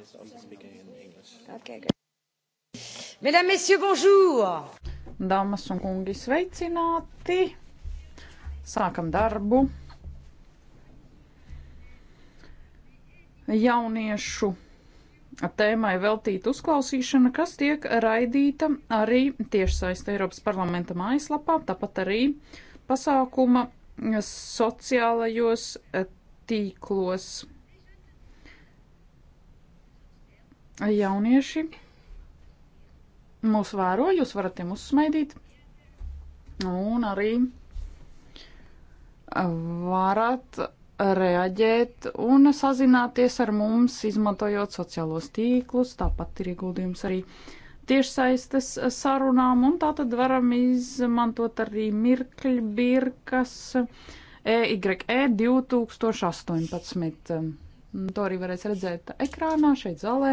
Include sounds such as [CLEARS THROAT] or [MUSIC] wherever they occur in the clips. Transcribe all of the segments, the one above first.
yes, I'll be speaking in English. Okay, good. Mesdames, Messieurs, bonjour! Dāmas un kungi, sveicināti! Sākam darbu. Jauniešu tēmai veltīta uzklausīšana, kas tiek raidīta arī tiešsaistē Eiropas parlamenta mājaslapā, tāpat arī pasākuma sociālajos tīklos. jaunieši mūs vēro, jūs varat tiem uzsmaidīt. Un arī varat reaģēt un sazināties ar mums, izmantojot sociālos tīklus. Tāpat ir ieguldījums arī tiešsaistes sarunām, un tā tad varam izmantot arī mirkļbirkas EYE 2018. Mm, to arī varēs redzēt ekrānā šeit zālē.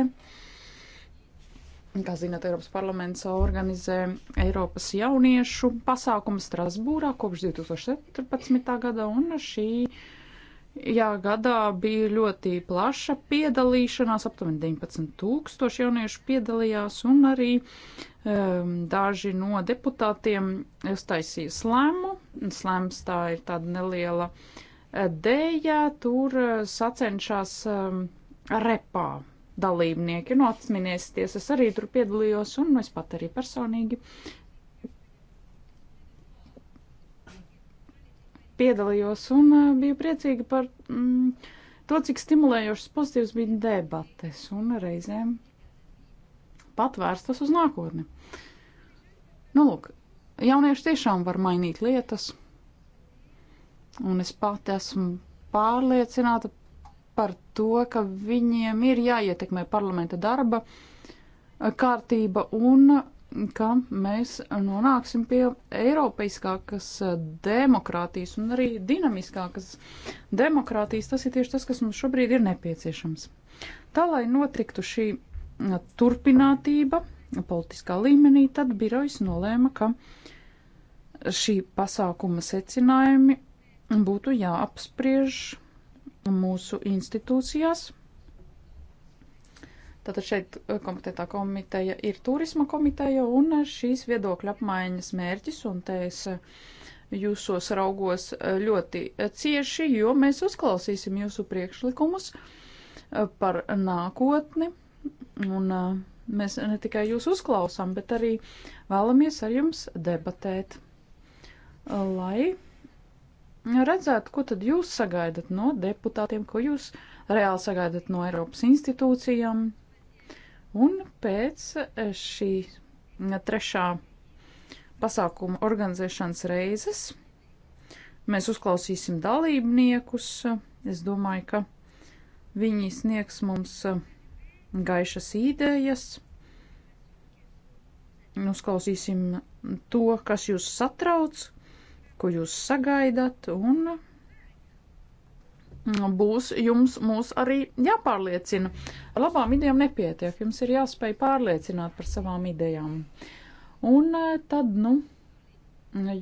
Kā zināt, Eiropas parlaments organizē Eiropas jauniešu pasākumu Strasbūrā kopš 2017. gada, un šī jā, gadā bija ļoti plaša piedalīšanās, aptuveni 19 tūkstoši jauniešu piedalījās, un arī um, daži no deputātiem uztaisīja slēmu. Slēms tā ir tāda neliela uh, dēļā tur eh, sacenšas ehm, repā dalībnieki. Nu, atminiesties, es arī tur piedalījos un nu, es pat arī personīgi piedalījos un eh, biju priecīga par mm, to, cik stimulējošas pozitīvas bija debates un reizēm pat vērstas uz nākotni. Nu, lūk, jaunieši tiešām var mainīt lietas. Un es pati esmu pārliecināta par to, ka viņiem ir jāietekmē parlamenta darba eh, kārtība un ka mēs nonāksim pie eiropeiskākas eh, demokrātijas un arī dinamiskākas demokrātijas. Tas ir tieši tas, kas mums šobrīd ir nepieciešams. Tā, lai notiktu šī eh, turpinātība politiskā līmenī, tad birojs nolēma, ka šī pasākuma secinājumi būtu jāapspriež mūsu institūcijās. Tātad šeit eh, kompetentā komiteja ir turisma komiteja un šīs viedokļa apmaiņas mērķis, un te es eh, jūsos raugos eh, ļoti cieši, jo mēs uzklausīsim jūsu priekšlikumus par nākotni, un mēs ne tikai jūs uzklausām, bet arī vēlamies ar jums debatēt, lai redzētu, ko tad jūs sagaidat no deputātiem, ko jūs reāli sagaidat no Eiropas institūcijām. Un pēc šī trešā pasākuma organizēšanas reizes mēs uzklausīsim dalībniekus. Es domāju, ka viņi sniegs mums gaišas idejas. Uzklausīsim to, kas jūs satrauc, ko jūs sagaidat, un būs jums mūs arī jāpārliecina. Ar labām idejām nepietiek, jums ir jāspēj pārliecināt par savām idejām. Un eh, tad, nu,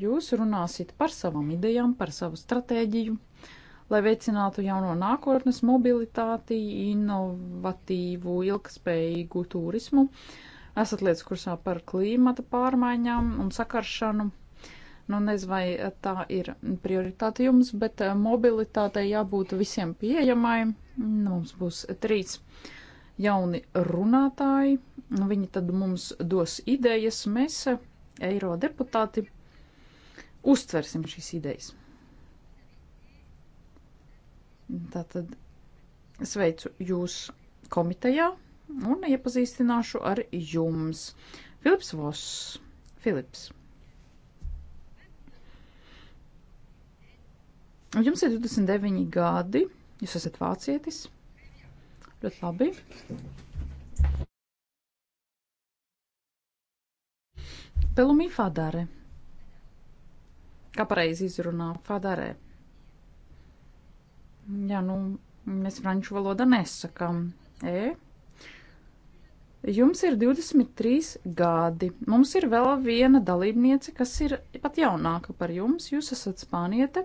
jūs runāsit par savām idejām, par savu stratēģiju, lai veicinātu jauno nākotnes mobilitāti, inovatīvu, ilgspējīgu turismu. Esat lietas kursā par klīmata pārmaiņām un sakaršanu Nu, nezinu, vai eh, tā ir prioritāte jums, bet eh, mobilitātei jābūt visiem pieejamai. Nu, mums būs trīs jauni runātāji. Viņi tad mums dos idejas. Mēs, eh, eiro deputāti, uztversim šīs idejas. Tātad sveicu jūs komitejā un iepazīstināšu ar jums. Filips Voss. Filips. Jums ir 29 gadi, jūs esat vācietis. Ļoti labi. Pelumī Fadare. Kā pareizi izrunā Fadare? Jā, nu, mēs franču valodā nesakam. E, Jums ir 23 gadi. Mums ir vēl viena dalībniece, kas ir pat jaunāka par jums. Jūs esat spāniete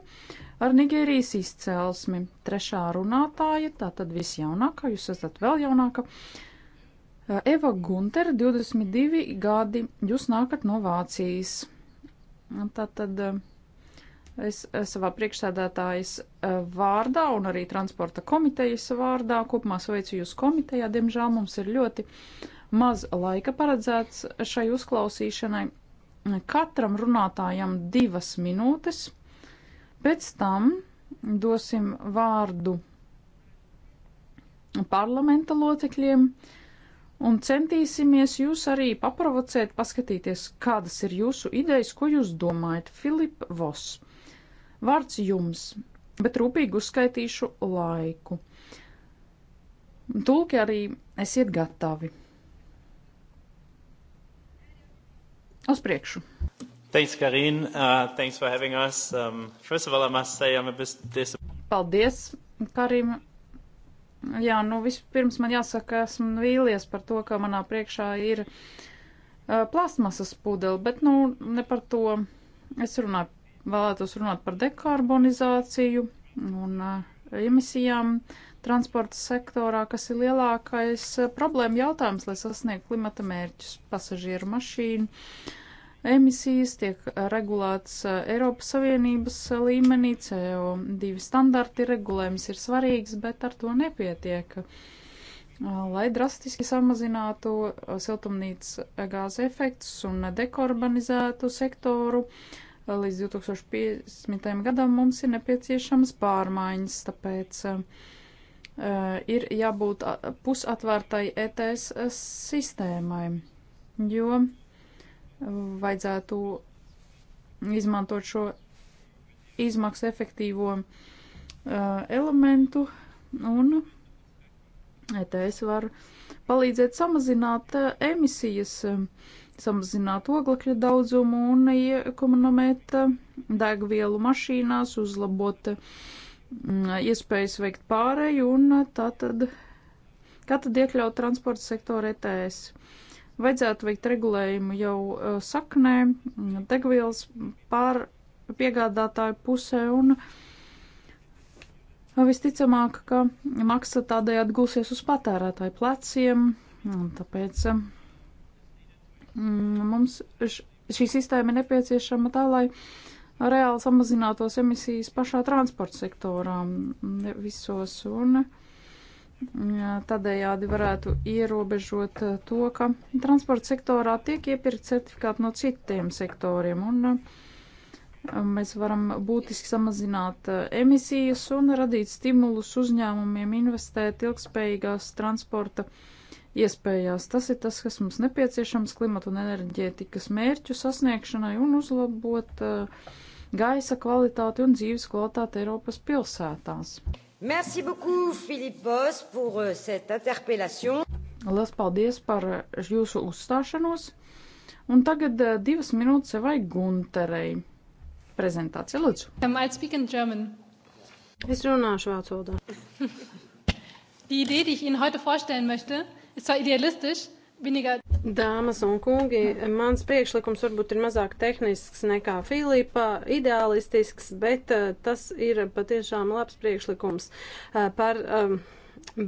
ar Nigērijas izcelsmi. Trešā runātāja, tā tad visjaunākā, jūs esat vēl jaunāka. Eh, Eva Gunter, 22 gadi, jūs nākat no Vācijas. Tā tad eh, Es, es eh, savā priekšsēdētājas eh, vārdā un arī transporta komitejas vārdā kopumā sveicu jūs komitejā. Diemžēl mums ir ļoti maz laika paredzēts šai uzklausīšanai. Katram runātājam divas minūtes, pēc tam dosim vārdu parlamenta locekļiem un centīsimies jūs arī paprovocēt, paskatīties, kādas ir jūsu idejas, ko jūs domājat, Filipa Voss. Vārds jums, bet rūpīgi uzskaitīšu laiku. Tulki arī esiet gatavi. Uz priekšu! Thanks, Karin. Uh, thanks for having us. Um, first of all, I must say I'm a bit disappointed. Paldies, Karim. Jā, nu vispirms man jāsaka, esmu vīlies par to, ka manā priekšā ir uh, plasmasas pudele, bet nu ne par to es runāju vēlētos runāt par dekarbonizāciju un eh, emisijām transporta sektorā, kas ir lielākais eh, problēma jautājums, lai sasniegtu klimata mērķus. Pasažieru mašīnu emisijas tiek eh, regulētas Eiropas Savienības līmenī, CO2 standarti regulējums ir svarīgs, bet ar to nepietiek. Lai drastiski samazinātu siltumnīcas gāzes efektus un dekarbonizētu sektoru, uh, līdz 2050. gadam mums ir nepieciešamas pārmaiņas, tāpēc uh, ir jābūt pusatvērtai ETS sistēmai, jo vajadzētu izmantot šo izmaksu efektīvo uh, elementu un ETS var palīdzēt samazināt emisijas samazināt oglekļa daudzumu un iekonomēt eh, degvielu mašīnās, uzlabot mm, iespējas veikt pārēju un eh, tā tad, kā tad iekļaut transporta sektoru ETS. Vajadzētu veikt regulējumu jau eh, saknē, mm, degvielas pār piegādātāju pusē un visticamāk, ka maksa tādējādi gulsies uz patērētāju pleciem, un tāpēc Mm, mums šī sistēma ir nepieciešama tā, lai reāli samazinātos emisijas pašā transporta sektorā mm, visos un tādējādi varētu ierobežot eh, to, ka transporta sektorā tiek iepirkt certifikāti no citiem sektoriem un eh, mēs varam būtiski samazināt eh, emisijas un radīt stimulus uzņēmumiem investēt ilgspējīgās transporta sektorā iespējās. Tas ir tas, kas mums nepieciešams klimata un enerģētikas mērķu sasniegšanai un uzlabot uh, gaisa kvalitāti un dzīves kvalitāti Eiropas pilsētās. Merci beaucoup, Filipos, pour euh, cette interpellation. Lielas paldies par jūsu uzstāšanos. Un tagad uh, divas minūtes vai Gunterei. Prezentācija, lūdzu. Um, I speak in German. Es runāšu vācu valodā. [LAUGHS] Die Idee, die ich Ihnen heute vorstellen möchte, Es war idealistisch, weniger. Dāmas un kungi, mans priekšlikums varbūt ir mazāk tehnisks nekā Filipa, ideālistisks, bet uh, tas ir patiešām labs priekšlikums uh, par. Um,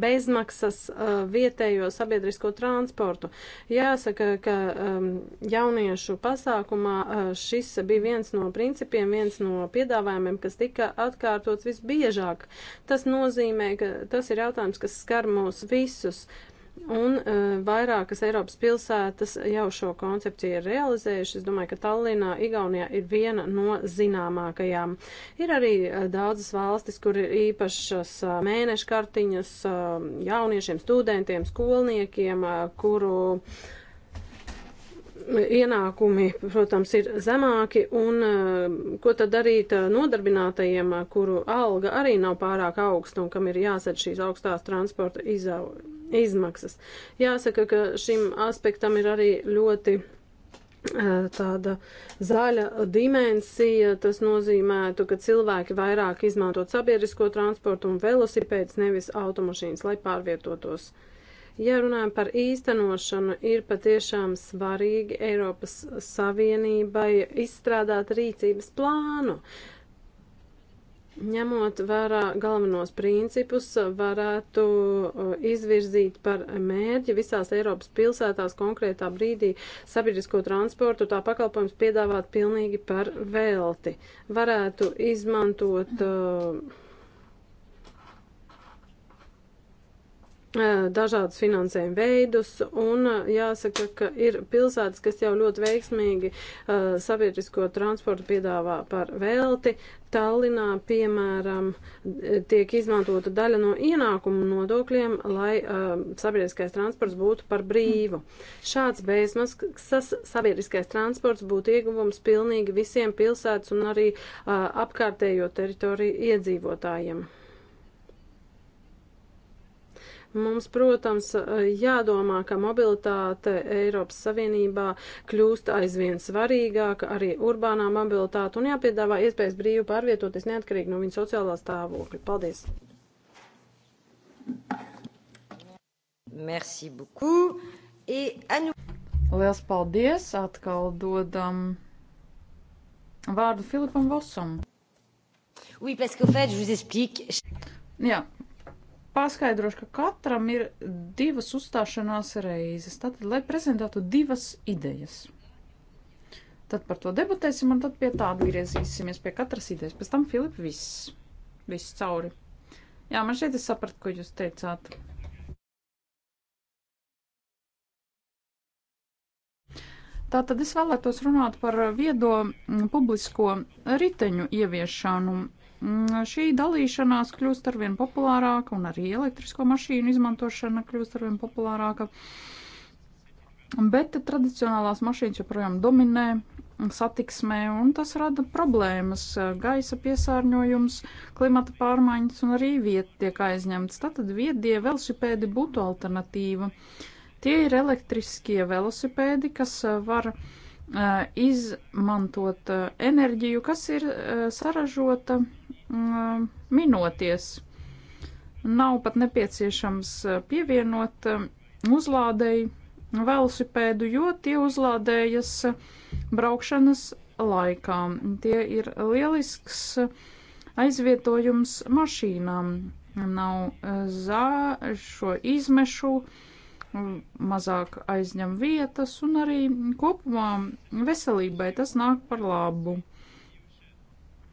bezmaksas eh, vietējo sabiedrisko transportu. Jāsaka, ka ehm, jauniešu pasākumā šis bija viens no principiem, viens no piedāvājumiem, kas tika atkārtots visbiežāk. Tas nozīmē, ka tas ir jautājums, kas skar mūs visus. Un uh, vairākas Eiropas pilsētas jau šo koncepciju ir realizējušas. Es domāju, ka Tallinā, Igaunijā ir viena no zināmākajām. Ir arī uh, daudzas valstis, kur ir īpašas uh, mēneša kartiņas uh, jauniešiem, studentiem, skolniekiem, uh, kuru uh, ienākumi, protams, ir zemāki, un ko tad darīt nodarbinātajiem, kuru alga arī nav pārāk augsta un kam ir jāsad šīs augstās transporta izau, izmaksas. Jāsaka, ka šim aspektam ir arī ļoti eh, tāda zaļa dimensija. Tas nozīmētu, ka cilvēki vairāk izmantot sabiedrisko transportu un velosipēdus, nevis automašīnas, lai pārvietotos. Ja runājam par īstenošanu, ir patiešām svarīgi Eiropas Savienībai izstrādāt rīcības plānu ņemot vērā galvenos principus, varētu uh, izvirzīt par mērķi visās Eiropas pilsētās konkrētā brīdī sabiedrisko transportu tā pakalpojums piedāvāt pilnīgi par velti. Varētu izmantot uh, dažādus finansējuma veidus, un jāsaka, ka ir pilsētas, kas jau ļoti veiksmīgi uh, sabiedrisko transportu piedāvā par velti. Tallinā, piemēram, tiek izmantota daļa no ienākumu nodokļiem, lai uh, sabiedriskais transports būtu par brīvu. Šāds bezmaksas sabiedriskais transports būtu ieguvums pilnīgi visiem pilsētas un arī uh, apkārtējo teritoriju iedzīvotājiem. Mums, protams, jādomā, ka mobilitāte Eiropas Savienībā kļūst aizvien svarīgāka, arī urbānā mobilitāte, un jāpiedāvā iespējas brīvi pārvietoties neatkarīgi no viņa sociālā stāvokļa. Paldies! Merci beaucoup. Et à nous. Liels paldies! Atkal dodam vārdu Filipam Vosam. Oui, parce qu'au fait, je vous explique. Jā, paskaidrošu, ka katram ir divas uzstāšanās reizes, tātad, lai prezentētu divas idejas. Tad par to debatēsim, un tad pie tā atgriezīsimies pie katras idejas. Pēc tam, Filip, viss. Viss cauri. Jā, man šeit es sapratu, ko jūs teicāt. Tātad es vēlētos runāt par viedo publisko riteņu ieviešanu Mm, šī dalīšanās kļūst arvien populārāka, un arī elektrisko mašīnu izmantošana kļūst arvien populārāka. Bet tradicionālās mašīnas joprojām dominē satiksmē, un tas rada problēmas. Gaisa piesārņojums, klimata pārmaiņas un arī vieta tiek aizņemts. Tātad viedie velosipēdi būtu alternatīva. Tie ir elektriskie velosipēdi, kas uh, var uh, izmantot uh, enerģiju, kas ir uh, saražota minoties. Nav pat nepieciešams pievienot uzlādēju velosipēdu, jo tie uzlādējas braukšanas laikā. Tie ir lielisks aizvietojums mašīnām. Nav zā šo izmešu, mazāk aizņem vietas un arī kopumā veselībai tas nāk par labu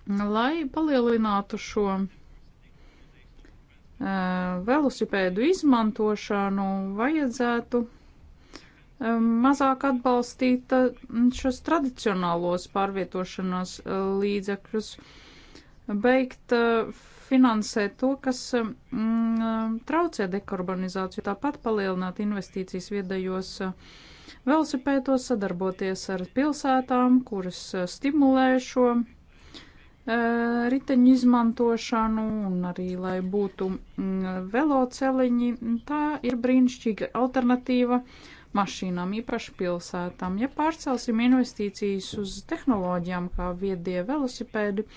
lai palielinātu šo uh, velosipēdu izmantošanu, vajadzētu mazāk atbalstīt šos tradicionālos pārvietošanās līdzekļus, beigt finansēt to, kas traucē dekarbonizāciju, tāpat palielināt investīcijas viedajos velosipēdos, sadarboties ar pilsētām, kuras stimulē šo Eh, riteņu izmantošanu un arī, lai būtu mm, veloceliņi. Tā ir brīnišķīga alternatīva mašīnām, īpaši pilsētām. Ja pārcelsim investīcijas uz tehnoloģijām, kā viedie velosipēdi,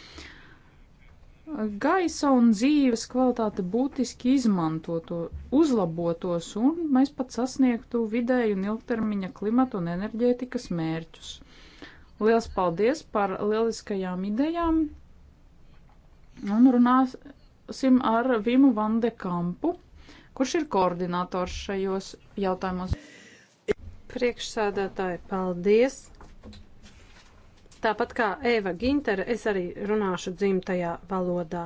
gaisa un dzīves kvalitāte būtiski izmantotu, uzlabotos un mēs pat sasniegtu vidēju un ilgtermiņa klimatu un enerģētikas mērķus. Liels paldies par lieliskajām idejām, Un runāsim ar Vimu Vandekampu, kurš ir koordinators šajos jautājumos. Priekšsēdētāji, paldies! Tāpat kā Eva Gintere, es arī runāšu dzimtajā valodā.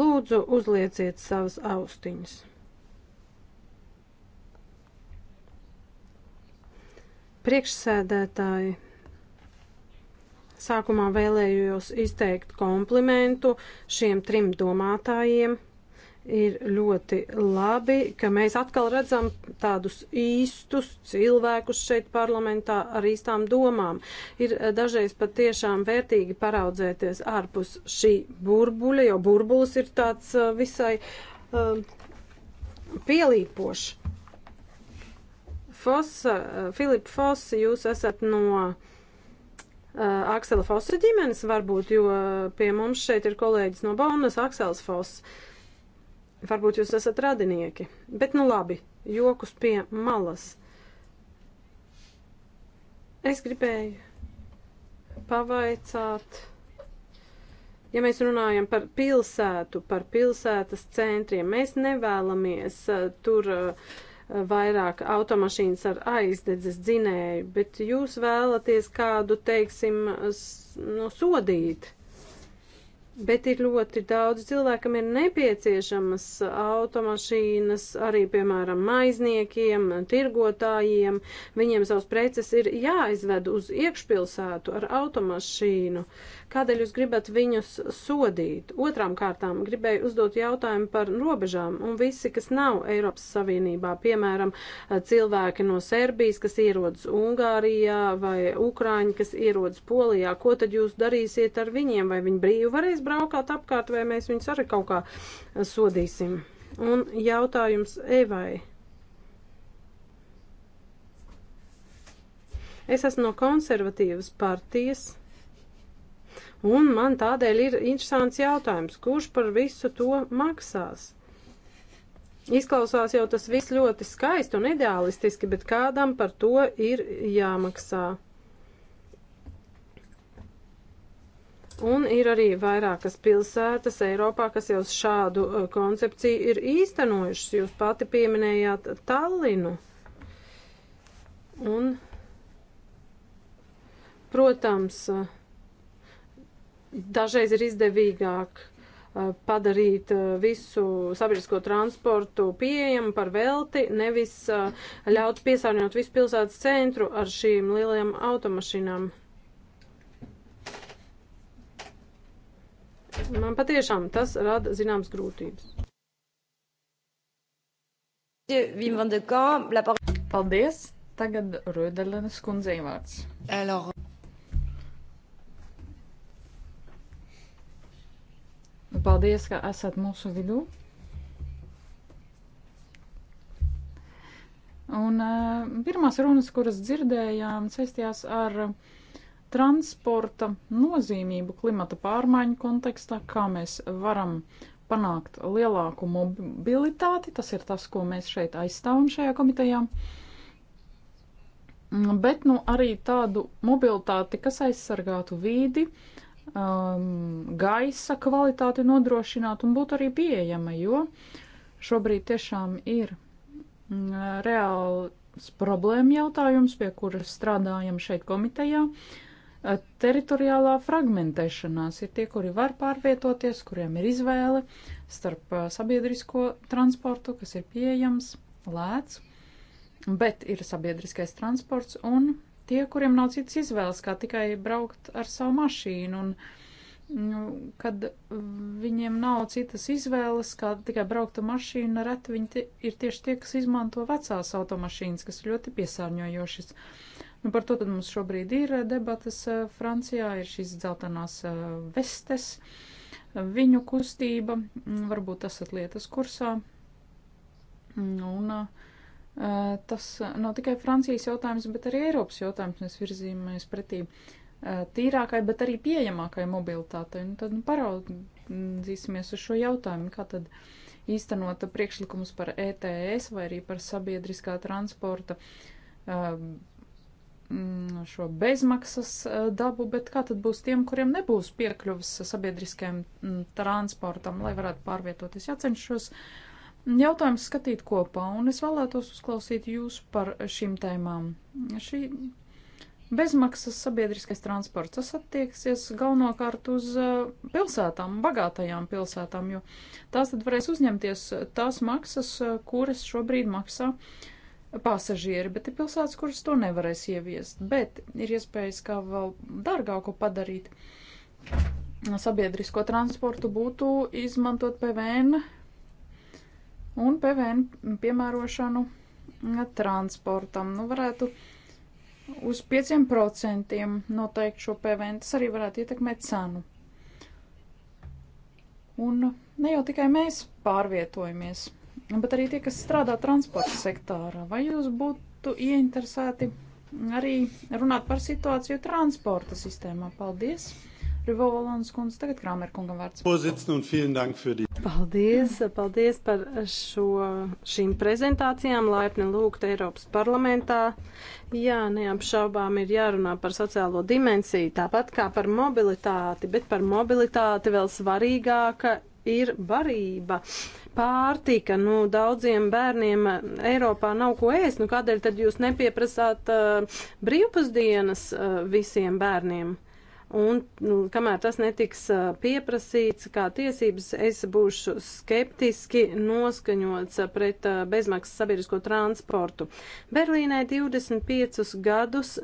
Lūdzu, uzlieciet savas austiņas. Priekšsēdētāji, Sākumā vēlējos izteikt komplimentu šiem trim domātājiem. Ir ļoti labi, ka mēs atkal redzam tādus īstus cilvēkus šeit parlamentā ar īstām domām. Ir eh, dažreiz pat tiešām vērtīgi paraudzēties ārpus šī burbuļa, jo burbulis ir tāds eh, visai um, pielīpošs. Fosa, Filipa Fosa, jūs esat no Eh, Aksela Fosa ģimenes varbūt, jo eh, pie mums šeit ir kolēģis no Baunas, Aksels Foss. Varbūt jūs esat radinieki. Bet nu labi, jokus pie malas. Es gribēju pavaicāt. Ja mēs runājam par pilsētu, par pilsētas centriem, mēs nevēlamies uh, tur uh, vairāk automašīnas ar aizdedzes dzinēju, bet jūs vēlaties kādu, teiksim, nu, sodīt. Bet ir ļoti daudz cilvēkam ir nepieciešamas automašīnas arī, piemēram, maizniekiem, tirgotājiem. Viņiem savus preces ir jāizved uz iekšpilsētu ar automašīnu. Uh, Kādēļ jūs gribat viņus sodīt? Otrām kārtām gribēju uzdot jautājumu par robežām un visi, kas nav Eiropas Savienībā, piemēram, cilvēki no Serbijas, kas ierodas Ungārijā vai Ukrāņi, kas ierodas Polijā. Ko tad jūs darīsiet ar viņiem? Vai viņi brīvi varēs braukāt apkārt vai mēs viņus arī kaut kā sodīsim? Un jautājums Evai. Es esmu no konservatīvas partijas. Un man tādēļ ir interesants jautājums, kurš par visu to maksās? Izklausās jau tas viss ļoti skaisti un ideālistiski, bet kādam par to ir jāmaksā. Un ir arī vairākas pilsētas Eiropā, kas jau šādu uh, koncepciju ir īstenojušas. Jūs pati pieminējāt Tallinu. Un, protams, uh, Dažreiz ir izdevīgāk eh, padarīt eh, visu sabiedrisko transportu pieejamu par velti, nevis eh, ļaut piesārņot visu pilsētas centru ar šīm lielajām automašīnām. Man patiešām tas rada zināmas grūtības. Paldies! Tagad Rudelenes kundzei vārds. Alors... Paldies, ka esat mūsu vidū. Un pirmās runas, kuras dzirdējām, saistījās ar transporta nozīmību klimata pārmaiņu kontekstā, kā mēs varam panākt lielāku mobilitāti. Tas ir tas, ko mēs šeit aizstāvam šajā komitejā. Bet nu, arī tādu mobilitāti, kas aizsargātu vīdi, uh, um, gaisa kvalitāti nodrošināt un būt arī pieejama, jo šobrīd tiešām ir mm, reāls problēma jautājums, pie kuras strādājam šeit komitejā. Uh, teritoriālā fragmentēšanās ir tie, kuri var pārvietoties, kuriem ir izvēle starp uh, sabiedrisko transportu, kas ir pieejams, lēts, bet ir sabiedriskais transports un tie, kuriem nav cits izvēles, kā tikai braukt ar savu mašīnu. Un, nu, kad viņiem nav citas izvēles, kā tikai braukt ar mašīnu, reti viņi ir tieši tie, kas izmanto vecās automašīnas, kas ir ļoti piesārņojošas. Nu, par to tad mums šobrīd ir debatas eh, Francijā, ir šīs dzeltenās eh, vestes, viņu kustība, mm, varbūt esat lietas kursā. Mm, un, uh, tas nav tikai Francijas jautājums, bet arī Eiropas jautājums. Mēs virzīmies pretī tīrākai, bet arī pieejamākai mobilitātei. Nu, tad nu, paraudzīsimies uz šo jautājumu, kā tad īstenot priekšlikumus par ETS vai arī par sabiedriskā transporta šo bezmaksas dabu, bet kā tad būs tiem, kuriem nebūs piekļuvis sabiedriskajam transportam, lai varētu pārvietoties? Jācenšos. Ja jautājums skatīt kopā, un es vēlētos uzklausīt jūs par šīm tēmām. Šī bezmaksas sabiedriskais transports, tas attieksies galvenokārt uz uh, pilsētām, bagātajām pilsētām, jo tās tad varēs uzņemties tās maksas, uh, kuras šobrīd maksā pasažieri, bet ir pilsētas, kuras to nevarēs ieviest, bet ir iespējas kā vēl dārgāko padarīt. Sabiedrisko transportu būtu izmantot PVN un PVN piemērošanu transportam. Nu, varētu uz 5% noteikt šo PVN, tas arī varētu ietekmēt cenu. Un ne jau tikai mēs pārvietojamies, bet arī tie, kas strādā transporta sektorā. Vai jūs būtu ieinteresēti arī runāt par situāciju transporta sistēmā? Paldies! Rivolans kundze, tagad Kramer kungam vārds. Paldies, paldies par šo, šīm prezentācijām, laipni lūgt Eiropas parlamentā. Jā, neapšaubām ir jārunā par sociālo dimensiju, tāpat kā par mobilitāti, bet par mobilitāti vēl svarīgāka ir barība. Pārtika, nu, daudziem bērniem Eiropā nav ko ēst, nu kādēļ tad jūs nepieprasāt uh, brīvpusdienas uh, visiem bērniem? Uh, Un nu, kamēr tas netiks pieprasīts kā tiesības, es būšu skeptiski noskaņots pret bezmaksas sabiedrisko transportu. Berlīnai 25 gadus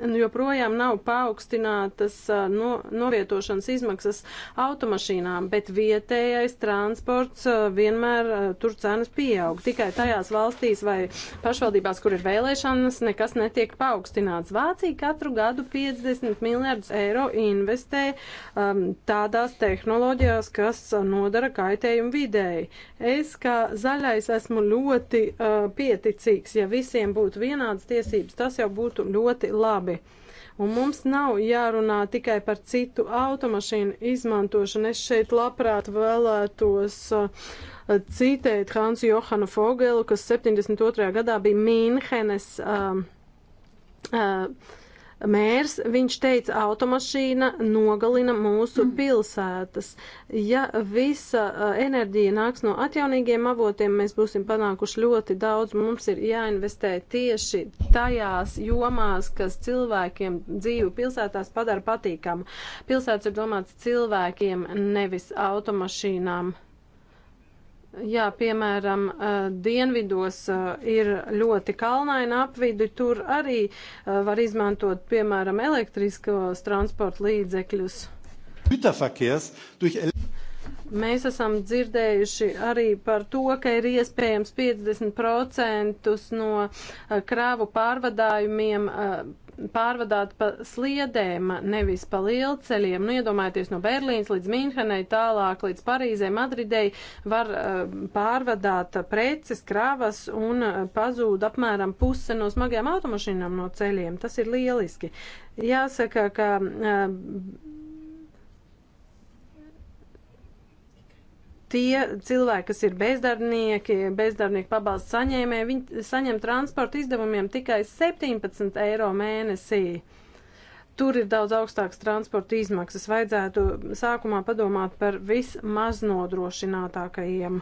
Nu, joprojām nav paaugstinātas no, novietošanas izmaksas automašīnām, bet vietējais transports vienmēr tur cenas pieaug. Tikai tajās valstīs vai pašvaldībās, kur ir vēlēšanas, nekas netiek paaugstināts. Vācija katru gadu 50 miljardus eiro investē um, tādās tehnoloģijās, kas nodara kaitējumu vidēji. Es kā zaļais esmu ļoti uh, pieticīgs, ja visiem būtu vienādas tiesības, tas jau būtu ļoti labi labi. Un mums nav jārunā tikai par citu automašīnu izmantošanu. Es šeit labprāt vēlētos uh, citēt Hansu Johanu Fogelu, kas 72. gadā bija Mīnhenes. Um, uh, uh, mērs, viņš teica, automašīna nogalina mūsu mm. pilsētas. Ja visa enerģija nāks no atjaunīgiem avotiem, mēs būsim panākuši ļoti daudz. Mums ir jāinvestē tieši tajās jomās, kas cilvēkiem dzīvi pilsētās padara patīkamu. Pilsētas ir domāts cilvēkiem, nevis automašīnām. Jā, piemēram, dienvidos ir ļoti kalnaina apvidi, tur arī var izmantot, piemēram, elektriskos transporta līdzekļus. Mēs esam dzirdējuši arī par to, ka ir iespējams 50% no kravu pārvadājumiem pārvadāt pa sliedēm, nevis pa lielceļiem. Nu, iedomājieties, no Berlīnas līdz Minhenei, tālāk līdz Parīzē, Madridei var uh, pārvadāt preces, kravas un uh, pazūd apmēram puse no smagajām automašīnām no ceļiem. Tas ir lieliski. Jāsaka, ka. Uh, tie cilvēki, kas ir bezdarbnieki, bezdarbnieku pabalstu saņēmēji, viņi saņem transporta izdevumiem tikai 17 eiro mēnesī. Tur ir daudz augstākas transporta izmaksas. Vajadzētu sākumā padomāt par vismaznodrošinātākajiem.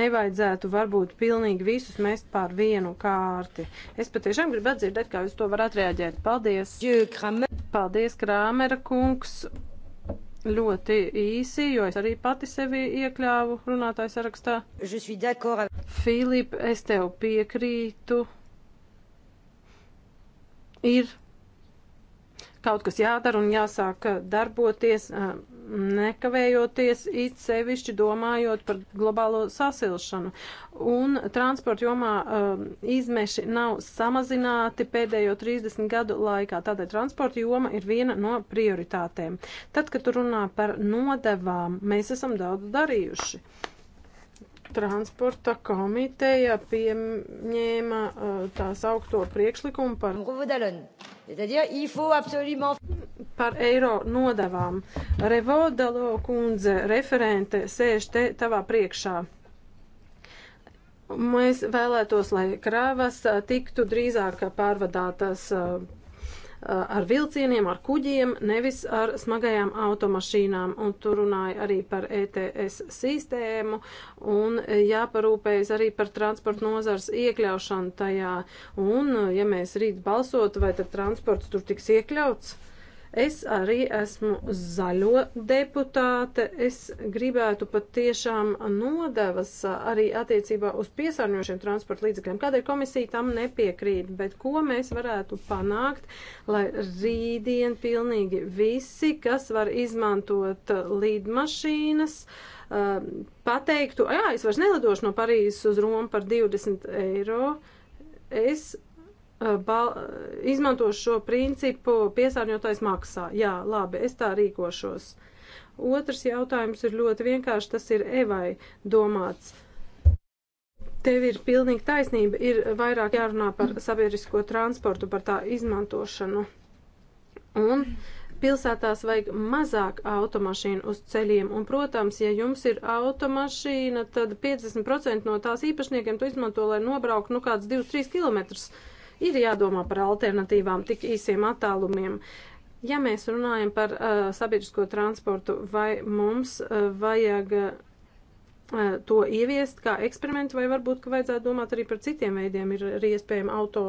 Nevajadzētu varbūt pilnīgi visus mest pār vienu kārti. Es patiešām gribu atzirdēt, kā jūs to varat reaģēt. Paldies! Paldies, Krāmera kungs! Ļoti īsi, jo es arī pati sevi iekļāvu runātāju sarakstā. Filip, es tev piekrītu. Ir kaut kas jādara un jāsāk darboties nekavējoties it sevišķi domājot par globālo sasilšanu. Un transporta jomā um, izmeši nav samazināti pēdējo 30 gadu laikā, tādēļ transporta joma ir viena no prioritātēm. Tad, kad runā par nodevām, mēs esam daudz darījuši. Uh, transporta komiteja pieņēma uh, tās augto priekšlikumu par, par eiro nodavām. Revodalo kundze, referente, sēž te tavā priekšā. Mēs vēlētos, lai krāvas e, tiktu drīzāk pārvadātas uh, Uh, ar vilcieniem, ar kuģiem, nevis ar smagajām automašīnām. Un tur runāja arī par ETS sistēmu un jāparūpējas arī par transporta nozars iekļaušanu tajā. Un, ja mēs rīt balsotu, vai tad transports tur tiks iekļauts? Es arī esmu zaļo deputāte. Es gribētu pat tiešām nodevas arī attiecībā uz piesārņojušiem transporta līdzekļiem. Kādēļ komisija tam nepiekrīt, bet ko mēs varētu panākt, lai rītdien pilnīgi visi, kas var izmantot lidmašīnas, pateiktu, jā, es vairs nelidošu no Parīzes uz Romu par 20 eiro. Es Eh, bal, eh, izmantošu šo principu piesārņotais maksā. Jā, labi, es tā rīkošos. Otrs jautājums ir ļoti vienkārši, tas ir Evai domāts. Tev ir pilnīgi taisnība, ir vairāk jārunā par sabiedrisko transportu, par tā izmantošanu. Un pilsētās vajag mazāk automašīnu uz ceļiem, un, protams, ja jums ir automašīna, tad 50% no tās īpašniekiem to izmanto, lai nobrauktu nu kāds 2-3 kilometrus. Uh, Ir jādomā par alternatīvām tik īsiem attālumiem. Ja mēs runājam par uh, sabiedrisko transportu, vai mums uh, vajag uh, to ieviest kā eksperimentu, vai varbūt, ka vajadzētu domāt arī par citiem veidiem, ir arī iespējama auto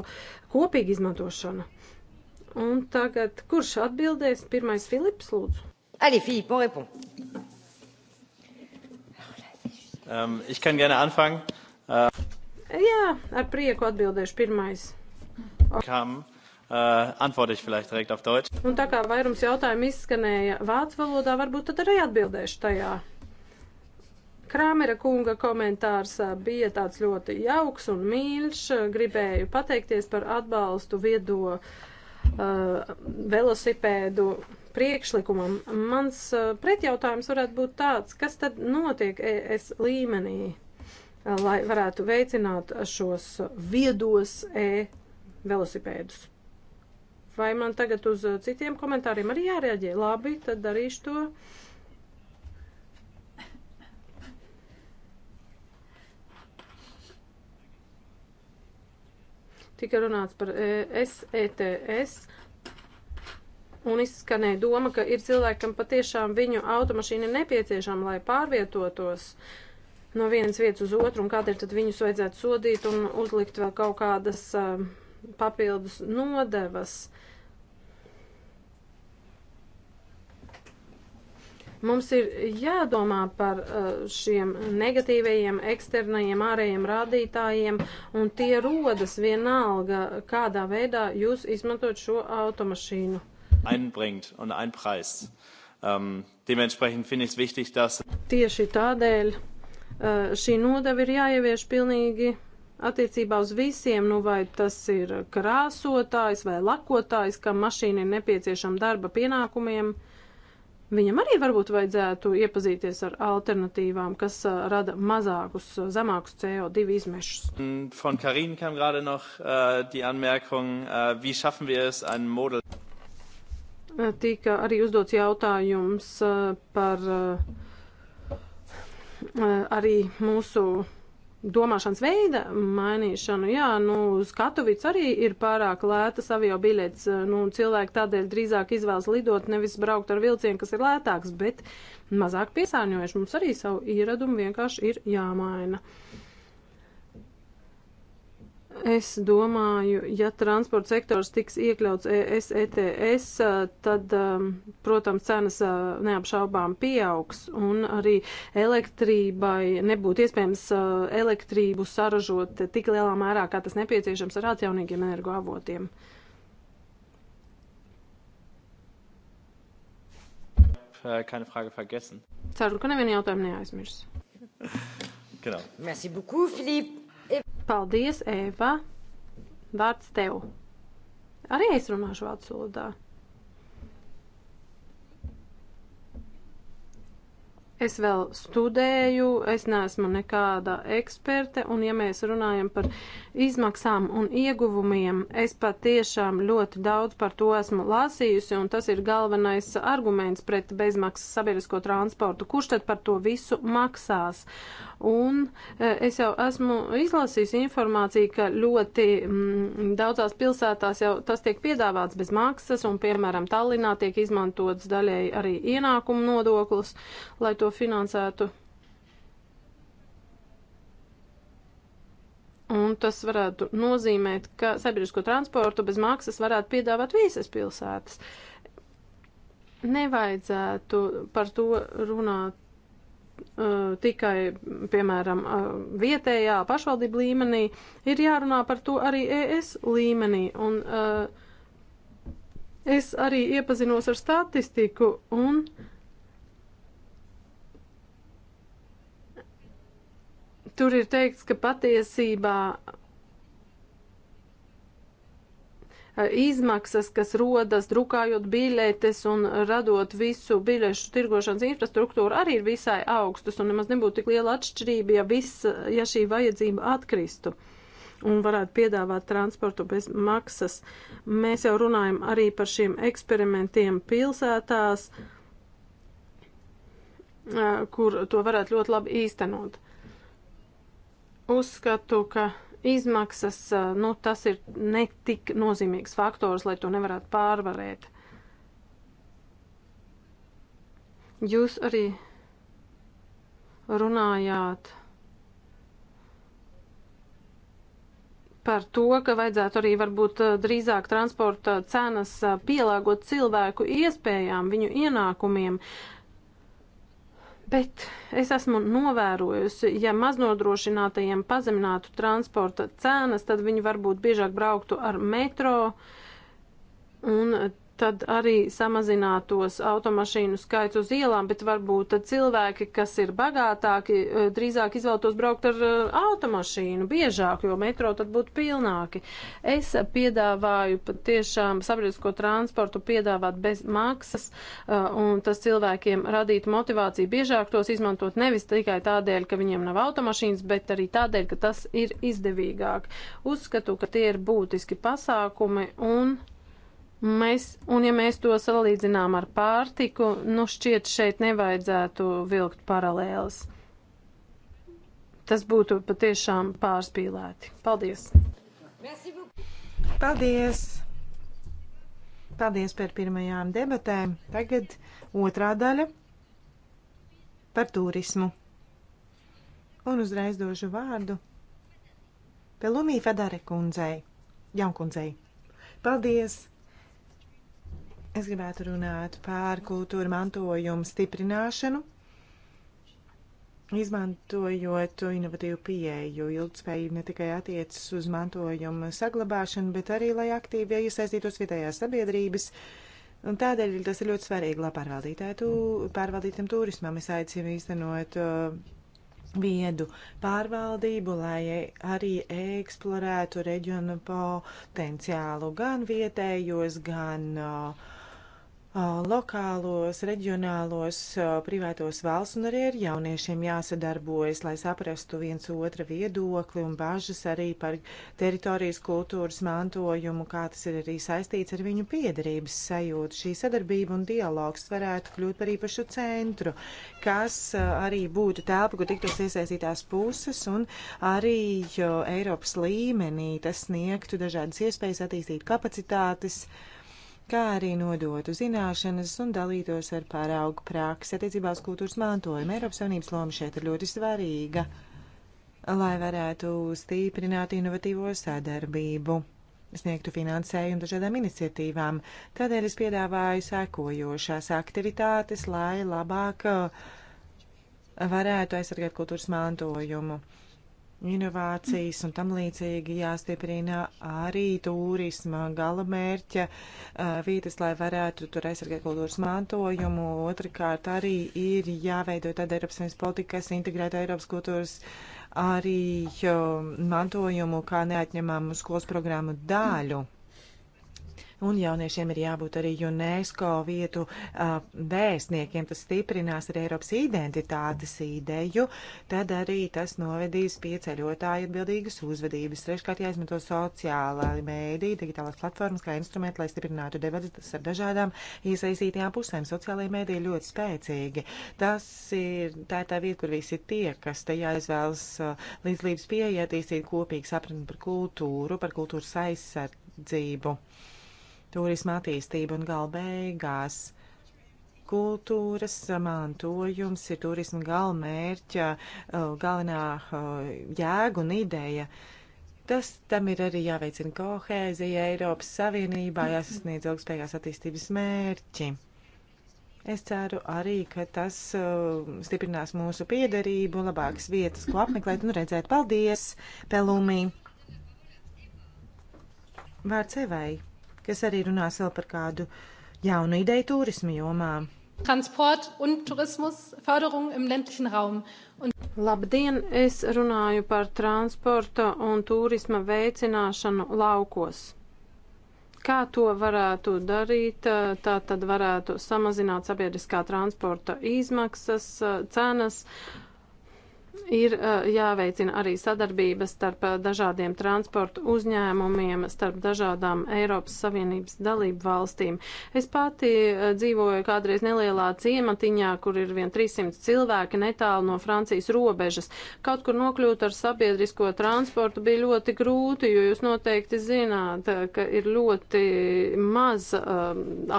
kopīga izmantošana. Un tagad, kurš atbildēs? Pirmais Filips, lūdzu. Allez, Philippe, on répond. Um, ich kann gerne anfangen. Uh... Jā, ar prieku atbildēšu pirmais. Kam, uh, Un tā kā vairums jautājumu izskanēja vācu valodā, varbūt tad arī atbildēšu tajā. Krāmera kunga komentārs bija tāds ļoti jauks un mīļš. Gribēju pateikties par atbalstu viedo uh, velosipēdu priekšlikumam. Mans pretjautājums varētu būt tāds, kas tad notiek ES līmenī, lai varētu veicināt šos viedos E velosipēdus. Vai man tagad uz uh, citiem komentāriem arī jārēģē? Labi, tad darīšu to. tika runāts par SETS. Uh, e un izskanēja doma, ka ir cilvēkam patiešām viņu automašīna nepieciešama, lai pārvietotos no vienas vietas uz otru, un kādēļ tad viņus vajadzētu sodīt un uzlikt vēl kaut kādas uh, papildus nodevas. Mums ir jādomā par uh, šiem negatīvajiem eksternajiem ārējiem rādītājiem, un tie rodas vienalga, kādā veidā jūs izmantot šo automašīnu. Einbringt un einpreist. Um, dementsprechend finde ich es wichtig, dass. Tieši tādēļ uh, šī nodeva ir jāievieš pilnīgi attiecībā uz visiem, nu vai tas ir krāsotājs vai lakotājs, kam mašīna ir nepieciešama darba pienākumiem, viņam arī varbūt vajadzētu iepazīties ar alternatīvām, kas uh, rada mazākus, uh, zemākus CO2 izmešus. Von Karina kam gerade noch uh, die Anmerkung, uh, wie schaffen wir es, ein Model. Äh, tika arī uzdots jautājums par uh, arī mūsu domāšanas veida mainīšanu, jā, nu, uz Katovicu arī ir pārāk lētas avio biļetes, nu, cilvēki tādēļ drīzāk izvēlas lidot, nevis braukt ar vilcienu, kas ir lētāks, bet mazāk piesārņojuši. Mums arī savu ieradumu vienkārši ir jāmaina. Uh, Es domāju, ja transporta sektors tiks iekļauts ES, ETS, tad, um, protams, cenas uh, neapšaubām pieaugs un arī elektrībai nebūtu iespējams uh, elektrību saražot tik lielā mērā, kā tas nepieciešams ar atjaunīgiem energoavotiem. Äh, keine Frage vergessen. Ceru, ka nevienu jautājumu neaizmirs. genau. Merci beaucoup, Filip. Paldies, Eva! Vārds tev! Arī es runāšu vācu valodā. Es vēl studēju, es neesmu nekāda eksperte, un ja mēs runājam par izmaksām un ieguvumiem, es patiešām ļoti daudz par to esmu lasījusi, un tas ir galvenais arguments pret bezmaksas sabiedrisko transportu. Kurš tad par to visu maksās? Un e, es jau esmu izlasījusi informāciju, ka ļoti mm, daudzās pilsētās jau tas tiek piedāvāts bez maksas, un, piemēram, Tallinā tiek izmantots daļēji arī ienākumu nodoklis, lai to finansētu. Un tas varētu nozīmēt, ka sabiedrisko transportu bez maksas varētu piedāvāt visas pilsētas. Nevajadzētu par to runāt Uh, tikai, piemēram, uh, vietējā pašvaldība līmenī, ir jārunā par to arī ES līmenī. Un, uh, es arī iepazinos ar statistiku, un Tur ir teikts, ka patiesībā e, izmaksas, kas rodas drukājot biļetes un radot visu biļešu tirgošanas infrastruktūru, arī ir visai augstas un nemaz nebūtu tik liela atšķirība, ja, viss, ja šī vajadzība atkristu un varētu piedāvāt transportu bez maksas. Mēs jau runājam arī par šiem eksperimentiem pilsētās, e, kur to varētu ļoti labi īstenot. Uzskatu, ka izmaksas, nu, tas ir netik nozīmīgs faktors, lai to nevarētu pārvarēt. Jūs arī runājāt par to, ka vajadzētu arī varbūt drīzāk transporta cenas pielāgot cilvēku iespējām, viņu ienākumiem. Uh, Bet es esmu novērojusi, ja maznodrošinātajiem pazeminātu transporta cenas, tad viņi varbūt biežāk brauktu ar metro, un tad arī samazinātos automašīnu skaits uz ielām, bet varbūt cilvēki, kas ir bagātāki, eh, drīzāk izvēlētos braukt ar eh, automašīnu biežāk, jo metro tad būtu pilnāki. Es piedāvāju patiešām sabiedrisko transportu piedāvāt bez maksas, eh, un tas cilvēkiem radītu motivāciju biežāk tos izmantot nevis tikai tādēļ, ka viņiem nav automašīnas, bet arī tādēļ, ka tas ir izdevīgāk. Uzskatu, ka tie ir būtiski pasākumi un. Mēs, un ja mēs to salīdzinām ar pārtiku, nu šķiet šeit nevajadzētu vilkt paralēles. Tas būtu patiešām pārspīlēti. Paldies! Paldies! Paldies par pirmajām debatēm. Tagad otrā daļa par turismu. Un uzreiz došu vārdu Pelumī Fedare kundzei, jaunkundzei. Paldies! Es gribētu runāt par kultūra mantojumu stiprināšanu, izmantojot inovatīvu pieeju. Ilgtspējība ne tikai attiecas uz mantojumu saglabāšanu, bet arī, lai aktīvi iesaistītos vietējās sabiedrības. Un tādēļ tas ir ļoti svarīgi, lai pārvaldītētu, pārvaldītam turismam es aicinu īstenot uh, viedu pārvaldību, lai arī eksplorētu reģionu potenciālu gan vietējos, gan uh, lokālos, reģionālos, privātos valsts un arī ar jauniešiem jāsadarbojas, lai saprastu viens otra viedokli un bažas arī par teritorijas kultūras mantojumu, kā tas ir arī saistīts ar viņu piedarības sajūtu. Šī sadarbība un dialogs varētu kļūt par īpašu centru, kas arī būtu telpa, kur tiktos iesaistītās puses un arī Eiropas līmenī tas sniegtu dažādas iespējas attīstīt kapacitātes. Uh, kā arī nodotu zināšanas un dalītos ar pāraugu praksi attiecībā uz kultūras mantojumu. Eiropas Savienības loma šeit ir ļoti svarīga, lai varētu stiprināt inovatīvo sadarbību sniegtu finansējumu dažādām iniciatīvām. Tādēļ es piedāvāju sekojošās aktivitātes, lai labāk uh, varētu aizsargāt kultūras mantojumu inovācijas un tam līdzīgi jāstieprina arī turisma gala mērķa vietas, lai varētu tur aizsargāt kultūras mantojumu. Otrakārt arī ir jāveido tāda Eiropas Savienības politika, kas integrētu Eiropas kultūras arī mantojumu kā neatņemamu skolas programmu daļu. Mm. Un jauniešiem ir jābūt arī UNESCO vietu uh, vēstniekiem. Tas stiprinās arī Eiropas identitātes ideju. Tad arī tas novedīs pie ceļotāju atbildīgas uzvedības. Treškārt jāizmanto sociālā mēdī, digitālās platformas kā instrumenti, lai stiprinātu debatas ar dažādām iesaistītajām pusēm. Sociālajie mēdī ir ļoti spēcīgi. Tas ir tā, ir tā vieta, kur visi tie, kas te jāizvēlas uh, līdzlības pieeja, attīstīt kopīgi sapratni par kultūru, par kultūras aizsardzību turisma attīstība un gal beigās kultūras mantojums ir turisma galmērķa, uh, galvenā uh, jēga un ideja. Tas tam ir arī jāveicina kohēzija Eiropas Savienībā, jāsasniedz ilgspējīgās attīstības mērķi. Es ceru arī, ka tas uh, stiprinās mūsu piederību, labākas vietas, ko apmeklēt un redzēt. Paldies, Pelumī! Vārds Evai! kas arī runās vēl par kādu jaunu ideju turismu jomā. Transport un turismus förderung im ländlichen Raum. Un... Labdien, es runāju par transporta un turisma veicināšanu laukos. Kā to varētu darīt? Tā tad varētu samazināt sabiedriskā transporta izmaksas, cenas. Uh, Ir jāveicina arī sadarbība starp dažādiem transportu uzņēmumiem, starp dažādām Eiropas Savienības dalību valstīm. Es pati dzīvoju kādreiz nelielā ciematiņā, kur ir vien 300 cilvēki netālu no Francijas robežas. Kaut kur nokļūt ar sabiedrisko transportu bija ļoti grūti, jo jūs noteikti zināt, ka ir ļoti maz uh,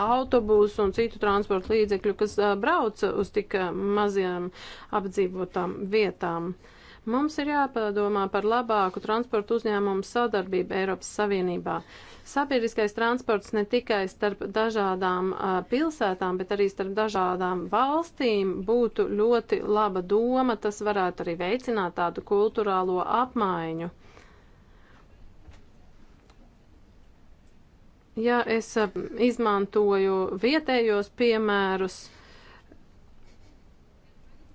autobusu un citu transportu līdzekļu, kas uh, brauc uz tik maziem apdzīvotām vietām lietām. Mums ir jāpadomā par labāku transportu uzņēmumu sadarbību Eiropas Savienībā. Sabiedriskais transports ne tikai starp dažādām uh, pilsētām, bet arī starp dažādām valstīm būtu ļoti laba doma. Tas varētu arī veicināt tādu kulturālo apmaiņu. Ja es izmantoju vietējos piemērus,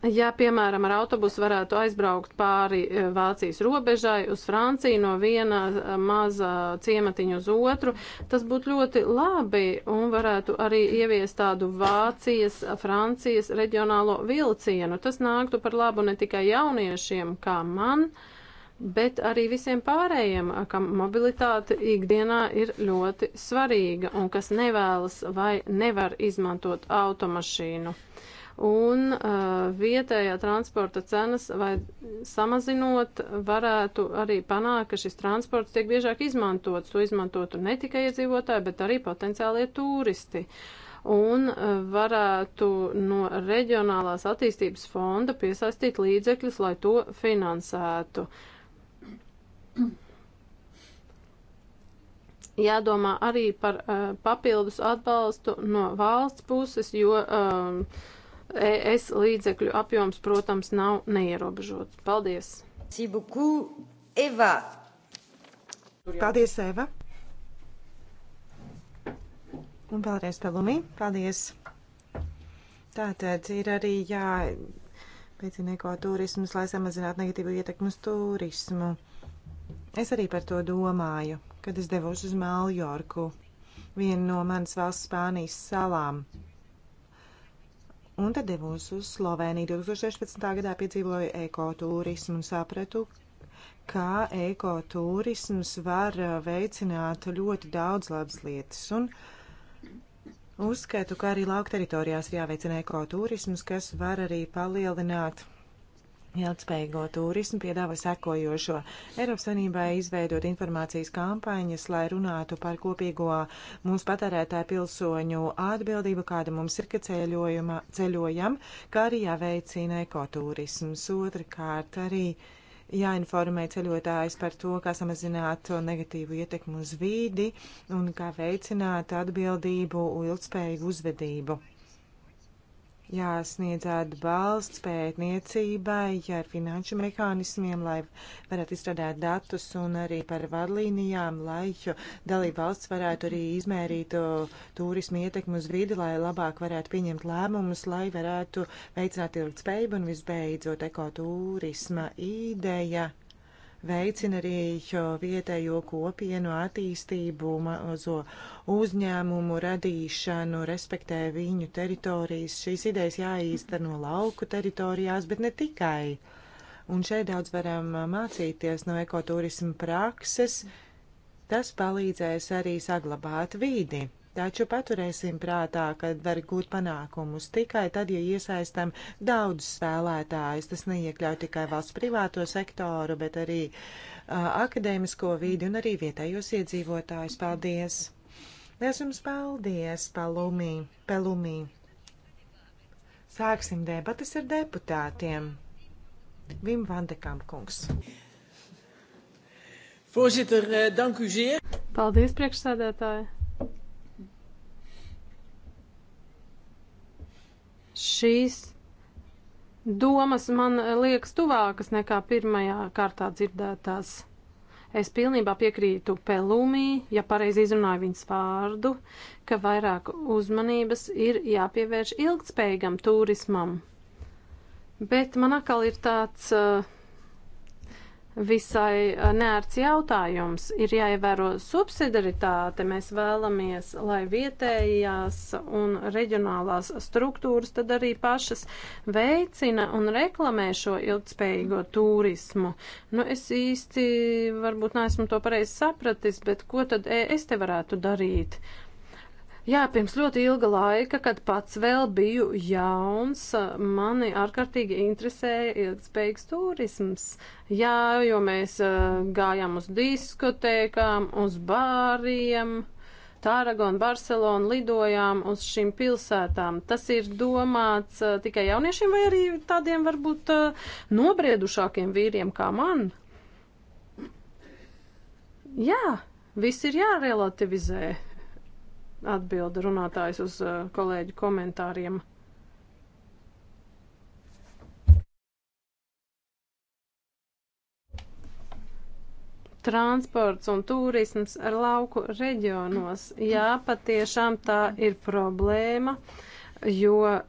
Ja, piemēram, ar autobusu varētu aizbraukt pāri eh, Vācijas robežai uz Franciju no viena eh, maza ciematiņa uz otru, tas būtu ļoti labi un varētu arī ieviest tādu Vācijas, Francijas reģionālo vilcienu. Tas nāktu par labu ne tikai jauniešiem kā man, bet arī visiem pārējiem, kam mobilitāte ikdienā ir ļoti svarīga un kas nevēlas vai nevar izmantot automašīnu un uh, vietējā transporta cenas vai samazinot varētu arī panākt, ka šis transports tiek biežāk izmantots. To izmantotu ne tikai iedzīvotāji, bet arī potenciālie turisti. Un uh, varētu no reģionālās attīstības fonda piesaistīt līdzekļus, lai to finansētu. Jādomā arī par uh, papildus atbalstu no valsts puses, jo uh, ES līdzekļu apjoms, protams, nav neierobežots. Paldies! Eva. Paldies, Eva! Un vēlreiz Pelumī, paldies! Tātad ir arī jā, pēcinieko turismus, lai samazinātu negatīvu ietekmu uz turismu. Es arī par to domāju, kad es devos uz Maljorku, vienu no manas valsts Spānijas salām. Un tad devos uz Sloveniju. 2016. gadā piedzīvoju ekoturismu un sapratu, kā ekoturisms var eh, veicināt ļoti daudz labas lietas. Un uzskatu, ka arī lauka teritorijās ir jāveicina ekoturisms, kas var arī palielināt Ilgspējīgo turismu piedāva sekojošo Eiropas Savienībai izveidot informācijas kampaņas, lai runātu par kopīgo mūsu patērētāju pilsoņu atbildību, kāda mums ir, ka ceļojam, kā arī jāveicina ekoturisms. Otrakārt arī jāinformē ceļotājs par to, kā samazināt negatīvu ietekmu uz vīdi un kā veicināt atbildību un ilgspējīgu uzvedību jāsniedz atbalsts pētniecībai ja ar finanšu mehānismiem, lai varētu izstrādāt datus un arī par vadlīnijām, lai dalība valsts varētu arī izmērīt turismu ietekmi uz vidi, lai labāk varētu pieņemt lēmumus, lai varētu veicināt ilgtspējību un visbeidzot ekoturisma ideja veicina arī vietējo kopienu attīstību, mazo uzņēmumu radīšanu, respektē viņu teritorijas. Šīs idejas jāīsteno lauku teritorijās, bet ne tikai. Un šeit daudz varam mācīties no ekoturisma prakses. Tas palīdzēs arī saglabāt vīdi. Taču paturēsim prātā, ka var gūt panākumus tikai tad, ja iesaistam daudz spēlētājus. Tas neiekļauj tikai valsts privāto sektoru, bet arī uh, akadēmisko vīdi un arī vietējos iedzīvotājus. Paldies! Liels jums paldies, Palumī! Palumī. Sāksim debatas ar deputātiem. Wim van de Kamp kungs. Voorzitter, eh, dank u zeer. Paldies, priekšsēdētāji. Šīs domas man liekas tuvākas nekā pirmajā kārtā dzirdētās. Es pilnībā piekrītu Pelumī, ja pareizi izrunāju viņas vārdu, ka vairāk uzmanības ir jāpievērš ilgtspējīgam turismam. Bet man atkal ir tāds uh, visai eh, neērts jautājums. Ir jāievēro subsidaritāte. Mēs vēlamies, lai vietējās un reģionālās struktūras tad arī pašas veicina un reklamē šo ilgspējīgo turismu. Nu, es īsti varbūt neesmu to pareizi sapratis, bet ko tad eh, es te varētu darīt? Uh, Jā, pirms ļoti ilga laika, kad pats vēl biju jauns, mani ārkārtīgi interesēja ilgspējīgs turisms. Jā, jo mēs gājām uz diskotēkām, uz bāriem. Tāragonu, Barcelonu lidojām uz šīm pilsētām. Tas ir domāts tikai jauniešiem vai arī tādiem varbūt nobriedušākiem vīriem kā man? Jā, viss ir jārelativizē. Atbilda runātājs uz uh, kolēģu komentāriem. transports un turisms ar lauku reģionos. Jā, patiešām tā ir problēma. Uh, jo uh,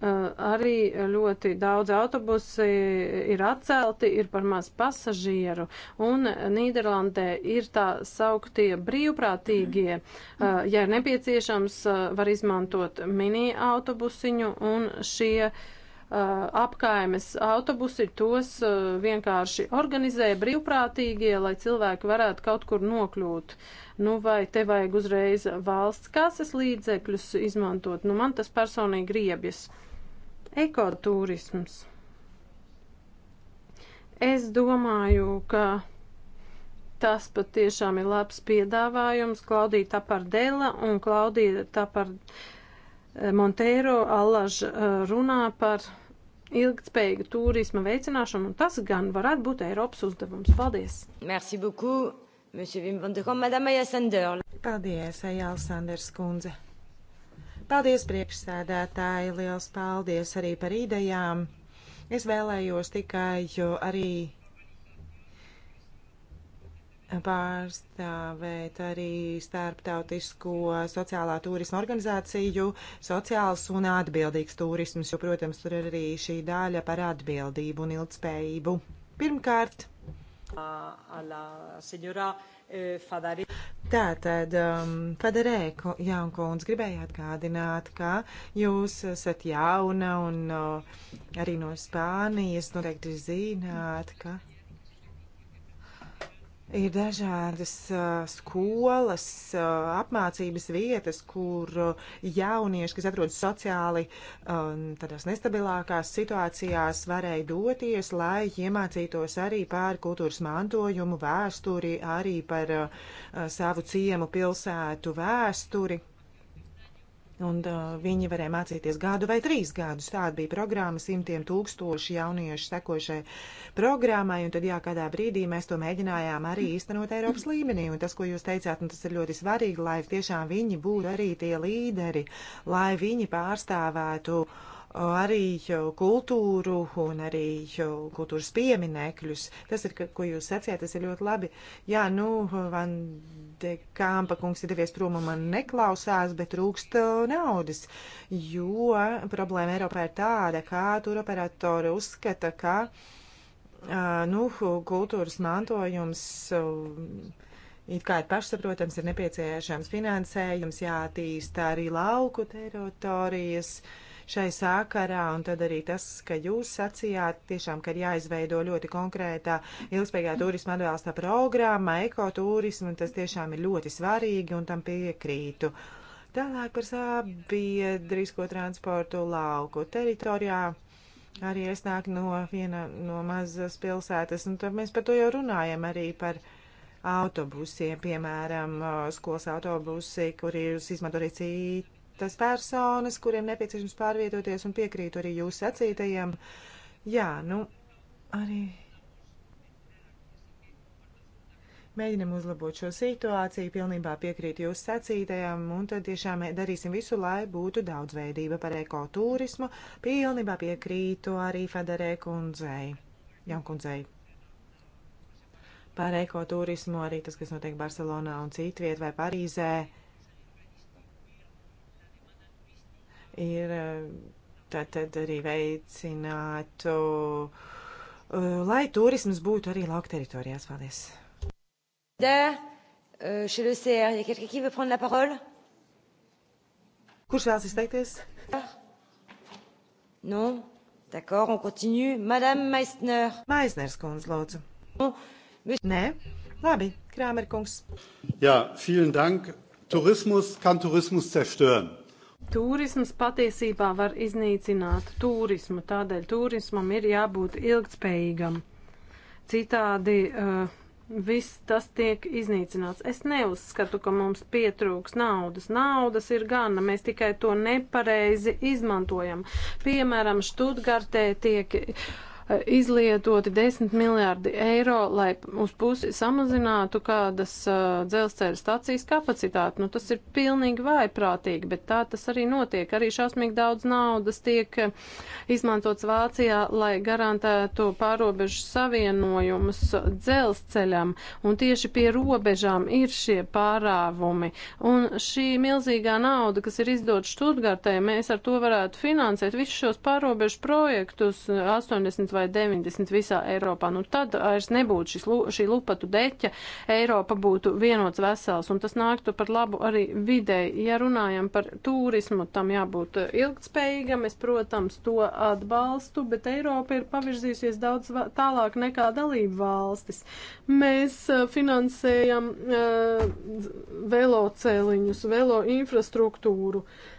arī ļoti daudz autobusi ir atcelti, ir par maz pasažieru, un Nīderlandē ir tā sauktie brīvprātīgie. Uh, ja ir nepieciešams, uh, var izmantot mini autobusiņu, un šie uh, Eh, apkaimes autobusi tos eh, vienkārši organizē brīvprātīgie, lai cilvēki varētu kaut kur nokļūt. Nu, vai te vajag uzreiz valsts kases līdzekļus izmantot? Nu, man tas personīgi riebjas. Ekoturisms. Es domāju, ka tas patiešām ir labs piedāvājums. Klaudija Tapardela un Klaudija Tapardela. Montēro allaž eh, runā par ilgtspējīga turisma veicināšana, un tas gan varētu būt Eiropas uzdevums. Paldies! Merci beaucoup, monsieur Wim van de Kom, madame Ajasander. Paldies, Ajasanders kundze. Paldies, priekšsēdētāji, liels paldies arī par idejām. Es vēlējos tikai arī pārstāvēt arī starptautisko sociālā turisma organizāciju, sociāls un atbildīgs turisms, jo, protams, tur ir arī šī daļa par atbildību un ilgspējību. Pirmkārt, eh, Tātad, um, Padarēko jaunkundz, gribēju atgādināt, ka jūs esat jauna un uh, arī no Spānijas noteikti zināt, ka Ir dažādas uh, skolas, uh, apmācības vietas, kur uh, jaunieši, kas atrodas sociāli um, tādās nestabilākās situācijās, varēja doties, lai iemācītos arī par kultūras mantojumu, vēsturi, arī par uh, savu ciemu pilsētu vēsturi. Un uh, viņi varēja mācīties gadu vai trīs gadus. Tāda bija programma, simtiem tūkstoši jauniešu sekošai programmai, un tad jā, kādā brīdī mēs to mēģinājām arī īstenot Eiropas līmenī. Un tas, ko jūs teicāt, un tas ir ļoti svarīgi, lai tiešām viņi būtu arī tie līderi, lai viņi pārstāvētu uh, arī kultūru un arī kultūras pieminekļus. Tas, ir, ko jūs sacījāt, tas ir ļoti labi. Jā, nu, Van de Kampa kungs ir devies prom un man neklausās, bet trūkst naudas, jo problēma Eiropā ir tāda, kā tur operatori uzskata, ka, nu, kultūras mantojums it kā ir pašsaprotams, ir nepieciešams finansējums, jātīstā arī lauku teritorijas. Uh, šai sākarā, un tad arī tas, ka jūs sacījāt, tiešām, ka ir jāizveido ļoti konkrētā ilgspējīgā turisma atbalsta programma, ekoturisma, tas tiešām ir ļoti svarīgi, un tam piekrītu. Tālāk par sabiedrisko transportu lauku teritorijā. Arī es nāku no viena no mazas pilsētas, un tad mēs par to jau runājam arī par autobusiem, piemēram, skolas autobusi, kurus izmanto arī citi tas personas, kuriem nepieciešams pārvietoties un piekrītu arī jūs sacītajiem. Jā, nu, arī mēģinam uzlabot šo situāciju, pilnībā piekrītu jūs sacītajam, un tad tiešām darīsim visu, lai būtu daudzveidība par ekoturismu. Pilnībā piekrītu arī Federē kundzei, Jankundzei. Par ekoturismu arī tas, kas notiek Barcelonā un citviet vai Parīzē ir eh, tātad arī veicinātu, eh, lai turisms būtu arī lauka teritorijās. Paldies! Da, chez eh, le CR, il y a quelqu'un qui veut prendre la parole? Kurš vēlas izteikties? Non? D'accord, on continue. Madame Meissner. Meissners kundze, lūdzu. Nē? Labi, Krāmer kungs. Jā, ja, vielen dank. Tourismus kann Tourismus zerstören. Tūrisms patiesībā var iznīcināt turismu, tādēļ turismam ir jābūt ilgtspējīgam. Citādi uh, viss tas tiek iznīcināts. Es neuzskatu, ka mums pietrūks naudas. Naudas ir gana, mēs tikai to nepareizi izmantojam. Piemēram, Študgartē tiek. Uh, izlietoti 10 miljārdi eiro, lai uz pusi samazinātu kādas uh, dzelzceļa stacijas kapacitāti. Nu, tas ir pilnīgi vaiprātīgi, bet tā tas arī notiek. Arī šausmīgi daudz naudas tiek izmantots Vācijā, lai garantētu pārobežu savienojumus dzelzceļam. Un tieši pie robežām ir šie pārāvumi. Un šī milzīgā nauda, kas ir izdota Študgartē, mēs ar to varētu finansēt visus šos pārobežu projektus 80 vai vai 90 visā Eiropā. Nu, tad vairs nebūtu šis, šī lupatu deķa, Eiropa būtu vienots vesels, un tas nāktu par labu arī videi. Ja runājam par turismu, tam jābūt eh, ilgtspējīgam, es, protams, to atbalstu, bet Eiropa ir pavirzījusies daudz tālāk nekā dalību valstis. Mēs eh, finansējam uh, eh, velocēliņus, velo infrastruktūru. Uh,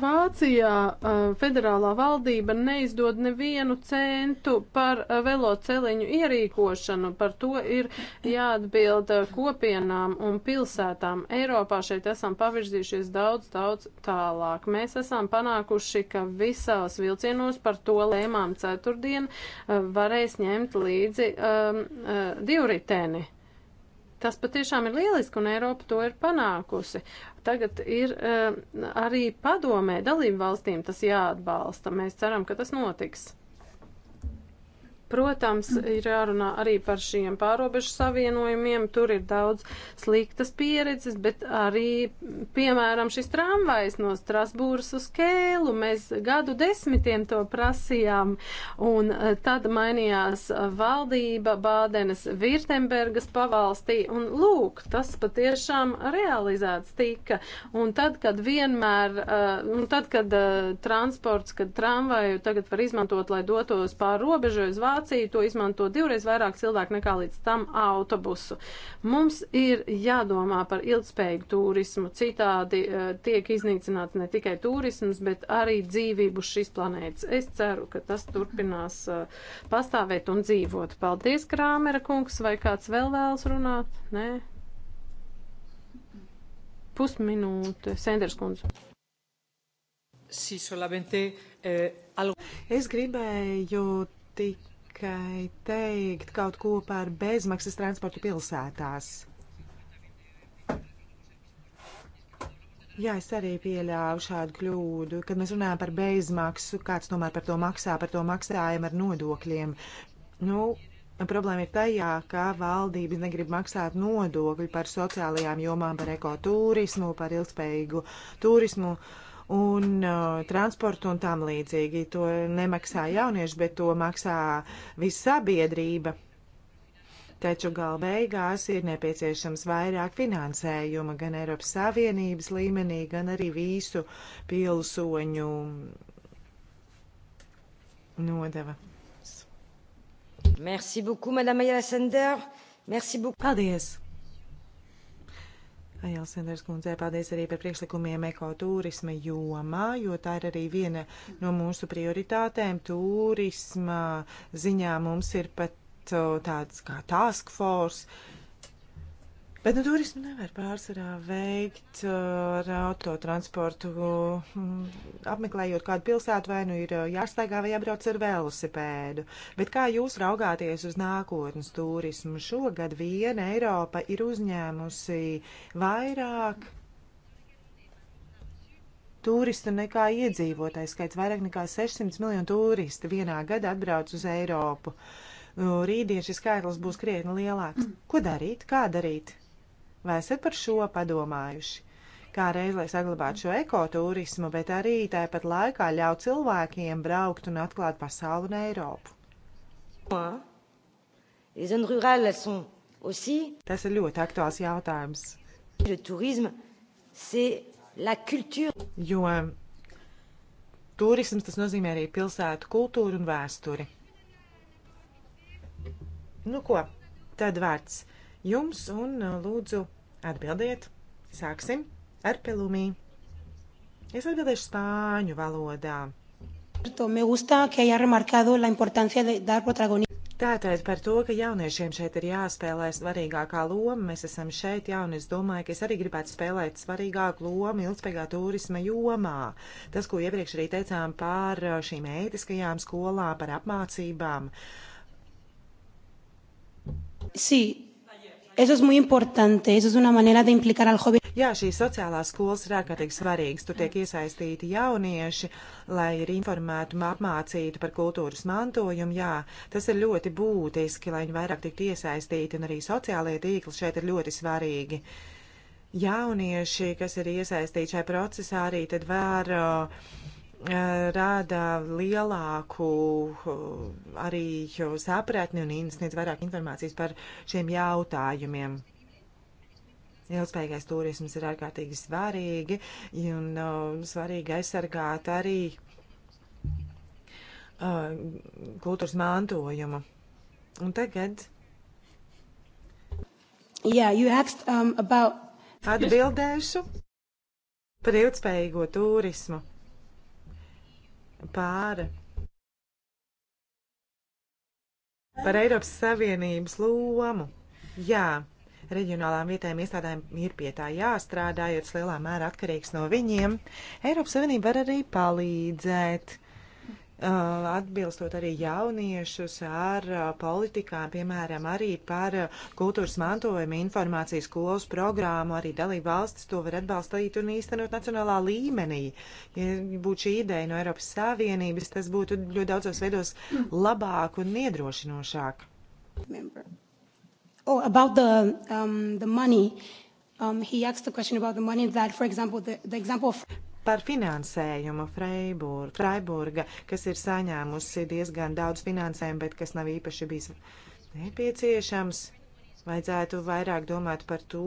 Vācijā uh, federālā valdība neizdod nevienu centu par uh, veloceliņu ierīkošanu. Par to ir jāatbild uh, kopienām un pilsētām. Eiropā šeit esam pavirzījušies daudz, daudz tālāk. Mēs esam panākuši, ka visās vilcienos par to lēmām ceturtdien varēs ņemt līdzi um, uh, divriteni. Tas patiešām ir lieliski, un Eiropa to ir panākusi. Tagad ir uh, arī padomē dalību valstīm tas jāatbalsta. Mēs ceram, ka tas notiks. Protams, ir jārunā arī par šiem pārobežu savienojumiem. Tur ir daudz sliktas pieredzes, bet arī, piemēram, šis tramvajs no Strasbūras uz Kēlu. Mēs gadu desmitiem to prasījām, un eh, tad mainījās eh, valdība Bādenes Virtembergas pavalstī, un lūk, tas patiešām realizēts tika. Un tad, kad vienmēr, eh, un tad, kad transports, kad tramvaju tagad var izmantot, lai dotos pār robežu uz Vāciju, stāciju, to izmanto divreiz vairāk cilvēku nekā līdz tam autobusu. Mums ir jādomā par ilgspējīgu turismu, citādi uh, tiek iznīcināts ne tikai turisms, bet arī dzīvību šīs planētas. Es ceru, ka tas turpinās uh, pastāvēt un dzīvot. Paldies, Krāmera kungs, vai kāds vēl vēlas runāt? Nē? pusminūte. Sanders kundze. Eh, es gribēju tik tikai teikt kaut ko par bezmaksas transportu pilsētās. Jā, es arī pieļāvu šādu kļūdu, kad mēs runājam par bezmaksu, kāds tomēr par to maksā, par to maksājam ar nodokļiem. Nu, Problēma ir tajā, ka valdības negrib maksāt nodokļu par sociālajām jomām, par ekoturismu, par ilgspējīgu turismu. Uh, un uh, transportu un tam līdzīgi. To nemaksā jaunieši, bet to maksā visa sabiedrība. Taču gal beigās ir nepieciešams vairāk finansējuma gan Eiropas Savienības līmenī, gan arī visu pilsoņu nodeva. Merci beaucoup, Madame Ayala Sender. Merci beaucoup. Paldies! Ajāls Sanders kundzei paldies arī par priekšlikumiem ekoturisma jomā, jo tā ir arī viena no mūsu prioritātēm. Turisma ziņā mums ir pat tāds kā task force, Bet nu, turismu nevar pārsvarā veikt uh, ar autotransportu. Mm, apmeklējot kādu pilsētu, vai nu ir uh, jāstaigā vai jābrauc ar velosipēdu. Bet kā jūs raugāties uz nākotnes turismu? Šogad viena Eiropa ir uzņēmusi vairāk turistu nekā iedzīvotājs skaits. Vairāk nekā 600 miljonu turistu vienā gadā atbrauc uz Eiropu. Nu, rītdien šis skaitlis būs krietni lielāks. Ko darīt? Kā darīt? Vai esat par šo padomājuši? Kā reiz, lai saglabātu šo ekoturismu, bet arī tāpat laikā ļauj cilvēkiem braukt un atklāt pasauli un Eiropu. Tas ir ļoti aktuāls jautājums. Jo turisms tas nozīmē arī pilsētu kultūru un vēsturi. Nu ko, tad vārds jums un lūdzu Atbildiet. Sāksim ar pelumī. Es atbildēšu spāņu valodā. Tātad par to, ka jauniešiem šeit ir jāspēlē svarīgākā loma, mēs esam šeit jauni, es domāju, ka es arī gribētu spēlēt svarīgāku lomu ilgspējīgā turisma jomā. Tas, ko iepriekš arī teicām par uh, šīm ētiskajām skolām, par apmācībām. Sí, Eso es muy importante, eso es una manera de implicar al joven. Jā, šīs sociālās skolas ir ārkārtīgi svarīgas. Tur tiek iesaistīti jaunieši, lai ir informēti un apmācīti par kultūras mantojumu. Jā, tas ir ļoti būtiski, lai viņi vairāk tiktu iesaistīti, un arī sociālajie tīkli šeit ir ļoti svarīgi. Jaunieši, kas ir iesaistīti šajā procesā, arī tad var. Uh, Eh, rāda lielāku eh, arī sapratni un sniedz vairāk informācijas par šiem jautājumiem. Ilgspējīgais turisms ir ārkārtīgi svarīgi un uh, svarīgi aizsargāt arī uh, kultūras mantojumu. Un tagad. Yeah, you asked, um, about... Atbildēšu par ilgspējīgo turismu pāri par Eiropas Savienības lomu. Jā, reģionālām vietējām iestādēm ir pie tā jāstrādā, jo tas lielā mērā atkarīgs no viņiem. Eiropas Savienība var arī palīdzēt Uh, atbilstot arī jauniešus ar uh, politikām, piemēram, arī par uh, kultūras mantojumu informācijas skolas programmu, arī dalību valstis to var atbalstīt un īstenot nacionālā līmenī. Ja būtu šī ideja no Eiropas Savienības, tas būtu ļoti daudzos veidos labāk un iedrošinošāk. Oh, about the, um, the money. Um, he asked the question about the money that, for example, the, the example of par finansējumu Freiburg, Freiburga, kas ir saņēmusi diezgan daudz finansējumu, bet kas nav īpaši bijis nepieciešams. Vajadzētu vairāk domāt par to,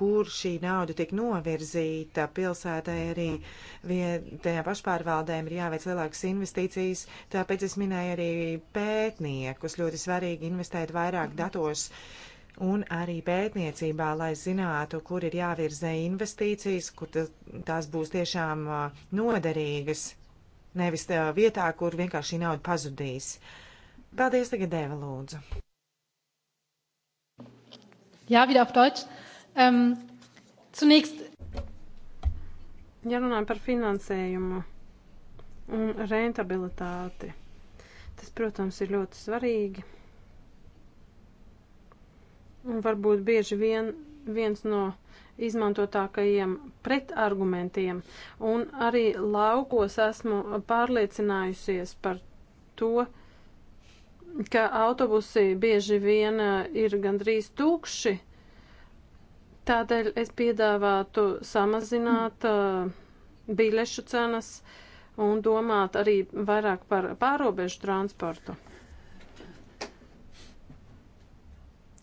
kur šī nauda tik novirzīta. Pilsētai arī vietējā pašpārvaldēm ir jāveic lielākas investīcijas, tāpēc es minēju arī pētniekus. Ļoti svarīgi investēt vairāk datos. Uh, un arī pētniecībā, lai zinātu, kur ir jāvirzē investīcijas, kur tās būs tiešām noderīgas, nevis vietā, kur vienkārši nauda pazudīs. Paldies tagad, Dēva Lūdzu. Jā, wieder auf Deutsch. Um, zunächst. Ja runājam par finansējumu un rentabilitāti. Tas, protams, ir ļoti svarīgi varbūt bieži vien viens no izmantotākajiem pretargumentiem. Un arī laukos esmu pārliecinājusies par to, ka autobusi bieži vien eh, ir gandrīz tūkši. Tādēļ es piedāvātu samazināt uh, biļešu cenas un domāt arī vairāk par pārobežu transportu.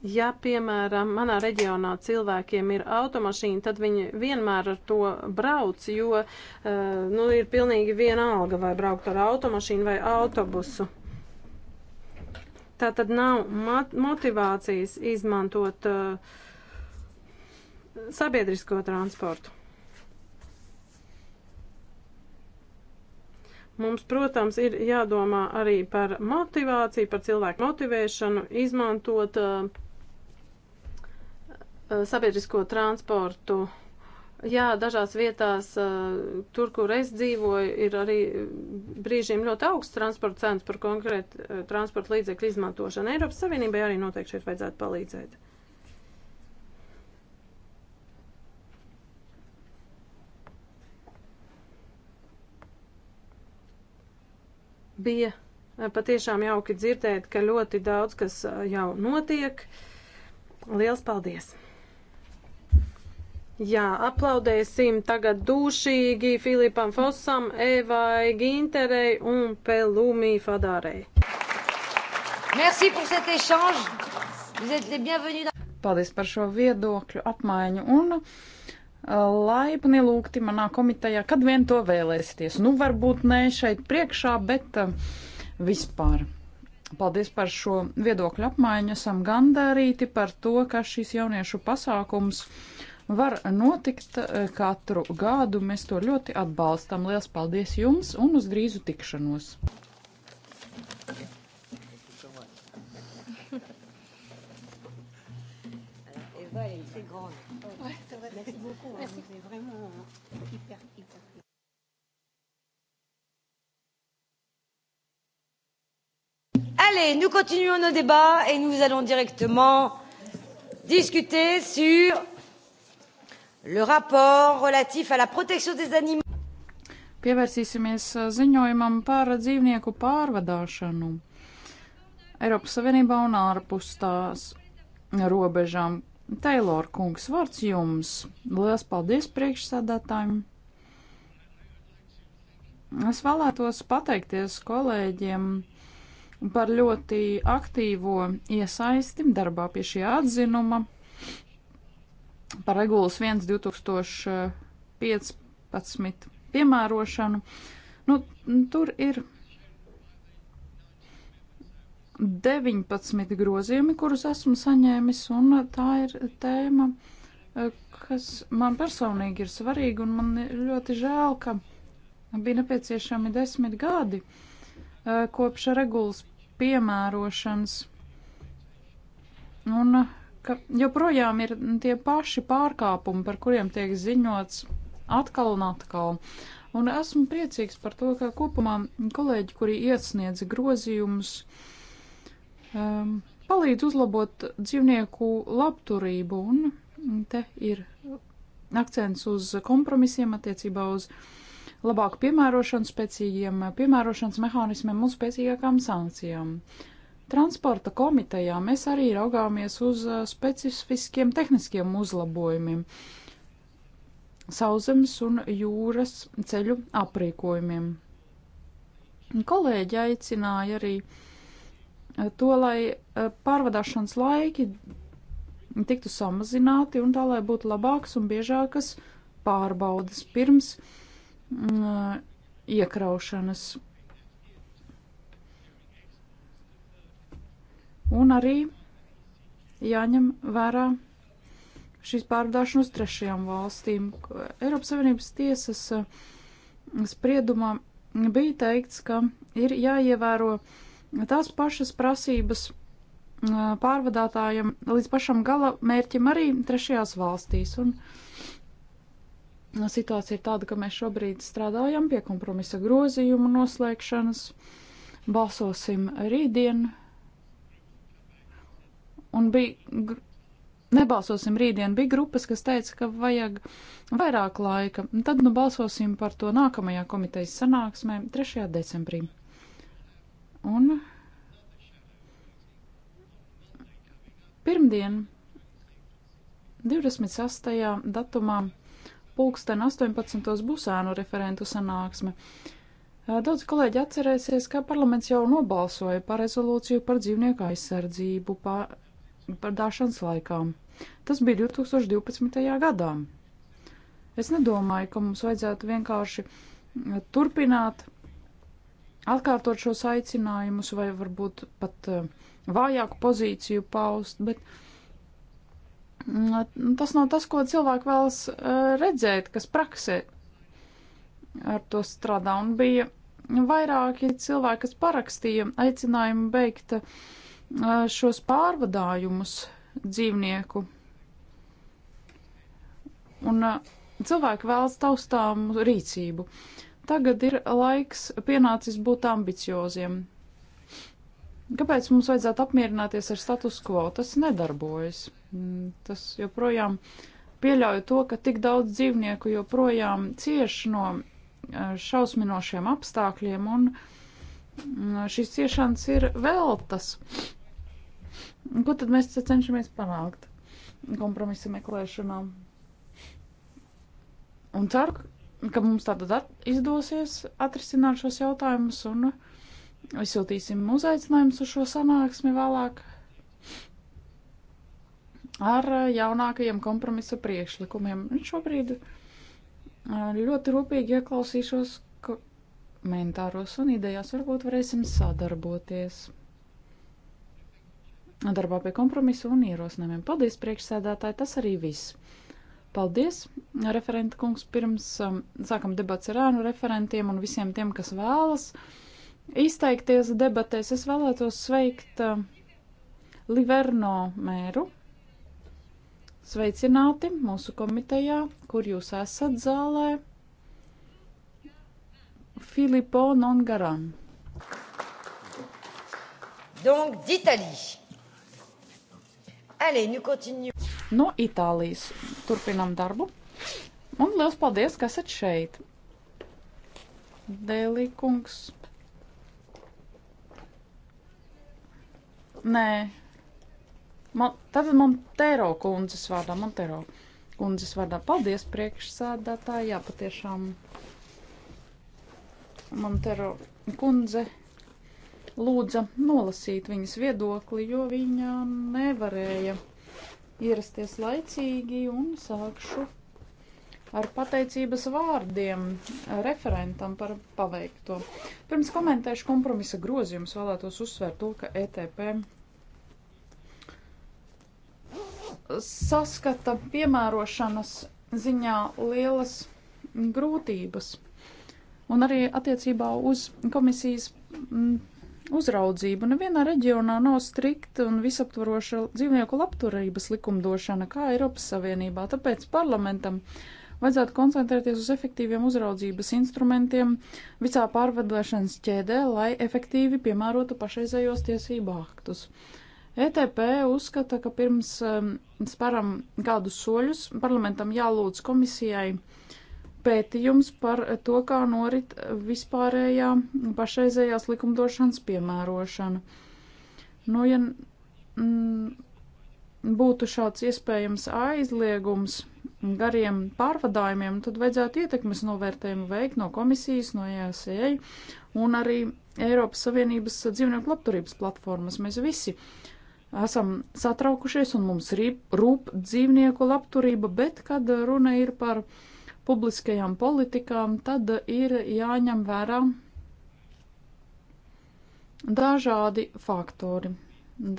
Ja, piemēram, manā reģionā cilvēkiem ir automašīna, tad viņi vienmēr ar to brauc, jo eh, nu, ir pilnīgi vienalga, vai braukt ar automašīnu vai autobusu. Tā tad nav motivācijas izmantot eh, sabiedrisko transportu. Mums, protams, ir jādomā arī par motivāciju, par cilvēku motivēšanu, izmantot uh, Eh, sabiedrisko transportu. Jā, dažās vietās, eh, tur, kur es dzīvoju, ir arī brīžiem ļoti augsts transporta cenas par konkrētu eh, transporta līdzekļu izmantošanu. Eiropas Savienībai arī noteikti šeit vajadzētu palīdzēt. Bija patiešām jauki dzirdēt, ka ļoti daudz kas jau notiek. Liels paldies! Jā, aplaudēsim tagad dušīgi Filipam Fosam, Evai Ginterei un Pelumī Fadārei. Merci pour cet échange. Vous êtes les bienvenus. Paldies par šo viedokļu apmaiņu un uh, laipni lūgti manā komitejā, kad vien to vēlēsieties. Nu, varbūt ne šeit priekšā, bet uh, vispār. Paldies par šo viedokļu apmaiņu. Esam gandarīti par to, ka šis jauniešu pasākums var notikt e, katru gadu. Mēs to ļoti atbalstam. Lielas paldies jums un uz drīzu tikšanos! elle est grande. Ouais, ça va, merci beaucoup. Merci. Vous êtes vraiment hyper, hyper. Allez, nous continuons nos débats et nous allons directement discuter sur le rapport relatif à la protection des animaux. Pievērsīsimies ziņojumam par dzīvnieku pārvadāšanu Eiropas Savienībā un ārpus tās robežām. Tailor kungs, vārds jums. Lielas paldies priekšsādātājiem. Es vēlētos pateikties kolēģiem par ļoti aktīvo iesaisti darbā pie šī atzinuma par regulas 1 2015 piemērošanu. Nu, tur ir 19 grozījumi, kurus esmu saņēmis, un tā ir tēma, kas man personīgi ir svarīga, un man ļoti žēl, ka bija nepieciešami desmit gadi e, kopš regulas piemērošanas. Un ka joprojām ir tie paši pārkāpumi, par kuriem tiek ziņots atkal un atkal. Un esmu priecīgs par to, ka kopumā kolēģi, kuri iesniedz grozījumus, um, palīdz uzlabot dzīvnieku labturību, un te ir akcents uz kompromisiem attiecībā uz labāku piemērošanu, spēcīgiem piemērošanas mehānismiem un spēcīgākām sankcijām. Uh, Transporta komitejā mēs arī raugāmies uz specifiskiem tehniskiem uzlabojumiem sauszemes un jūras ceļu aprīkojumiem. Kolēģi aicināja arī to, lai pārvadāšanas laiki tiktu samazināti un tā, lai būtu labākas un biežākas pārbaudas pirms mm, iekraušanas. Un arī jāņem vērā šīs pārdošanas trešajām valstīm. Eiropas Savienības tiesas eh, spriedumā bija teikts, ka ir jāievēro tās pašas prasības eh, pārvadātājiem līdz pašam gala mērķim arī trešajās valstīs. Un situācija ir tāda, ka mēs šobrīd strādājam pie kompromisa grozījuma noslēgšanas. Balsosim rītdien un bija, nebalsosim rītdien, bija grupas, kas teica, ka vajag vairāk laika, un tad nu balsosim par to nākamajā komitejas sanāksmē 3. decembrī. Un pirmdien, 28. datumā, pulksten 18. busēnu referentu sanāksme. Daudz kolēģi atcerēsies, ka parlaments jau nobalsoja par rezolūciju par dzīvnieku aizsardzību, par par dāšanas laikām. Tas bija 2012. gadā. Es nedomāju, ka mums vajadzētu vienkārši eh, turpināt, atkārtot šos aicinājumus, vai varbūt pat eh, vājāku pozīciju paust, bet mm, tas nav tas, ko cilvēki vēlas eh, redzēt, kas praksē ar to strādā. Un bija vairāki cilvēki, kas parakstīja aicinājumu beigt uh, šos pārvadājumus dzīvnieku. Un cilvēki vēlas taustāmu rīcību. Tagad ir laiks pienācis būt ambicioziem. Kāpēc mums vajadzētu apmierināties ar status quo? Tas nedarbojas. Mm, tas joprojām pieļauj to, ka tik daudz dzīvnieku joprojām cieš no šausminošiem apstākļiem, un mm, šīs ciešanas ir veltas. tas Ko tad mēs cenšamies panākt kompromisa meklēšanā? Un ceru, ka mums tātad at izdosies atrisināt šos jautājumus un izsūtīsim uzaicinājumus uz šo sanāksmi vēlāk ar jaunākajiem kompromisa priekšlikumiem. Un šobrīd ļoti rūpīgi ieklausīšos komentāros un idejās varbūt varēsim sadarboties darbā pie kompromisu un ierosinājumiem. Paldies, priekšsēdētāji, tas arī viss. Paldies, referenta kungs, pirms um, sākam debats ar ēnu referentiem un visiem tiem, kas vēlas izteikties debatēs. Es vēlētos sveikt uh, Liverno mēru. Sveicināti mūsu komitejā, kur jūs esat zālē. Filipo Nongaran. Donc d'Italie. Allez, nu continue. No Itālijas turpinam darbu. Un liels paldies, ka esat šeit. Dēlīkungs. Nē. Man, tad Montero kundzes vārdā, Montero kundzes vārdā. Paldies priekšsēdētāji, jā, patiešām Montero kundze lūdza nolasīt viņas viedokli, jo viņa nevarēja ierasties laicīgi un sākšu ar pateicības vārdiem referentam par paveikto. Pirms komentēšu kompromisa grozījumus, vēlētos uzsvērt to, ka ETP saskata piemērošanas ziņā lielas grūtības. Un arī attiecībā uz komisijas uzraudzību. Nevienā reģionā nav strikta un visaptvaroša dzīvnieku labturības likumdošana kā Eiropas Savienībā, tāpēc parlamentam vajadzētu koncentrēties uz efektīviem uzraudzības instrumentiem visā pārvadošanas ķēdē, lai efektīvi piemērotu pašreizējos tiesību aktus. ETP uzskata, ka pirms um, spēram kādus soļus parlamentam jālūdz komisijai uh, pētījums par to, kā norit vispārējā pašreizējās likumdošanas piemērošana. Nu, ja būtu šāds iespējams aizliegums gariem pārvadājumiem, tad vajadzētu ietekmes novērtējumu veikt no komisijas, no ESA un arī Eiropas Savienības dzīvnieku labturības platformas. Mēs visi esam satraukušies un mums rīp, rūp dzīvnieku labturība, bet kad runa ir par uh, publiskajām politikām, tad ir jāņem vērā dažādi faktori.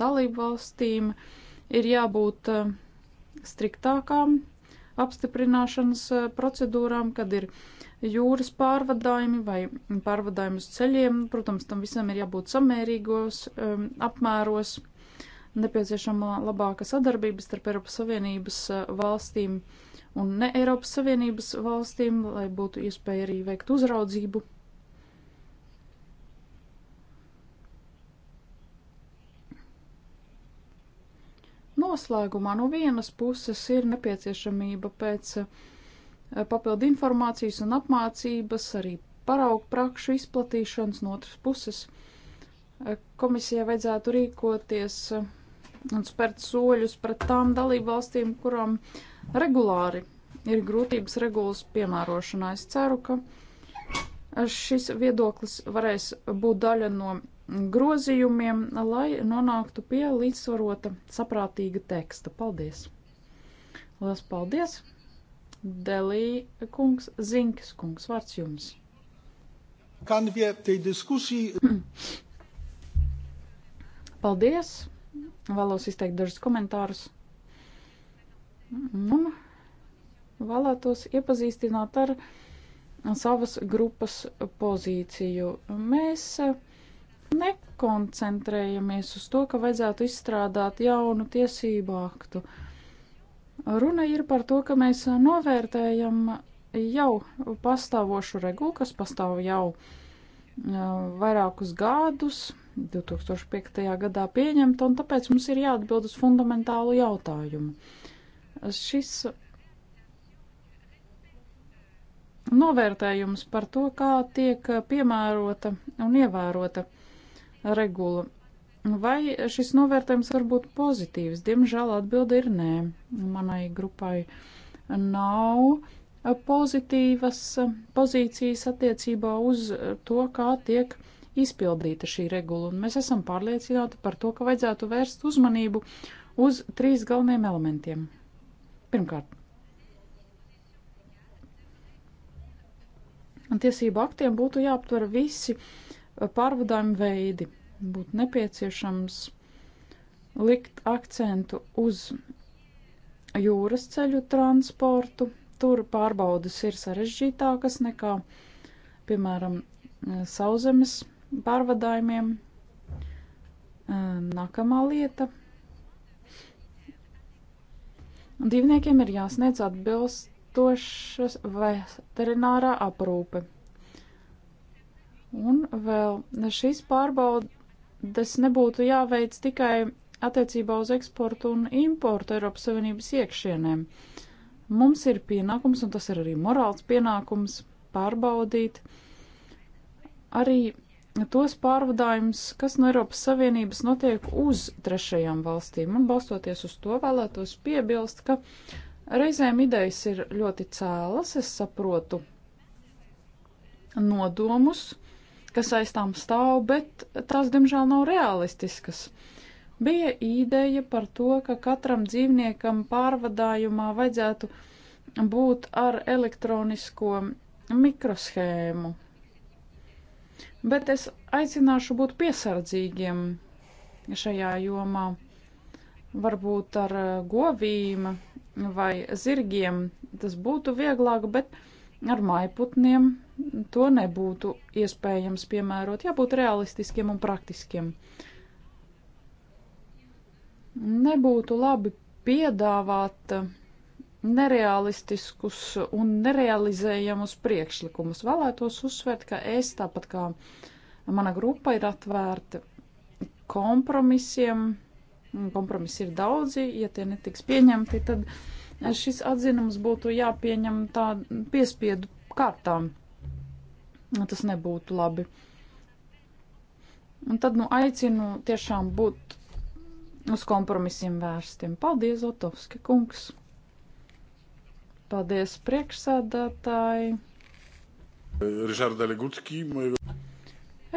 Dalību valstīm ir jābūt eh, striktākām apstiprināšanas eh, procedūrām, kad ir jūras pārvadājumi vai pārvadājumi uz ceļiem. Protams, tam visam ir jābūt samērīgos um, apmēros, nepieciešama labāka sadarbības starp Eiropas Savienības valstīm. Uh, un ne Eiropas Savienības valstīm, lai būtu iespēja arī veikt uzraudzību. Noslēgumā no vienas puses ir nepieciešamība pēc eh, papildu informācijas un apmācības, arī paraugu prakšu izplatīšanas, no otras puses eh, komisijai vajadzētu rīkoties eh, un spērt soļus pret tām dalību valstīm, kurām uh, regulāri ir grūtības regulas piemērošanā. Es ceru, ka šis viedoklis varēs būt daļa no grozījumiem, lai nonāktu pie līdzsvarota saprātīga teksta. Paldies! Lielas paldies! Delī kungs, Zinkis kungs, vārds jums. Kanvie nu tej diskusija. Paldies! Vēlos izteikt dažus komentārus. Un nu, vēlētos iepazīstināt ar savas grupas pozīciju. Mēs eh, nekoncentrējamies uz to, ka vajadzētu izstrādāt jaunu tiesību aktu. Runa ir par to, ka mēs novērtējam jau pastāvošu regulu, kas pastāv jau eh, vairākus gadus, 2005. gadā pieņemta, un tāpēc mums ir jāatbild uz fundamentālu jautājumu Šis novērtējums par to, kā tiek piemērota un ievērota regula. Vai šis novērtējums var būt pozitīvs? Diemžēl atbilde ir nē. Manai grupai nav pozitīvas pozīcijas attiecībā uz to, kā tiek izpildīta šī regula, un mēs esam pārliecināti par to, ka vajadzētu vērst uzmanību uz trīs galvenajiem elementiem. Pirmkārt, tiesību aktiem būtu jāaptver visi uh, pārvadājuma veidi. Būtu nepieciešams likt akcentu uz jūras ceļu transportu. Tur pārbaudas ir sarežģītākas nekā, piemēram, uh, sauzemes pārvadājumiem. Uh, nākamā lieta Dzīvniekiem ir jāsniedz atbilstošas veterinārā aprūpe. Un vēl šīs pārbaudes nebūtu jāveic tikai attiecībā uz eksportu un importu Eiropas Savienības iekšienēm. Mums ir pienākums, un tas ir arī morāls pienākums, pārbaudīt arī tos pārvadājumus, kas no Eiropas Savienības notiek uz trešajām valstīm. Un balstoties uz to vēlētos piebilst, ka reizēm idejas ir ļoti cēlas, es saprotu nodomus, kas aiztām stāv, bet tās, diemžēl, nav realistiskas. Bija ideja par to, ka katram dzīvniekam pārvadājumā vajadzētu būt ar elektronisko mikroshēmu, bet es aicināšu būt piesardzīgiem šajā jomā. Varbūt ar eh, govīm vai zirgiem tas būtu vieglāk, bet ar maiputniem to nebūtu iespējams piemērot. Jābūt realistiskiem un praktiskiem. Nebūtu labi piedāvāt uh, nereālistiskus un nerealizējamus priekšlikumus. Vēlētos uzsvērt, ka es tāpat kā mana grupa ir atvērta kompromisiem. Kompromisi ir daudzi, ja tie netiks pieņemti, tad šis atzinums būtu jāpieņem tā piespiedu kārtām. Tas nebūtu labi. Un tad, nu, aicinu tiešām būt uz kompromisiem vērstiem. Paldies, Otovski kungs! Paldies priekšsādātāji. Rišarda Legutski.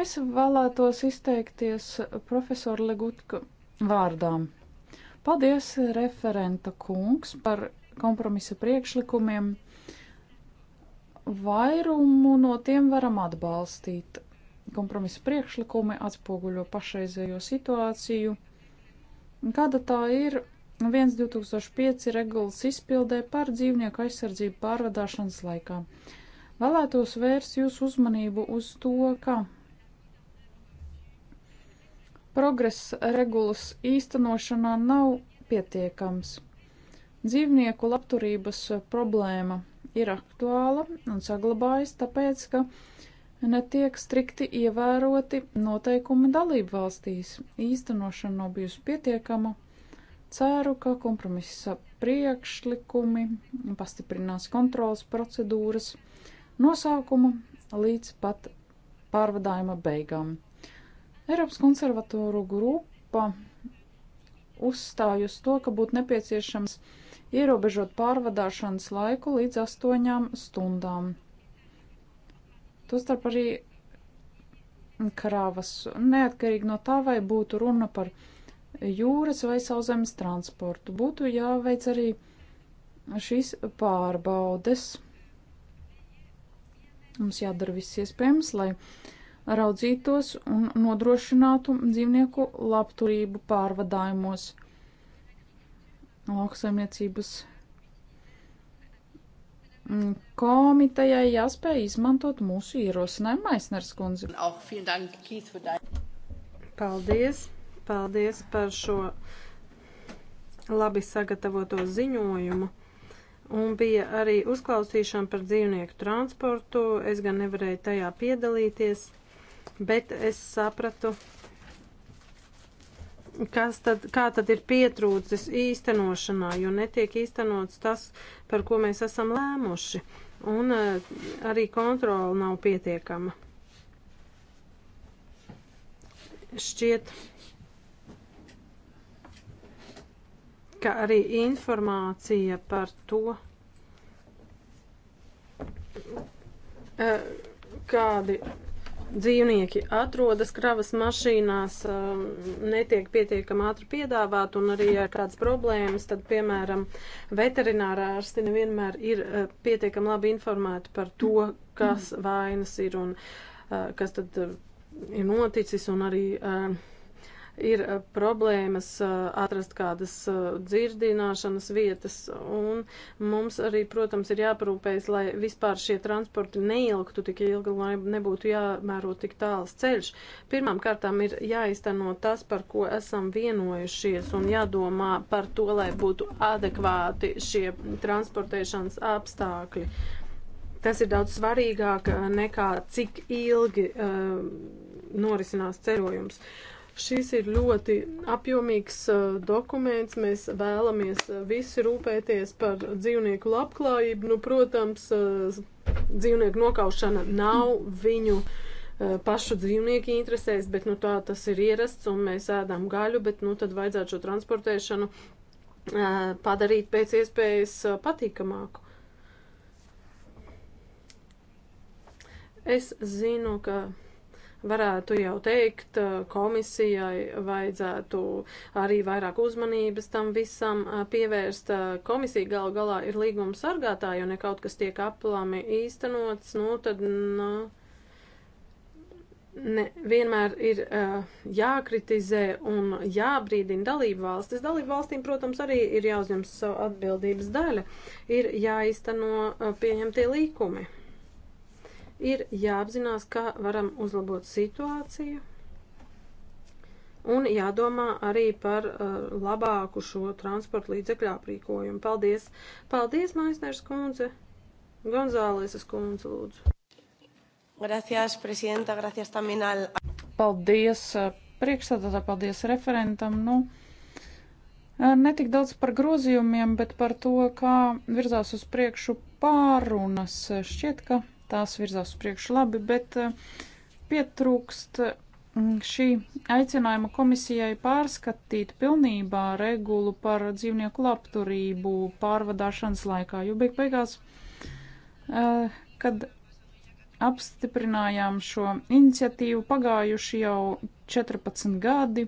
Es vēlētos izteikties profesoru Legutku vārdām. Paldies referenta kungs par kompromisa priekšlikumiem. Vairumu no tiem varam atbalstīt. Kompromisa priekšlikumi atspoguļo pašreizējo situāciju. Kāda tā ir 1 nu, 2005 regulas izpildē par dzīvnieku aizsardzību pārvadāšanas laikā. Vēlētos vērst jūsu uzmanību uz to, ka progress regulas īstenošanā nav pietiekams. Dzīvnieku labturības problēma ir aktuāla un saglabājas tāpēc, ka netiek strikti ievēroti noteikumi dalību valstīs. Īstenošana nav bijusi pietiekama Ceru, ka kompromisa priekšlikumi pastiprinās kontrolas procedūras nosaukumu līdz pat pārvadājuma beigām. Eiropas konservatoru grupa uzstāj uz to, ka būtu nepieciešams ierobežot pārvadāšanas laiku līdz astoņām stundām. Tostarp arī krāvas, neatkarīgi no tā, vai būtu runa par jūras vai sauszemes transportu. Būtu jāveic arī šīs pārbaudes. Mums jādara viss iespējams, lai raudzītos un nodrošinātu dzīvnieku labturību pārvadājumos lauksaimniecības komitejai jāspēj izmantot mūsu ierosinājumu Maisners kundzi. Paldies! Paldies par šo labi sagatavoto ziņojumu. Un bija arī uzklausīšana par dzīvnieku transportu. Es gan nevarēju tajā piedalīties, bet es sapratu, kas tad, kā tad ir pietrūcis īstenošanā, jo netiek īstenots tas, par ko mēs esam lēmuši, un eh, arī kontrola nav pietiekama. Šķiet, ka arī informācija par to, e, kādi dzīvnieki atrodas kravas mašīnās, e, netiek pietiekami ātri piedāvāt, un arī ir kādas problēmas, tad, piemēram, veterinārā ārsti nevienmēr ir e, pietiekami labi informēti par to, kas vainas ir un kas tad ir noticis, un arī uh, ir eh, problēmas eh, atrast kādas eh, dzirdināšanas vietas, un mums arī, protams, ir jāparūpējas, lai vispār šie transporti neilgtu tik ilgi, lai nebūtu jāmēro tik tāls ceļš. Pirmām kārtām ir jāizteno tas, par ko esam vienojušies, un jādomā par to, lai būtu adekvāti šie transportēšanas apstākļi tas ir daudz svarīgāk nekā cik ilgi uh, norisinās ceļojums. Šis ir ļoti apjomīgs uh, dokuments. Mēs vēlamies uh, visi rūpēties par dzīvnieku labklājību. Nu, protams, uh, dzīvnieku nokaušana nav viņu pašu dzīvnieku interesēs, bet nu, tā tas ir ierasts un mēs ēdām gaļu, bet nu, tad vajadzētu šo transportēšanu padarīt pēc iespējas patīkamāku. Es zinu, ka varētu jau teikt, eh, komisijai vajadzētu arī vairāk uzmanības tam visam eh, pievērst. Eh, komisija gal galā ir līguma sargātāja, un ja kaut kas tiek aplami īstenots, nu tad. Nu, Ne, vienmēr ir uh, jākritizē un jābrīdina dalību valstis. Dalību valstīm, protams, arī ir jāuzņemas savu atbildības daļa, ir jāizteno uh, pieņemtie līkumi. Ir jāapzinās, kā varam uzlabot situāciju un jādomā arī par uh, labāku šo transporta līdzekļu aprīkojumu. Paldies! Paldies, Maisners kundze! Gonzālesas kundze, lūdzu! Gracias, presidenta, gracias también al... Paldies uh, priekšstādātā, paldies referentam. Nu, uh, netik daudz par grozījumiem, bet par to, kā virzās uz priekšu pārunas. Šķiet, ka tās virzās uz priekšu labi, bet eh, pietrūkst mm, šī aicinājuma komisijai pārskatīt pilnībā regulu par dzīvnieku labturību pārvadāšanas laikā, jo beig beigās, eh, kad apstiprinājām šo iniciatīvu, pagājuši jau 14 gadi,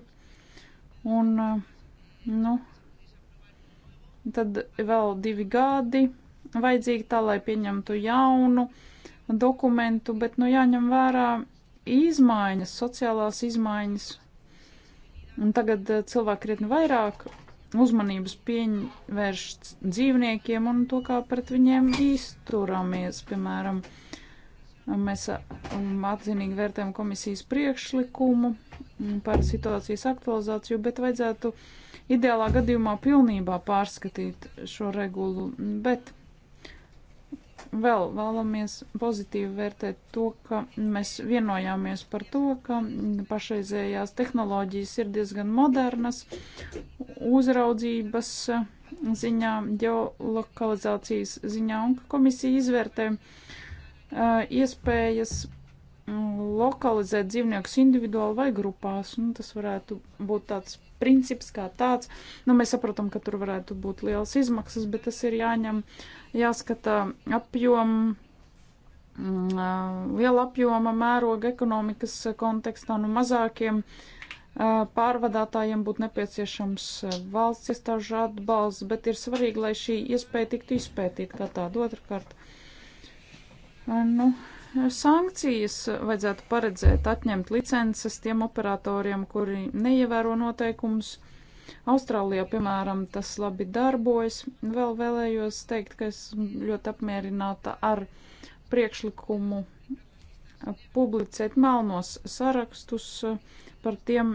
un, eh, nu, tad vēl divi gadi vajadzīgi tā, lai pieņemtu jaunu uh, dokumentu, bet nu jāņem vērā izmaiņas, sociālās izmaiņas. Un tagad eh, cilvēki krietni vairāk uzmanības pievērš dzīvniekiem un to, kā pret viņiem izturāmies. Piemēram, mēs um, atzinīgi vērtējam komisijas priekšlikumu par situācijas aktualizāciju, bet vajadzētu ideālā gadījumā pilnībā pārskatīt šo regulu. Bet vēl vēlamies pozitīvi vērtēt to, ka mēs vienojāmies par to, ka pašreizējās tehnoloģijas ir diezgan modernas, uzraudzības ziņā, geolokalizācijas ziņā, un ka komisija izvērtē uh, iespējas lokalizēt dzīvniekus individuāli vai grupās, un nu, tas varētu būt tāds princips kā tāds. Nu, mēs saprotam, ka tur varētu būt liels izmaksas, bet tas ir jāņem, jāskata apjom, mm, liela apjoma mēroga ekonomikas kontekstā, nu mazākiem pārvadātājiem būtu nepieciešams valsts iestāžu atbalsts, bet ir svarīgi, lai šī iespēja tiktu izpētīta kā tāda. Otrakārt, nu, sankcijas vajadzētu paredzēt, atņemt licences tiem operatoriem, kuri neievēro noteikumus. Austrālijā, piemēram, tas labi darbojas. Vēl vēlējos teikt, ka es ļoti apmierināta ar priekšlikumu publicēt melnos sarakstus par tiem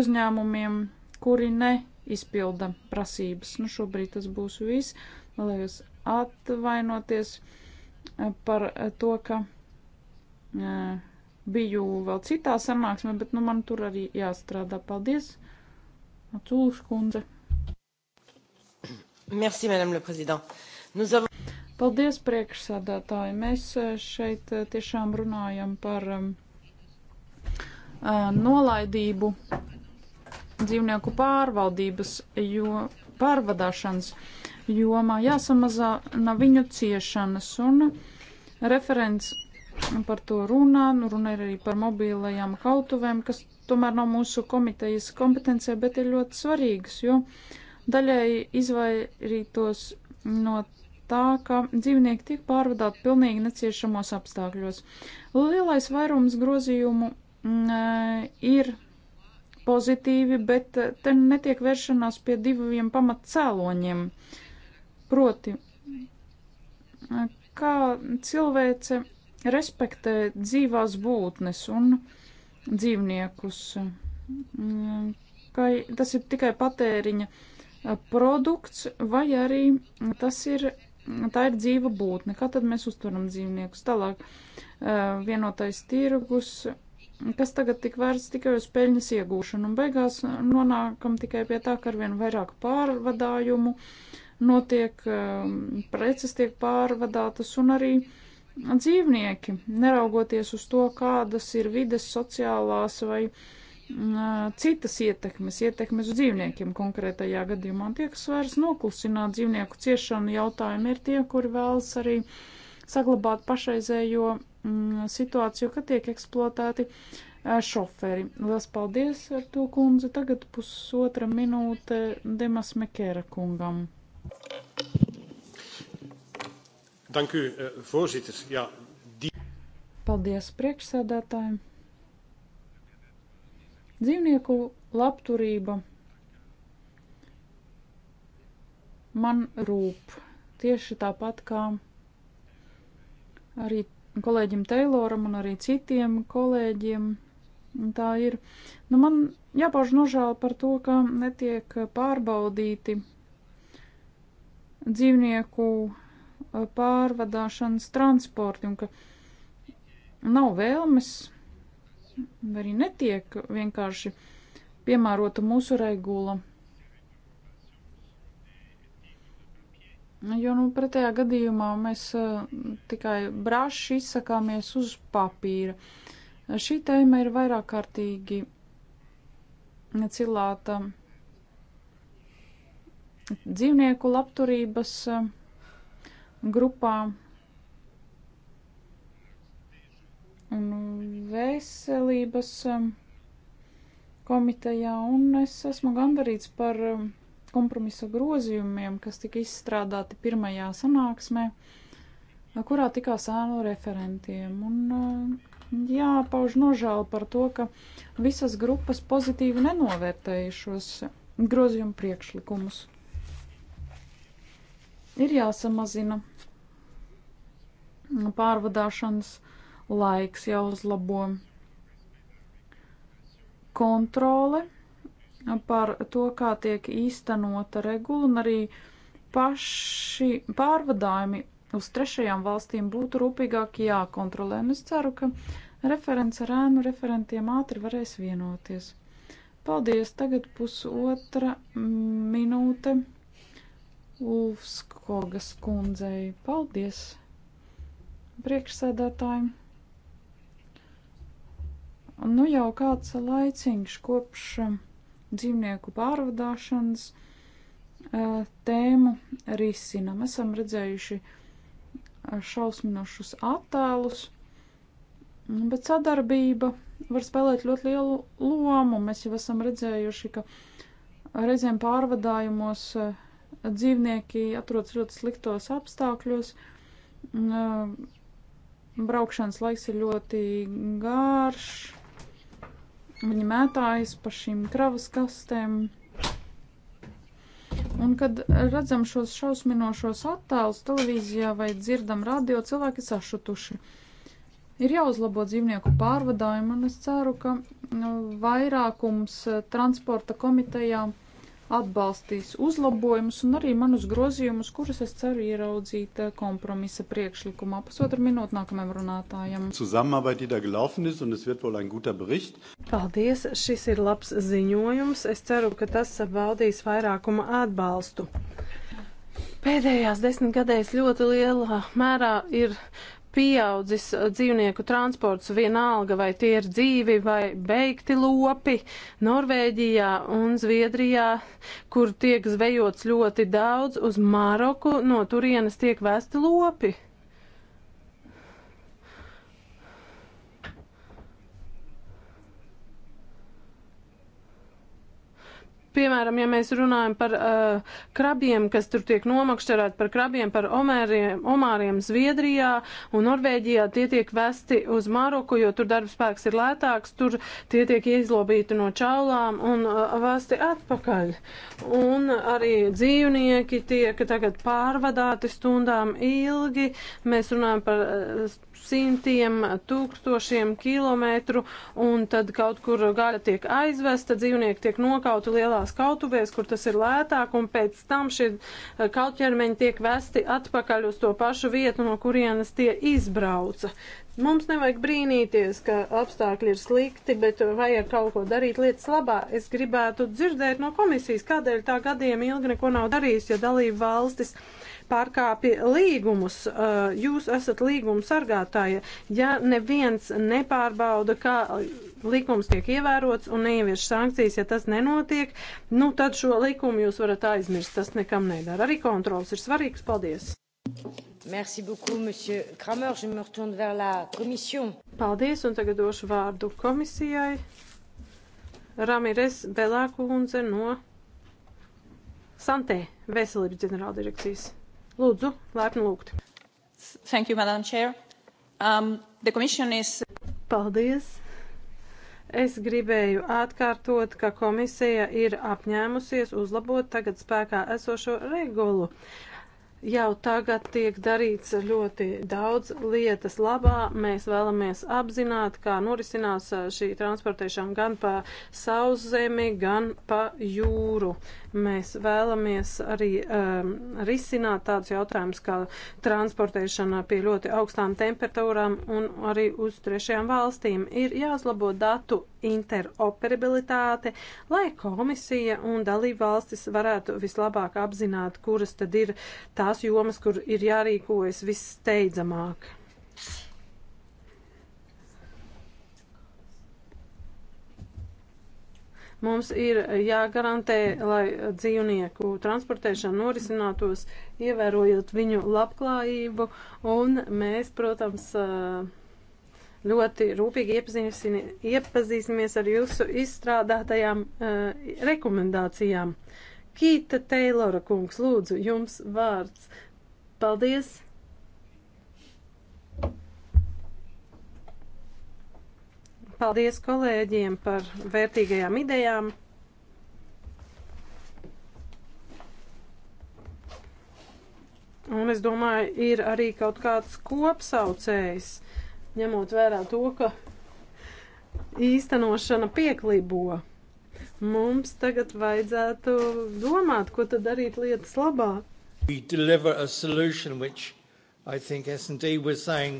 uzņēmumiem, kuri neizpilda prasības. Nu, šobrīd tas būs viss. Vēlējos atvainoties par to, ka Biju vēl citā sanāksmē, bet nu, man tur arī jāstrādā. Paldies, Cūlis kundze. Merci, madame le président. Nous avons... Paldies, priekšsādātāji. Mēs šeit tiešām runājam par um, nolaidību dzīvnieku pārvaldības, jo pārvadāšanas jomā jāsamazana viņu ciešanas un referents par to runā, nu runa ir arī par mobīlajām kautuvēm, kas tomēr nav mūsu komitejas kompetencija, bet ir ļoti svarīgas, jo daļai izvairītos no tā, ka dzīvnieki tiek pārvadāti pilnīgi neciešamos apstākļos. Lielais vairums grozījumu m, mm, e, ir pozitīvi, bet e, te netiek vēršanās pie diviem pamatcēloņiem. Proti, e, kā cilvēce respektē dzīvās būtnes un dzīvniekus. Mm, tas ir tikai patēriņa produkts, vai arī tas ir, tā ir dzīva būtne. Kā tad mēs uztveram dzīvniekus? Tālāk vienotais tirgus, kas tagad tik vērts tikai uz peļņas iegūšanu, un beigās nonākam tikai pie tā, ka arvien vairāk pārvadājumu notiek, preces tiek pārvadātas, un arī uh, dzīvnieki, neraugoties uz to, kādas ir vides sociālās vai mm, citas ietekmes, ietekmes uz dzīvniekiem konkrētajā gadījumā. Tie, kas vairs noklusināt dzīvnieku ciešanu jautājumu, ir tie, kuri vēlas arī saglabāt pašreizējo mm, situāciju, ka tiek eksploatēti šoferi. Lielas paldies ar to kundze. Tagad pusotra minūte Demas Mekēra kungam. Thank you. Dank u, eh, voorzitter. Ja, die... Paldies priekšsēdētājiem. Dzīvnieku labturība man rūp tieši tāpat kā arī kolēģim Tayloram un arī citiem kolēģiem. Tā ir. Nu, man jāpauž nožēla par to, ka netiek pārbaudīti dzīvnieku pārvadāšanas transporti un ka nav vēlmes vai arī netiek vienkārši piemērota mūsu regula. Jo, nu, pretējā gadījumā mēs tikai braši izsakāmies uz papīra. Šī tēma ir vairāk kārtīgi cilāta dzīvnieku labturības grupām un veselības um, komitejā, un es esmu gandarīts par um, kompromisa grozījumiem, kas tika izstrādāti pirmajā sanāksmē, kurā tikās ēnu referentiem. Un, um, jāpauž nožēla par to, ka visas grupas pozitīvi nenovērtēja šos grozījumu priekšlikumus. Ir jāsamazina pārvadāšanas laiks, jāuzlabo kontrole par to, kā tiek īstenota regula, un arī paši pārvadājumi uz trešajām valstīm būtu rūpīgāk jākontrolē. Un es ceru, ka referents ar ēnu referentiem ātri varēs vienoties. Paldies! Tagad pusotra minūte Ulfskogas kundzei. Paldies priekšsēdētājiem! Nu jau kāds laiciņš kopš um, dzīvnieku pārvadāšanas uh, tēmu risinam. Esam redzējuši uh, šausminošus attēlus, bet sadarbība var spēlēt ļoti lielu lomu. Mēs jau esam redzējuši, ka reizēm pārvadājumos uh, dzīvnieki atrodas ļoti sliktos apstākļos. Braukšanas laiks ir ļoti garš. Viņi mētājas pa šīm kravas kastēm. Un, kad redzam šos šausminošos attēlus televīzijā vai dzirdam radio, cilvēki sašutuši. Ir jāuzlabo dzīvnieku pārvadājumu, un es ceru, ka nu, vairākums transporta komitejām atbalstīs uzlabojumus un arī manus grozījumus, kurus es ceru ieraudzīt eh, kompromisa priekšlikumā. Pusotru minūtu nākamajam runātājam. Paldies, šis ir labs ziņojums. Es ceru, ka tas baudīs vairākuma atbalstu. Pēdējās desmit gadēs ļoti lielā mērā ir pieaudzis uh, dzīvnieku transports vienalga, vai tie ir dzīvi vai beigti lopi. Norvēģijā un Zviedrijā, kur tiek zvejots ļoti daudz, uz Maroku no turienes tiek vēsti lopi. Piemēram, ja mēs runājam par uh, krabiem, kas tur tiek nomakšķerēti par krabiem, par omēriem, omāriem Zviedrijā un Norvēģijā, tie tiek vesti uz Maroku, jo tur darbspēks ir lētāks, tur tie tiek izlobīti no čaulām un uh, vesti atpakaļ. Un arī dzīvnieki tiek tagad pārvadāti stundām ilgi. Mēs runājam par uh, simtiem, tūkstošiem kilometru, un tad kaut kur gaļa tiek aizvesta, dzīvnieki tiek nokauti lielās kautuvēs, kur tas ir lētāk, un pēc tam šie eh, kautķermeņi tiek vesti atpakaļ uz to pašu vietu, no kurienes tie izbrauca. Mums nevajag brīnīties, ka apstākļi ir slikti, bet vajag kaut ko darīt lietas labā. Es gribētu dzirdēt no komisijas, kādēļ tā gadiem ilgi neko nav darījusi, ja dalība valstis uh, pārkāpja līgumus. Uh, jūs esat līguma sargātāja. Ja neviens nepārbauda, kā likums tiek ievērots un neievieš sankcijas, ja tas nenotiek, nu tad šo likumu jūs varat aizmirst. Tas nekam nedara. Arī kontrols ir svarīgs. Paldies! Merci beaucoup, monsieur Kramer. Je me retourne vers la commission. Paldies, un tagad došu vārdu komisijai. Ramires Belākundze no Santē, veselības ģenerāldirekcijas. Lūdzu, laipni lūgt. Thank you, Madam Chair. Um, the Commission is... Paldies. Es gribēju atkārtot, ka komisija ir apņēmusies uzlabot tagad spēkā esošo regulu. Jau tagad tiek darīts ļoti daudz lietas labā. Mēs vēlamies apzināt, kā norisinās uh, šī transportēšana gan pa sauszemi, gan pa jūru. Mēs vēlamies arī um, risināt tādus jautājumus kā transportēšana pie ļoti augstām temperatūrām un arī uz trešajām valstīm. Ir jāuzlabo datu interoperabilitāte, lai komisija un dalība valstis varētu vislabāk apzināt, kuras tad ir tās jomas, kur ir jārīkojas vissteidzamāk. Mums ir jāgarantē, lai dzīvnieku transportēšana norisinātos, ievērojot viņu labklājību, un mēs, protams, uh, ļoti rūpīgi iepazīsimies ar jūsu izstrādātajām uh, rekomendācijām. Kīta Teilora kungs, lūdzu, jums vārds. Paldies! Paldies kolēģiem par vērtīgajām idejām. Un es domāju, ir arī kaut kāds kopsaucējs. Uh, ņemot vērā to, ka īstenošana pieklibo. Mums tagad vajadzētu domāt, ko tad darīt lietas labā. Saying...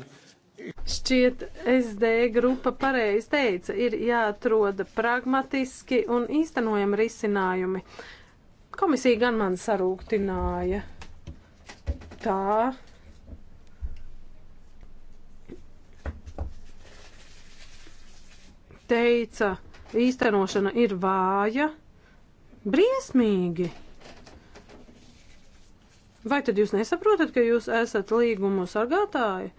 Šķiet, SD grupa pareizi teica, ir jāatroda pragmatiski un īstenojami risinājumi. Komisija gan man sarūktināja. Tā teica, īstenošana ir vāja, briesmīgi. Vai tad jūs nesaprotat, ka jūs esat līgumu sargātāji?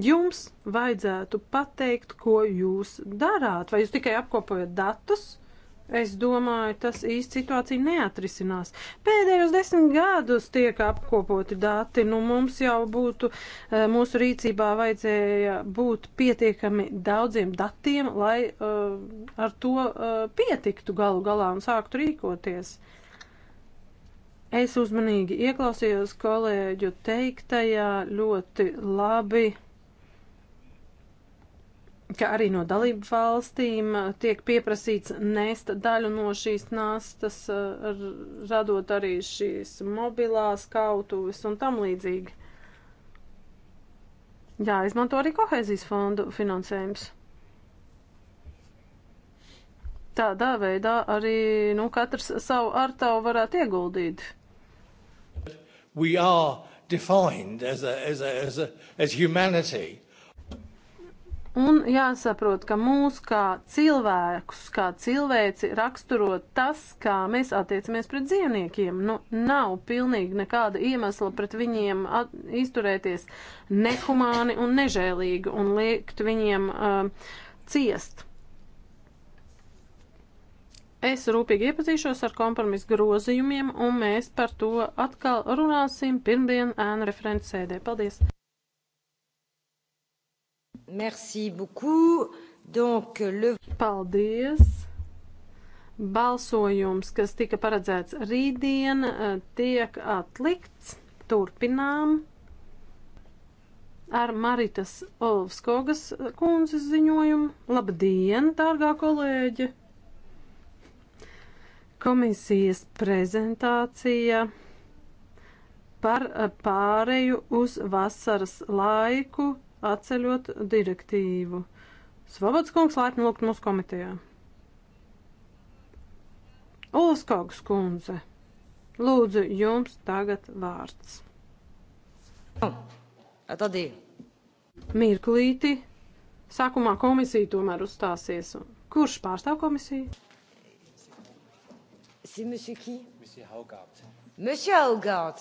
Jums vajadzētu pateikt, ko jūs darāt. Vai jūs tikai apkopojat datus? Es domāju, tas īsti situācija neatrisinās. Pēdējos desmit gadus tiek apkopoti dati, nu mums jau būtu, eh, mūsu rīcībā vajadzēja būt pietiekami daudziem datiem, lai uh, ar to uh, pietiktu galu galā un sāktu rīkoties. Es uzmanīgi ieklausījos kolēģu teiktajā ļoti labi ka arī no dalību valstīm uh, tiek pieprasīts nest daļu no šīs nastas, uh, radot arī šīs mobilās kautuves un tam līdzīgi. Jā, izmanto arī kohēzijas fondu finansējums. Tādā veidā arī nu, katrs savu artavu varētu ieguldīt. We are defined as a, as a, as a, as humanity. Un jāsaprot, ka mūs kā cilvēkus, kā cilvēci raksturo tas, kā mēs attiecamies pret dzīvniekiem. Nu, nav pilnīgi nekāda iemesla pret viņiem at, izturēties nehumāni un nežēlīgi un liekt viņiem uh, ciest. Es rūpīgi iepazīšos ar kompromisu grozījumiem, un mēs par to atkal runāsim pirmdien ēnu referents sēdē. Paldies! Merci beaucoup. Donc, le... Paldies! Balsojums, kas tika paredzēts rītdien, tiek atlikts. Turpinām ar Maritas Olvskogas kundzes ziņojumu. Labdien, dārgā kolēģe! Komisijas prezentācija par pāreju uz vasaras laiku atceļot direktīvu. Svabats kungs laipni lūgt mūsu komitejā. Olaskogs kundze, lūdzu jums tagad vārds. Tad ir. Mirklīti. Sākumā komisija tomēr uzstāsies. Kurš pārstāv komisiju? C'est monsieur qui Monsieur Haugard. Monsieur Haugard,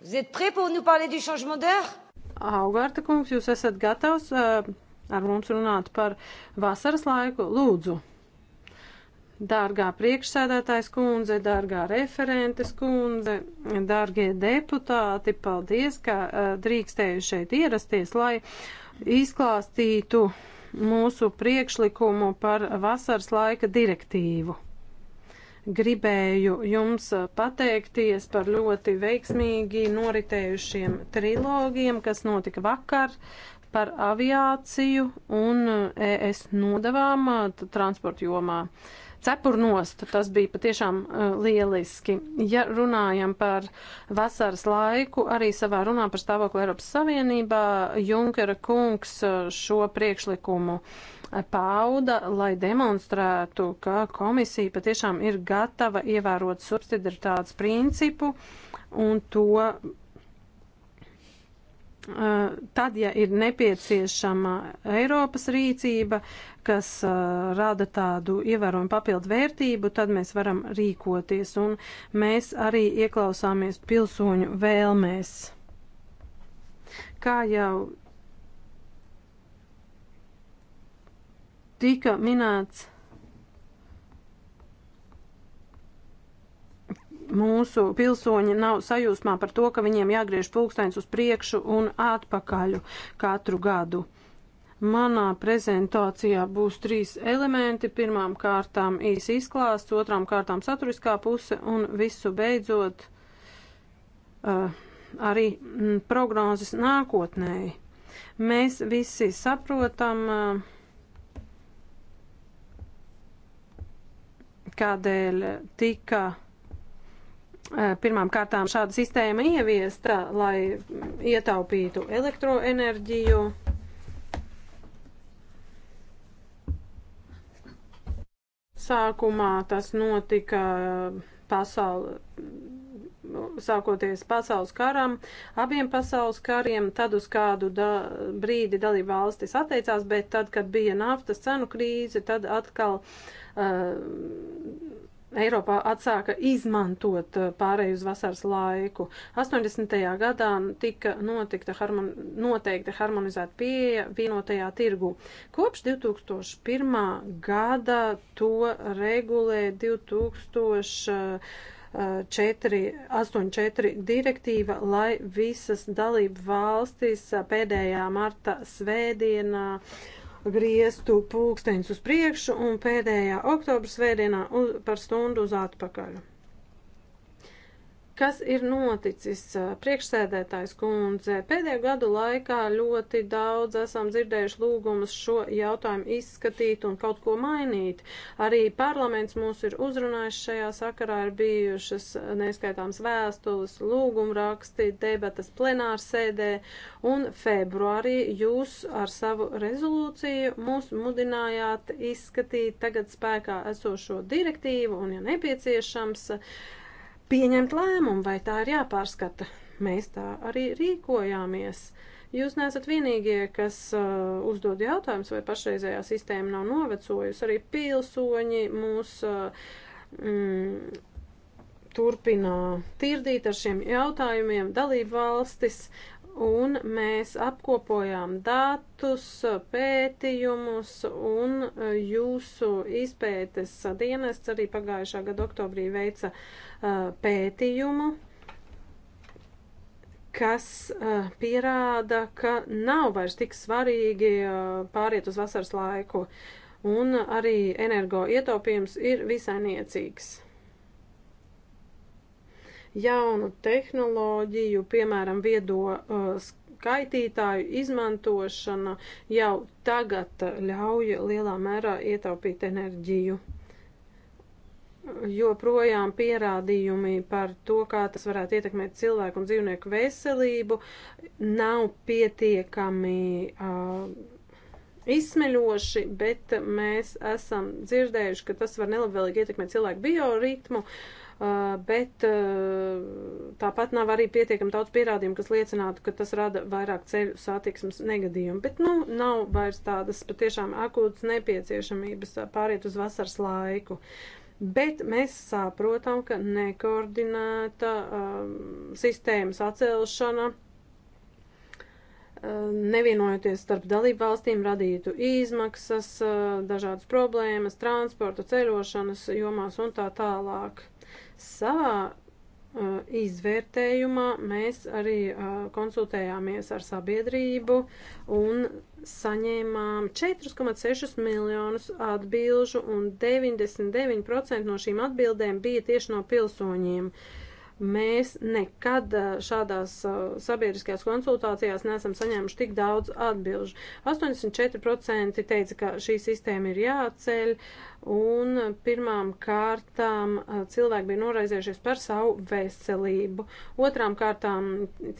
vous êtes prêt pour nous parler du changement d'heure Augārta kungs, jūs esat gatavs eh, ar mums runāt par vasaras laiku? Lūdzu! Dārgā priekšsēdētājs kundze, dārgā referentes kundze, dārgie deputāti, paldies, ka eh, drīkstēju šeit ierasties, lai izklāstītu mūsu priekšlikumu par vasaras laika direktīvu gribēju jums uh, pateikties par ļoti veiksmīgi noritējušiem trilogiem, kas notika vakar par aviāciju un uh, ES nodavām uh, transporta jomā. Cepurnost, tas bija patiešām lieliski. Ja runājam par vasaras laiku, arī savā runā par stāvokli Eiropas Savienībā, Junkera kungs šo priekšlikumu uh, pauda, lai demonstrētu, ka komisija patiešām ir gatava ievērot subsidiaritātes principu un to eh, tad, ja ir nepieciešama Eiropas rīcība, kas eh, rada tādu ievērojumu papildu vērtību, tad mēs varam rīkoties un mēs arī ieklausāmies pilsoņu vēlmēs. Kā jau tika minēts mūsu pilsoņi nav sajūsmā par to, ka viņiem jāgriež pulksteins uz priekšu un atpakaļ katru gadu. Manā prezentācijā būs trīs elementi. Pirmām kārtām īsi izklāsts, otrām kārtām saturiskā puse un visu beidzot uh, arī m, mm, prognozes nākotnēji. Mēs visi saprotam. Uh, kādēļ tika eh, pirmām kārtām šāda sistēma ieviesta, lai ietaupītu elektroenerģiju. Sākumā tas notika pasauli, sākoties pasaules karam, abiem pasaules kariem, tad uz kādu da, brīdi dalība valstis atteicās, bet tad, kad bija naftas cenu krīze, tad atkal uh, Ehm, Eiropā atsāka izmantot eh, pārēju uz vasaras laiku. 80. gadā tika notikta harmon, noteikta harmonizēta pieeja vienotajā tirgu. Kopš 2001. gada to regulē 2084 direktīva, lai visas dalību valstis eh, pēdējā marta svētdienā uh, grieztu pulksteņus uz priekšu un pēdējā oktobra svētdienā par stundu uz atpakaļ. Kas ir noticis priekšsēdētājs kundze? Pēdējo gadu laikā ļoti daudz esam dzirdējuši lūgumus šo jautājumu izskatīt un kaut ko mainīt. Arī parlaments mūs ir uzrunājis šajā sakarā, ir bijušas neskaitāms vēstules, lūgumraksti, debatas plenārsēdē, un februārī jūs ar savu rezolūciju mūs mudinājāt izskatīt tagad spēkā esošo direktīvu un, ja nepieciešams, uh, pieņemt lēmumu, vai tā ir jāpārskata. Mēs tā arī rīkojāmies. Jūs neesat vienīgie, kas uh, uzdod jautājumus, vai pašreizējā sistēma nav novecojusi. Arī pilsoņi mūs uh, mm, turpina tirdīt ar šiem jautājumiem dalību valstis un mēs apkopojām datus, pētījumus, un eh, jūsu izpētes dienests arī pagājušā gada oktobrī veica eh, pētījumu, kas eh, pierāda, ka nav vairs tik svarīgi pāriet uz vasaras laiku, un arī energo ietaupījums ir visai niecīgs jaunu tehnoloģiju, piemēram, viedo uh, skaitītāju izmantošana jau tagad ļauj lielā mērā ietaupīt enerģiju. Joprojām pierādījumi par to, kā tas varētu ietekmēt cilvēku un dzīvnieku veselību, nav pietiekami uh, izsmeļoši, bet mēs esam dzirdējuši, ka tas var nelabvēlīgi ietekmēt cilvēku bioritmu. Uh, Eh, bet eh, tāpat nav arī pietiekami daudz pierādījumu, kas liecinātu, ka tas rada vairāk ceļu satiksmes negadījumu. Bet, nu, nav vairs tādas patiešām akūtas nepieciešamības eh, pāriet uz vasaras laiku. Bet mēs saprotam, ka nekoordinēta um, sistēmas atcelšana nevienojoties starp dalību valstīm radītu izmaksas, dažādas problēmas, transporta, ceļošanas jomās un tā tālāk savā uh, izvērtējumā mēs arī uh, konsultējāmies ar sabiedrību un saņēmām 4,6 miljonus atbilžu un 99% no šīm atbildēm bija tieši no pilsoņiem. Uh, Mēs nekad eh, šādās eh, sabiedriskajās konsultācijās neesam saņēmuši tik daudz atbilžu. 84% teica, ka šī sistēma ir jāceļ, un pirmām kārtām eh, cilvēki bija noraizējušies par savu veselību. Otrām kārtām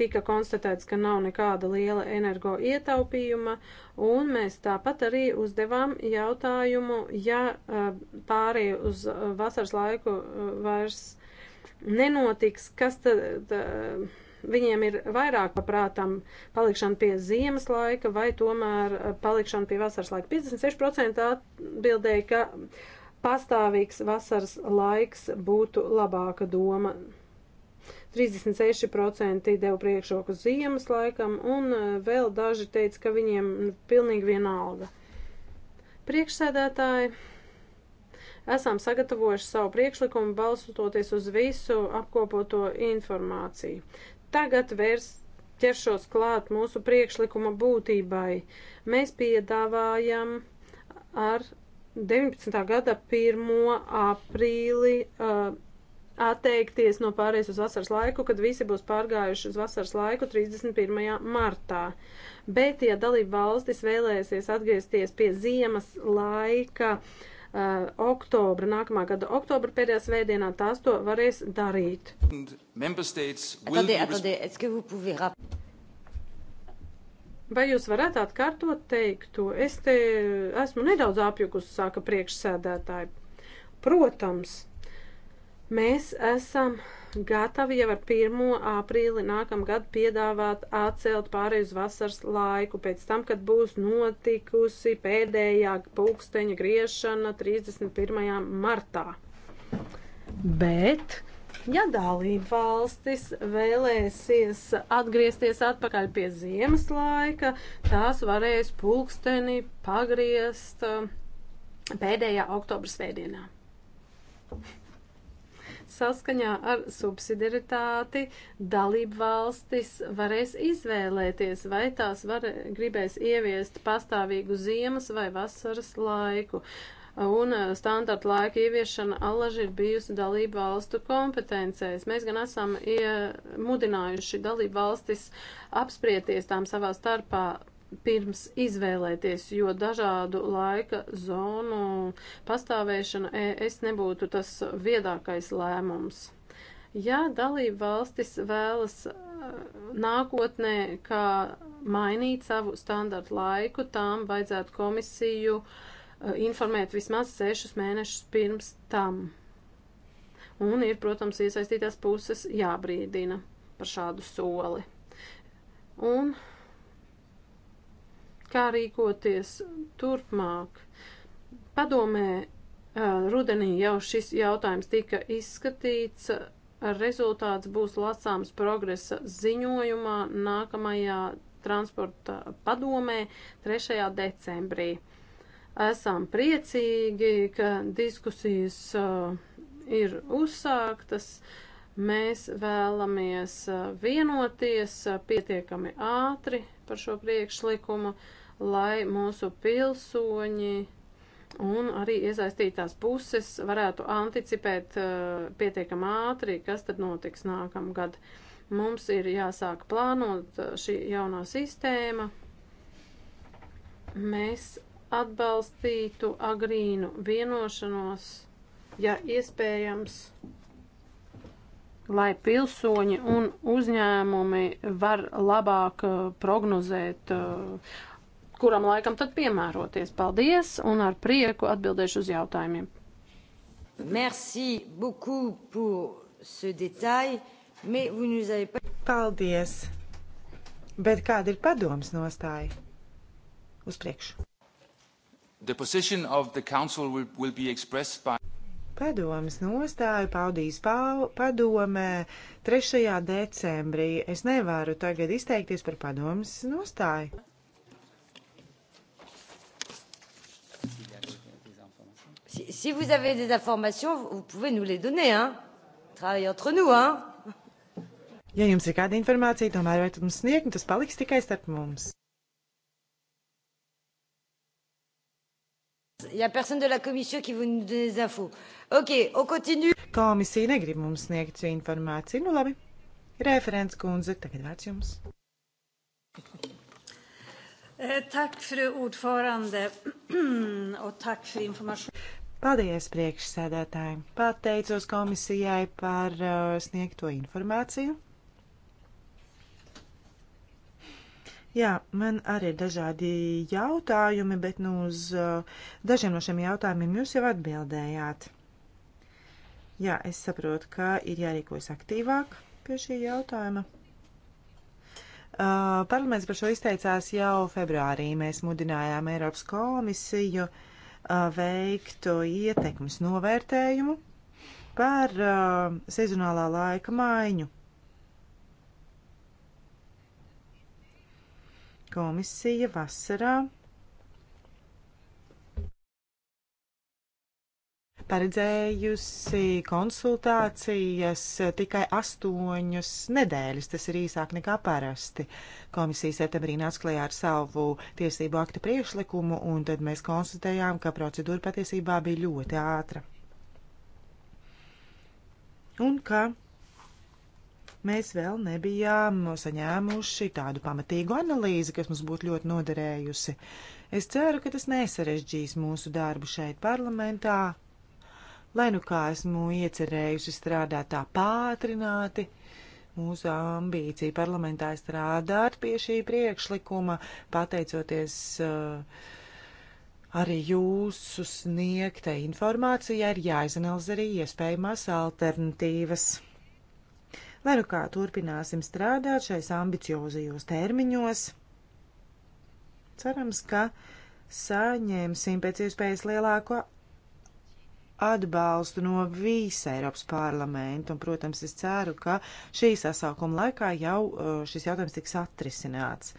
tika konstatēts, ka nav nekāda liela energo ietaupījuma, un mēs tāpat arī uzdevām jautājumu, ja pārēju uz vasaras laiku vairs nenotiks, kas tad. Tā, viņiem ir vairāk paprātam palikšana pie ziemas laika vai tomēr palikšana pie vasaras laika. 56% atbildēja, ka pastāvīgs vasaras laiks būtu labāka doma. 36% deva priekšroku ziemas laikam, un e, vēl daži teica, ka viņiem pilnīgi vienalga. Priekšsēdētāji esam sagatavojuši savu priekšlikumu balstoties uz visu apkopoto informāciju. Tagad vērs ķeršos klāt mūsu priekšlikuma būtībai. Mēs piedāvājam ar 19. gada 1. aprīli uh, atteikties no pārējais uz vasaras laiku, kad visi būs pārgājuši uz vasaras laiku 31. martā. Bet, ja dalība valstis vēlēsies atgriezties pie ziemas laika, uh, Eh, oktobra, nākamā gada oktobra pēdējā svētdienā tās to varēs darīt. Vai jūs varētu atkārtot teikto? Es te esmu nedaudz apjukus, saka priekšsēdētāji. Protams, mēs esam gatavi jau ar 1. aprīli nākamgad piedāvāt atcelt pārējus vasaras laiku, pēc tam, kad būs notikusi pēdējā pulksteņa griešana 31. martā. Bet ja dalība valstis vēlēsies atgriezties atpakaļ pie ziemas laika, tās varēs pulksteni pagriezt uh, pēdējā oktobra svētdienā saskaņā ar subsidiaritāti dalību valstis varēs izvēlēties, vai tās var, gribēs ieviest pastāvīgu ziemas vai vasaras laiku. Un eh, standarta laika ieviešana allaži ir bijusi dalību valstu kompetencēs. Mēs gan esam mudinājuši dalību valstis apsprieties tām savā starpā pirms izvēlēties, jo dažādu laika zonu pastāvēšana e, es nebūtu tas viedākais lēmums. Ja dalība valstis vēlas e, nākotnē, kā mainīt savu standartu laiku, tām vajadzētu komisiju e, informēt vismaz sešus mēnešus pirms tam. Un ir, protams, iesaistītās puses jābrīdina par šādu soli. Un kā rīkoties turpmāk. Padomē, rudenī jau šis jautājums tika izskatīts, rezultāts būs lasāms progresa ziņojumā nākamajā transporta padomē 3. decembrī. Esam priecīgi, ka diskusijas uh, ir uzsāktas. Mēs vēlamies vienoties pietiekami ātri par šo priekšlikumu. Uh, lai mūsu pilsoņi un arī iesaistītās puses varētu anticipēt uh, pietiekam ātri, kas tad notiks nākamgad. Mums ir jāsāk plānot uh, šī jaunā sistēma. Mēs atbalstītu agrīnu vienošanos, ja iespējams, lai pilsoņi un uzņēmumi var labāk uh, prognozēt uh, kuram laikam tad piemēroties. Paldies un ar prieku atbildēšu uz jautājumiem. Merci beaucoup pour ce détail, mais vous nous avez pas... Paldies! Bet kāda ir padomas nostāja? Uz priekšu. The position of the council will, will be expressed by padomas nostāju paudīs padomē 3. decembrī. Es nevaru tagad izteikties par padomas nostāju. si vous avez des informations, vous pouvez nous les donner, hein? Travaille entre nous, hein? Ja jums ir kāda informācija, tomēr varat mums sniegt, tas paliks tikai starp mums. Il n'y a personne de la commission qui veut nous donner des infos. Ok, on continue. Komisija negrib mums sniegt šo informāciju. Nu labi. Referents kundze, tagad vārds jums. Eh, tak, fru ordförande, [CLEARS THROAT] och tack för information. Paldies priekšsēdētājiem. Pateicos komisijai par uh, sniegto informāciju. Jā, man arī ir dažādi jautājumi, bet nu uz uh, dažiem no šiem jautājumiem jūs jau atbildējāt. Jā, es saprotu, ka ir jārīkojas aktīvāk pie šī jautājuma. Uh, parlaments par šo izteicās jau februārī. Mēs mudinājām Eiropas komisiju uh, veiktu ietekmes novērtējumu par uh, sezonālā laika maiņu. Komisija vasarā paredzējusi konsultācijas tikai astoņas nedēļas. Tas ir īsāk nekā parasti. Komisija septembrī nāca klajā ar savu tiesību akta priekšlikumu, un tad mēs konstatējām, ka procedūra patiesībā bija ļoti ātra. Un ka mēs vēl nebijām saņēmuši tādu pamatīgu analīzi, kas mums būtu ļoti noderējusi. Es ceru, ka tas nesarežģīs mūsu darbu šeit parlamentā, Lai nu kā esmu iecerējusi strādāt tā pātrināti, mūsu ambīcija parlamentā strādāt pie šī priekšlikuma, pateicoties uh, arī jūsu sniegtai informācijai, ir jāizanalizē arī iespējamās alternatīvas. Lai nu kā turpināsim strādāt šais ambiciozajos termiņos, cerams, ka saņemsim pēc iespējas lielāko atbalstu no visa Eiropas parlamenta, un, protams, es ceru, ka šī sasaukuma laikā jau uh, šis jautājums tiks atrisināts.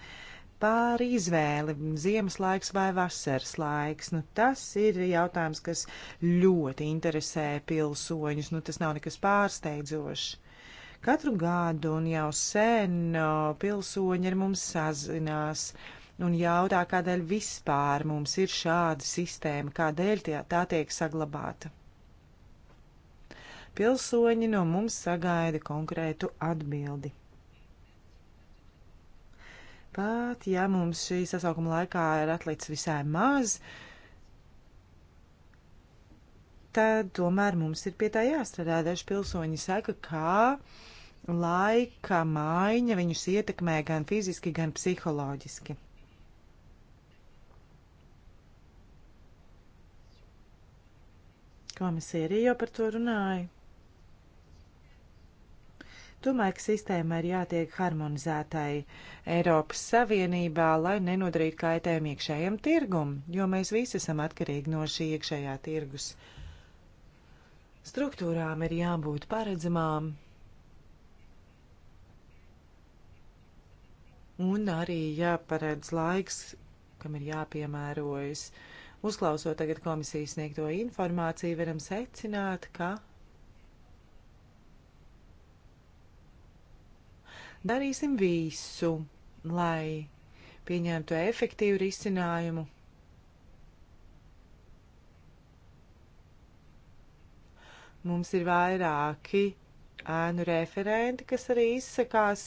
Par izvēli ziemas laiks vai vasaras laiks, nu tas ir jautājums, kas ļoti interesē pilsoņus, nu tas nav nekas pārsteidzošs. Katru gadu un jau sen uh, pilsoņi ar mums sazinās. Uh, un jautā, kādēļ vispār mums ir šāda sistēma, kādēļ tie, tā tiek saglabāta. Pilsoņi no mums sagaida konkrētu atbildi. Pat ja mums šī sasaukuma laikā ir atlicis visai maz, tad tomēr mums ir pie tā jāstrādā. Daži pilsoņi saka, kā laika maiņa viņus ietekmē gan fiziski, gan psiholoģiski. Komisija arī jau par to runāja. Domāju, ka sistēma ir jātiek harmonizētai Eiropas Savienībā, lai nenodarītu kaitējumu iekšējam tirgum, jo mēs visi esam atkarīgi no šī iekšējā tirgus. Struktūrām ir jābūt paredzamām, un arī jāparedz laiks, kam ir jāpiemērojas. Uh, Uzklausot tagad komisijas sniegto informāciju, varam secināt, ka darīsim visu, lai pieņemtu efektīvu risinājumu. Mums ir vairāki ēnu referenti, kas arī izsakās,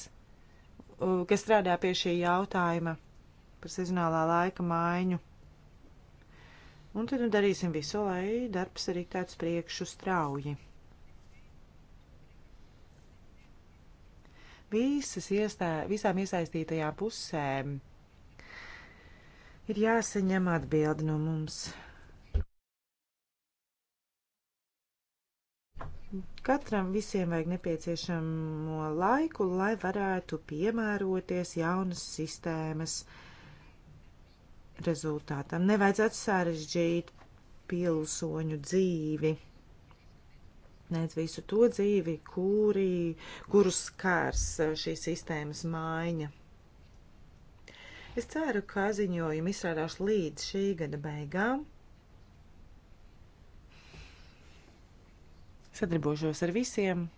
kas strādā pie šī jautājuma par sezonālā laika maiņu. Un tad nu darīsim visu, lai darbs arī tāds priekšu strauji. Visas iestā, visām iesaistītajām pusēm ir jāsaņem atbildi no mums. Katram visiem vajag nepieciešamo laiku, lai varētu piemēroties jaunas sistēmas uh, rezultātam. Nevajadzētu sarežģīt pilsoņu dzīvi. Nec visu to dzīvi, kuri, kurus skārs eh, šī sistēmas maiņa. Es ceru, ka ziņojumi izstrādās līdz šī gada beigām. Sadarbošos ar visiem,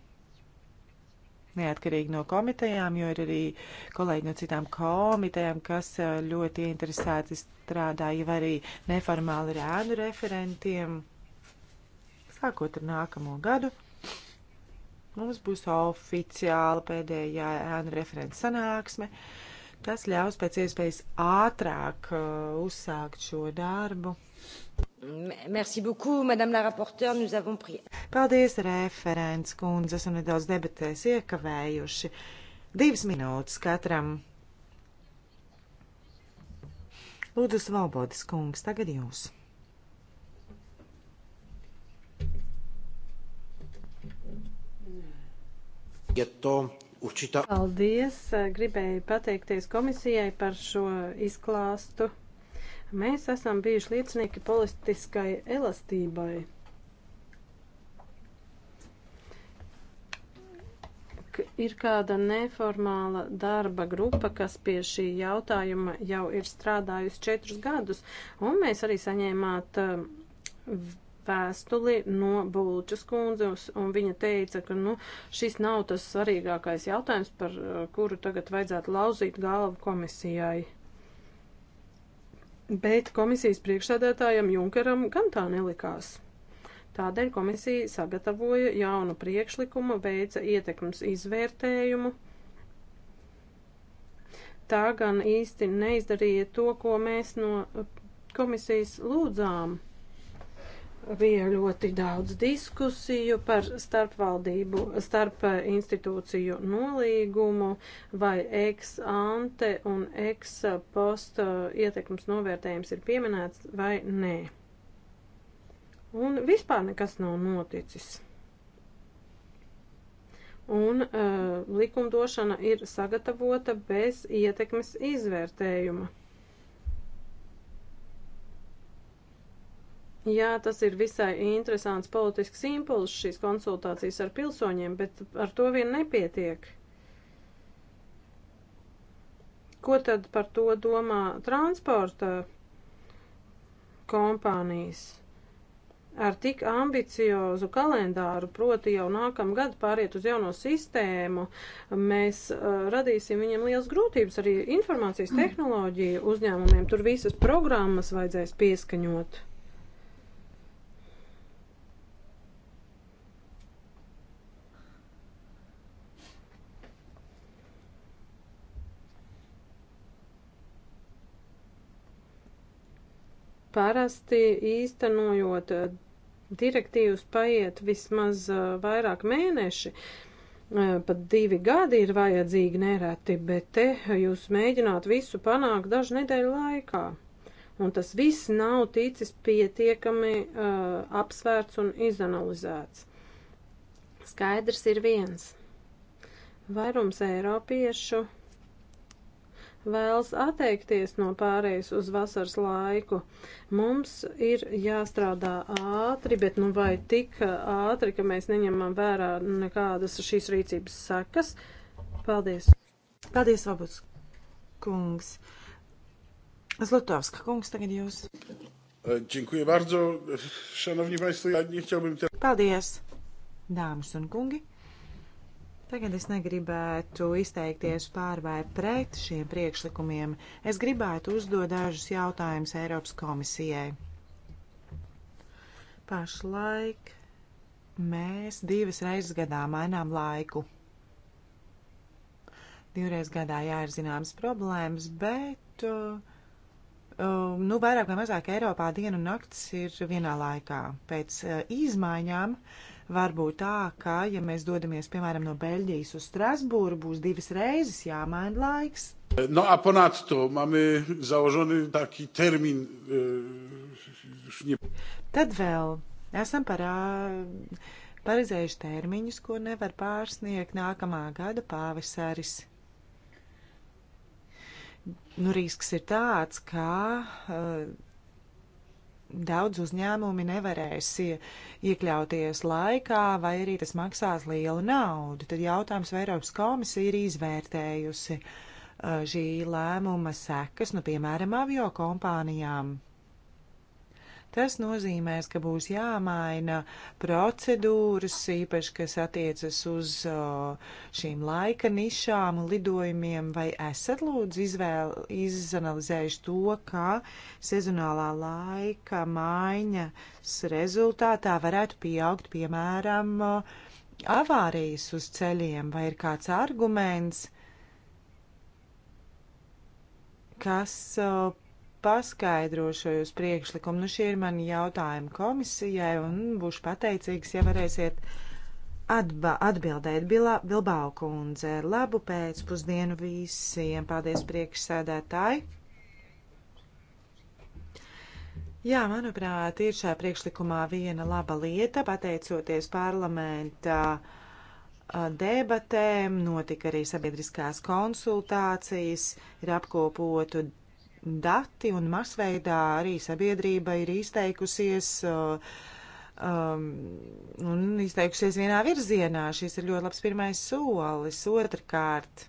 neatkarīgi no komitejām, jo ir arī kolēģi no citām komitejām, kas eh, ļoti interesēti strādā jau arī neformāli ar ēnu referentiem. Sākot ar nākamo gadu, mums būs oficiāla pēdējā ēnu referenta sanāksme. Uh, Tas ļaus pēc iespējas ātrāk uh, uzsākt šo darbu. Merci beaucoup, madame la rapporteure, nous avons pris. Paldies, referents kundze, esam nedaudz debatēs iekavējuši. Divas minūtes katram. Lūdzu, Svobodas kungs, tagad jūs. Je to Učitā. Paldies! Gribēju pateikties komisijai par šo izklāstu. Mēs esam bijuši liecinieki politiskai elastībai. ir kāda neformāla darba grupa, kas pie šī jautājuma jau ir strādājusi četrus gadus, un mēs arī saņēmāt um, vēstuli no Bulčas kundzes, un viņa teica, ka nu, šis nav tas svarīgākais jautājums, par uh, kuru tagad vajadzētu lauzīt galvu komisijai. Bet komisijas priekšsēdētājam Junkeram gan tā nelikās. Tādēļ komisija sagatavoja jaunu priekšlikumu, veica ietekmes izvērtējumu. Tā gan īsti neizdarīja to, ko mēs no uh, komisijas lūdzām bija ļoti daudz diskusiju par starpvaldību, starp eh, institūciju nolīgumu vai ex ante un ex post eh, ietekmes novērtējums ir pieminēts vai nē. Un vispār nekas nav noticis. Un uh, likumdošana ir sagatavota bez ietekmes izvērtējuma. Jā, tas ir visai interesants politisks impuls šīs konsultācijas ar pilsoņiem, bet ar to vien nepietiek. Ko tad par to domā transporta kompānijas? Ar tik ambiciozu kalendāru, proti jau nākamgad pāriet uz jauno sistēmu, mēs uh, radīsim viņiem liels grūtības arī informācijas tehnoloģiju uzņēmumiem. Tur visas programmas vajadzēs pieskaņot. Parasti īstenojot eh, direktīvas paiet vismaz eh, vairāk mēneši, eh, pat divi gadi ir vajadzīgi nereti, bet te jūs mēģināt visu panākt dažu nedēļu laikā. Un tas viss nav ticis pietiekami uh, apsvērts un izanalizēts. Skaidrs ir viens. Vairums eiropiešu vēlas atteikties no pārējais uz vasaras laiku. Mums ir jāstrādā ātri, bet nu vai tik ātri, ka mēs neņemam vērā nekādas šīs rīcības sekas. Paldies! Paldies, Vabuts kungs! Zlotowska, kungs, tagad jūs. E, dziękuję bardzo. Szanowni Państwo, ja nie chciałbym teraz... Paldies, dāmas un kungi. Tagad es negribētu izteikties pār vai pret šiem priekšlikumiem. Es gribētu uzdot dažus jautājumus Eiropas komisijai. Pašlaik mēs divas reizes gadā mainām laiku. Divreiz gadā jā, ir zināmas problēmas, bet uh, um, nu, vairāk vai mazāk Eiropā diena un naktis ir vienā laikā. Pēc uh, izmaiņām uh, var būt tā, ka, ja mēs dodamies, piemēram, no Beļģijas uz Strasbūru, būs divas reizes jāmaina laiks. No, a ponadto mamy założony taki termin. E, już nie... Tad vēl esam parā, paredzējuši termiņus, ko nevar pārsniegt nākamā gada pavasaris. Nu, risks ir tāds, ka uh, daudz uzņēmumi nevarēs iekļauties laikā, vai arī tas maksās lielu naudu. Tad jautājums, vai Eiropas komisija ir izvērtējusi uh, šī lēmuma sekas, nu, piemēram, avio kompānijām. Tas nozīmēs, ka būs jāmaina procedūras, īpaši, kas attiecas uz uh, šīm laika nišām un lidojumiem, vai esat lūdzu izvēl, izanalizējuši to, kā sezonālā laika maiņas rezultātā varētu pieaugt, piemēram, uh, avārijas uz ceļiem, vai ir kāds arguments, kas uh, paskaidrošu jūs priekšlikumu. Nu, šie ir mani jautājumi komisijai, un būšu pateicīgs, ja varēsiet atba, atbildēt Bilā, Bilbao kundze. Labu pēcpusdienu visiem. Paldies priekšsēdētāji. Jā, manuprāt, ir šajā priekšlikumā viena laba lieta, pateicoties parlamenta debatēm, notika arī sabiedriskās konsultācijas, ir apkopotu dati un masveidā arī sabiedrība ir izteikusies. Uh, um, un izteikusies vienā virzienā. Šis ir ļoti labs pirmais solis. Otrakārt,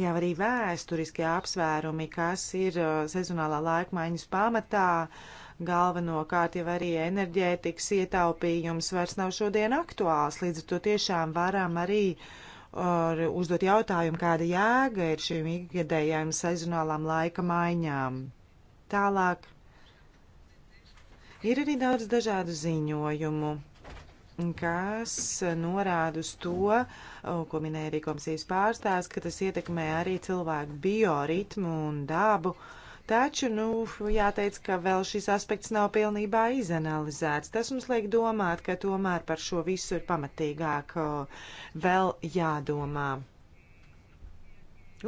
jau arī vēsturiskie apsvērumi, kas ir uh, sezonālā laikmaiņas pamatā, galvenokārt jau arī enerģētikas ietaupījums vairs nav šodien aktuāls. Līdz ar to tiešām varam arī uh, ar uzdot jautājumu, kāda jēga ir šīm ikgadējām sezonālām laika maiņām. Tālāk ir arī daudz dažādu ziņojumu, kas norāda uz to, ko minēja arī komisijas pārstāsts, ka tas ietekmē arī cilvēku bioritmu un dabu. Uh, Taču, nu, jāteic, ka vēl šis aspekts nav pilnībā izanalizēts. Tas mums liek domāt, ka tomēr par šo visu ir pamatīgāk vēl jādomā.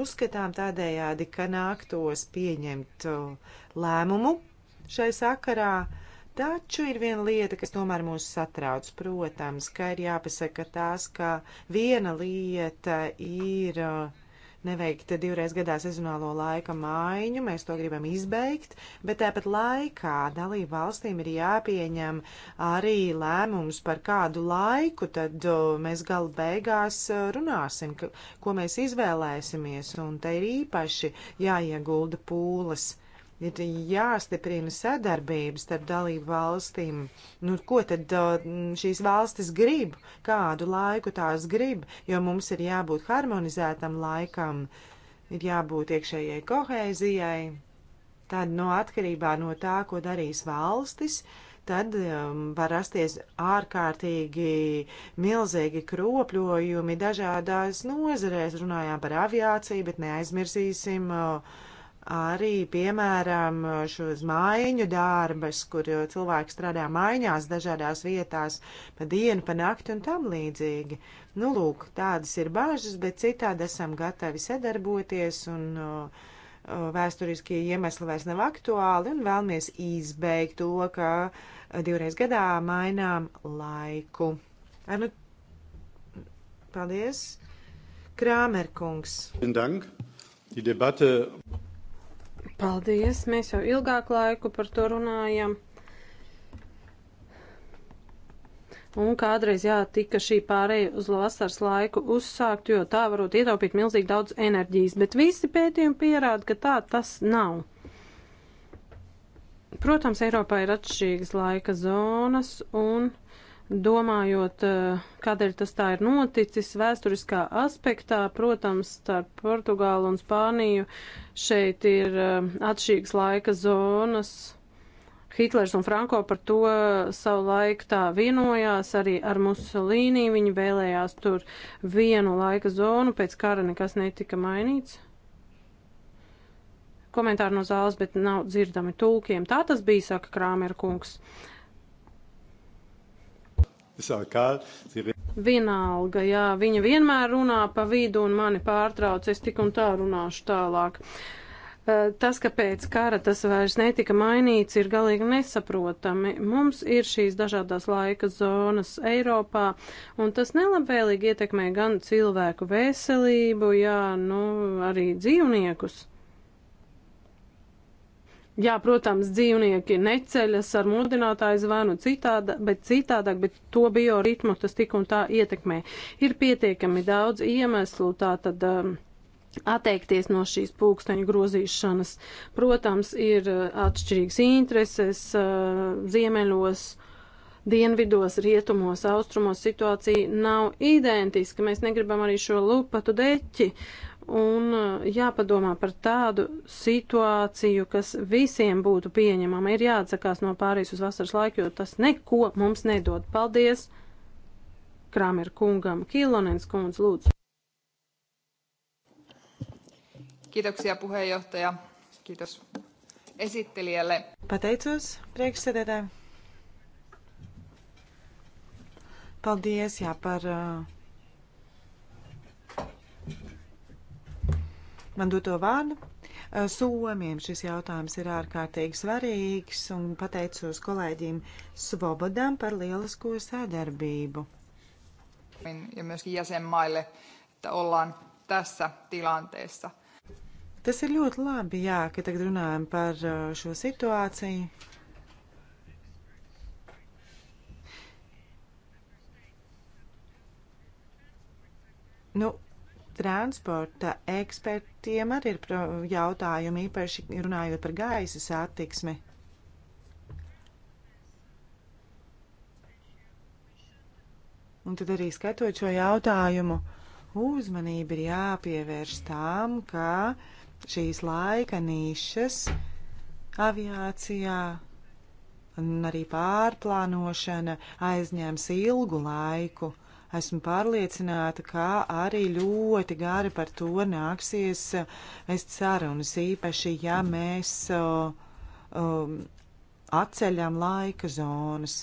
Uzskatām tādējādi, ka nāktos pieņemt lēmumu šai sakarā. Taču ir viena lieta, kas tomēr mūs satrauc, protams, ka ir jāpasaka tās, ka viena lieta ir uh, neveikt divreiz gadā sezonālo laika maiņu. Mēs to gribam izbeigt, bet tāpat laikā dalību valstīm ir jāpieņem arī lēmums par kādu laiku, tad mēs galu beigās runāsim, ko mēs izvēlēsimies, un te ir īpaši jāiegulda pūles ir jāstiprina sadarbības starp dalību valstīm. Nu, ko tad šīs valstis grib, kādu laiku tās grib, jo mums ir jābūt harmonizētam laikam, ir jābūt iekšējai kohēzijai. Tad no nu, atkarībā no tā, ko darīs valstis, tad um, var rasties ārkārtīgi milzīgi kropļojumi dažādās nozarēs. Runājām par aviāciju, bet neaizmirsīsim uh, arī, piemēram, šos mājiņu darbus, kur cilvēki strādā mājās dažādās vietās, pa dienu, pa nakti un tam līdzīgi. Nu, lūk, tādas ir bažas, bet citādi esam gatavi sadarboties un uh, vēsturiskie iemesli vairs nav aktuāli un vēlamies izbeigt to, ka divreiz gadā mainām laiku. Ar, nu, paldies, Krāmerkungs. Dank. Die Debatte Paldies, mēs jau ilgāku laiku par to runājam. Un kādreiz, jā, tika šī pārēja uz vasaras laiku uzsākt, jo tā varot ietaupīt milzīgi daudz enerģijas, bet visi pētījumi pierāda, ka tā tas nav. Protams, Eiropā ir atšķirīgas laika zonas un Domājot, eh, kādēļ tas tā ir noticis vēsturiskā aspektā, protams, starp Portugālu un Spāniju šeit ir eh, atšķirīgas laika zonas. Hitlers un Franko par to savu laiku tā vienojās, arī ar Musolīnī viņi vēlējās tur vienu laika zonu, pēc kara nekas netika mainīts komentāru no zāles, bet nav dzirdami tulkiem. Tā tas bija, saka Krāmer kungs. Vienalga, jā, viņa vienmēr runā pa vidu un mani pārtrauc, es tik un tā runāšu tālāk. Eh, tas, ka pēc kara tas vairs netika mainīts, ir galīgi nesaprotami. Mums ir šīs dažādās laika zonas Eiropā, un tas nelabvēlīgi ietekmē gan cilvēku veselību, jā, nu, arī dzīvniekus. Jā, protams, dzīvnieki neceļas ar mudinātāju zvanu citāda, bet citādāk, bet to bioritmu tas tik un tā ietekmē. Ir pietiekami daudz iemeslu tātad um, atteikties no šīs pūksteņu grozīšanas. Protams, ir uh, atšķirīgas intereses uh, ziemeļos. Dienvidos, rietumos, austrumos situācija nav identiska. Mēs negribam arī šo lupatu deķi. Uh, un eh, jāpadomā par tādu situāciju, kas visiem būtu pieņemama. Ir jāatsakās no pāris uz vasaras laiku, jo tas neko mums nedod. Paldies Kramer kungam. Kilonens kundz, lūdzu. Kiitoksia puheenjohtaja. Kiitos esittelijälle. Pateicos priekšsēdētājiem. Paldies, jā, par uh, man doto vārdu. Somiem šis jautājums ir ārkārtīgi svarīgs un pateicos kolēģiem Svobodam par lielisko sadarbību. Ja myöskin jäsenmaille, että ollaan tässä tilanteessa. Tas ir ļoti labi, jā, ka tagad runājam par šo situāciju. Nu, Transporta ekspertiem arī ir jautājumi, īpaši runājot par gaisa satiksmi. Un tad arī skatot šo jautājumu, uzmanība ir jāpievērš tām, ka šīs laika nišas aviācijā un arī pārplānošana aizņems ilgu laiku Esmu pārliecināta, ka arī ļoti gari par to nāksies vest sarunas, īpaši, ja mēs um, atceļam laika zonas.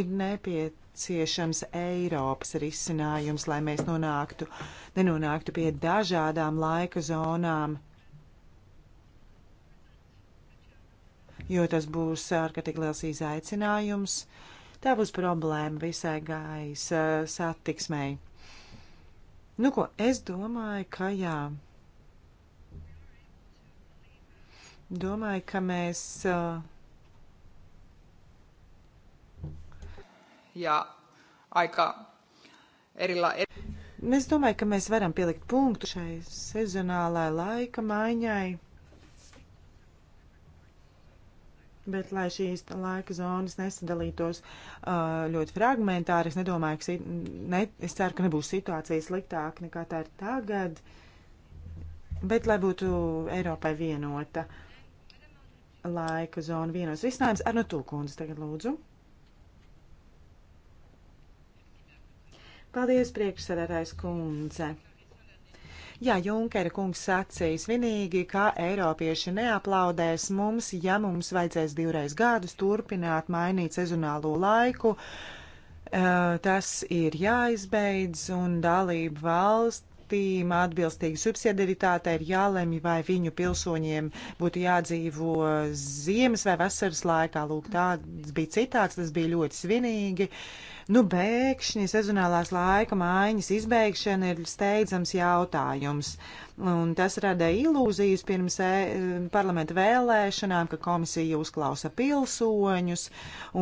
Ir nepiet nepieciešams Eiropas risinājums, lai mēs nonāktu, nenonāktu pie dažādām laika zonām. Jo tas būs ārkārtīgi liels izaicinājums Tā būs problēma visai gaisa satiksmei. Nu, ko es domāju, ka jā. Domāju, ka mēs. Jā, aika. Erila, er... Es domāju, ka mēs varam pielikt punktu šai sezonālai laika maiņai. Bet, lai šīs laika zonas nesadalītos uh, ļoti fragmentāri, es nedomāju, ka ne, es ceru, ka nebūs situācija sliktāka nekā tā ir tagad, bet lai būtu Eiropai vienota laika zona, vienos risinājums. Ar no tūkundzi tagad lūdzu. Paldies, priekšsēdētājs kundze. Jā, Junkera kungs sacīs vienīgi, ka eiropieši neaplaudēs mums, ja mums vajadzēs divreiz gadus turpināt mainīt sezonālo laiku. Tas ir jāizbeidz un dalību valstīm atbilstīgi subsidiaritāte ir jālemj, vai viņu pilsoņiem būtu jādzīvo ziemas vai vasaras laikā. Lūk, tāds bija citāts, tas bija ļoti svinīgi. Uh, Nu, bēkšņi sezonālās laika maiņas izbeigšana ir steidzams jautājums. Un tas rada ilūzijas pirms e parlamenta vēlēšanām, ka komisija uzklausa pilsoņus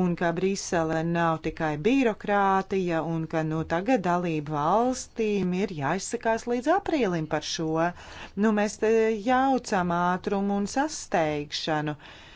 un ka Brisele nav tikai birokrātija un ka nu, tagad dalību valstīm ir jāizsakās līdz aprīlim par šo. Nu, mēs jaucam ātrumu un sasteigšanu. Uh,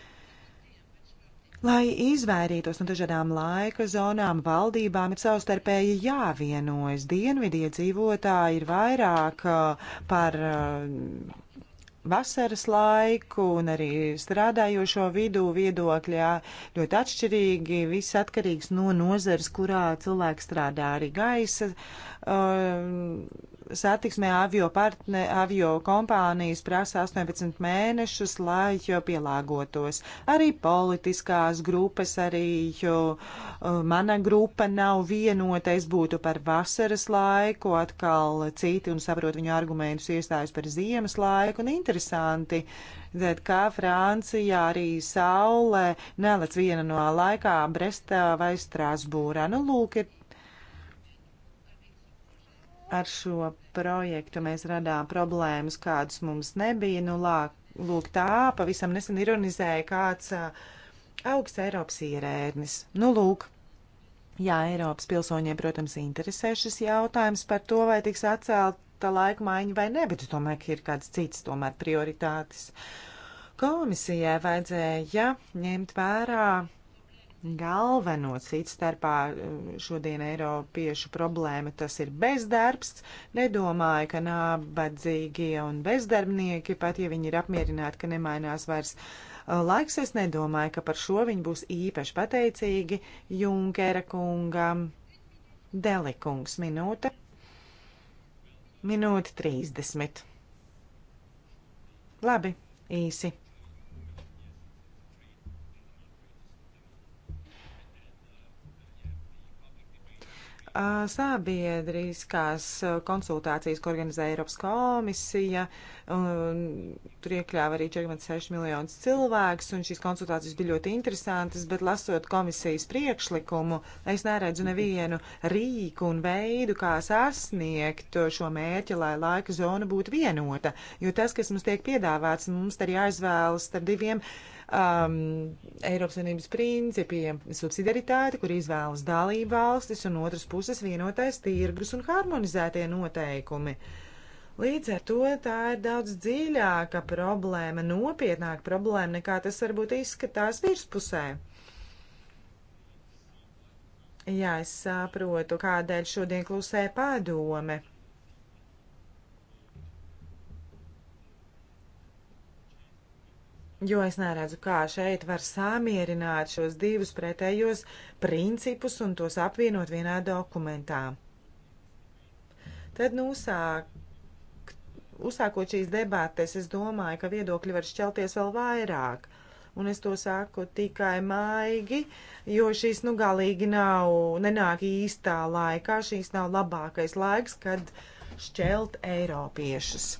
Lai izvairītos no dažādām laika zonām, valdībām ir savstarpēji jāvienojas. Dienvidie dzīvotāji ir vairāk uh, par uh, vasaras laiku un arī strādājošo vidū viedokļā ļoti atšķirīgi. Viss atkarīgs no nozares, kurā cilvēks strādā arī gaisa. Uh, satiksmē avio, partne, avio kompānijas prasa 18 mēnešus, lai pielāgotos. Arī politiskās grupas, arī jo, uh, mana grupa nav vienota. Es būtu par vasaras laiku, atkal citi un saprotu viņu argumentus iestājus par ziemas laiku. Un interesanti, Tad kā Francijā arī saulē nelec viena no laikā Brestā vai Strasbūrā. Nu, lūk, ir Ar šo projektu mēs radām problēmas, kādas mums nebija. Nu, lāk, lūk, tā pavisam nesen ironizēja kāds augsts Eiropas ierēdnis. Nu, lūk, jā, Eiropas pilsoņiem, protams, interesē šis jautājums par to, vai tiks atcelta laika maiņa vai ne, bet tomēr ir kāds cits tomēr prioritātes. Komisijai vajadzēja ņemt vērā galveno citstarpā eh, šodien Eiropiešu problēma tas ir bezdarbs. Nedomāju, ka nabadzīgie un bezdarbnieki, pat ja viņi ir apmierināti, ka nemainās vairs eh, laiks, es nedomāju, ka par šo viņi būs īpaši pateicīgi Junkera kungam. Delikungs minūte. Minūte 30. Labi, īsi. Sabiedriskās konsultācijas, ko organizē Eiropas komisija, un tur iekļāva arī 4,6 miljonus cilvēkus, un šīs konsultācijas bija ļoti interesantas, bet lasot komisijas priekšlikumu, es neredzu nevienu rīku un veidu, kā sasniegt šo mērķi, lai laika zona būtu vienota, jo tas, kas mums tiek piedāvāts, mums arī aizvēlas starp diviem. Uh, um, Eiropas Savienības principiem - subsidiaritāte, kur izvēlas dalību valstis, un otras puses vienotais tirgus un harmonizētie noteikumi. Līdz ar to tā ir daudz dziļāka problēma, nopietnāka problēma nekā tas varbūt izskatās virspusē. Jā, es saprotu, kādēļ šodien klusē padome. jo es neredzu, kā šeit var samierināt šos divus pretējos principus un tos apvienot vienā dokumentā. Tad, nu, sāk, uzsākot šīs debates, es domāju, ka viedokļi var šķelties vēl vairāk. Un es to saku tikai maigi, jo šīs nu galīgi nav, nenāk īstā laikā, šīs nav labākais laiks, kad šķelt Eiropiešus.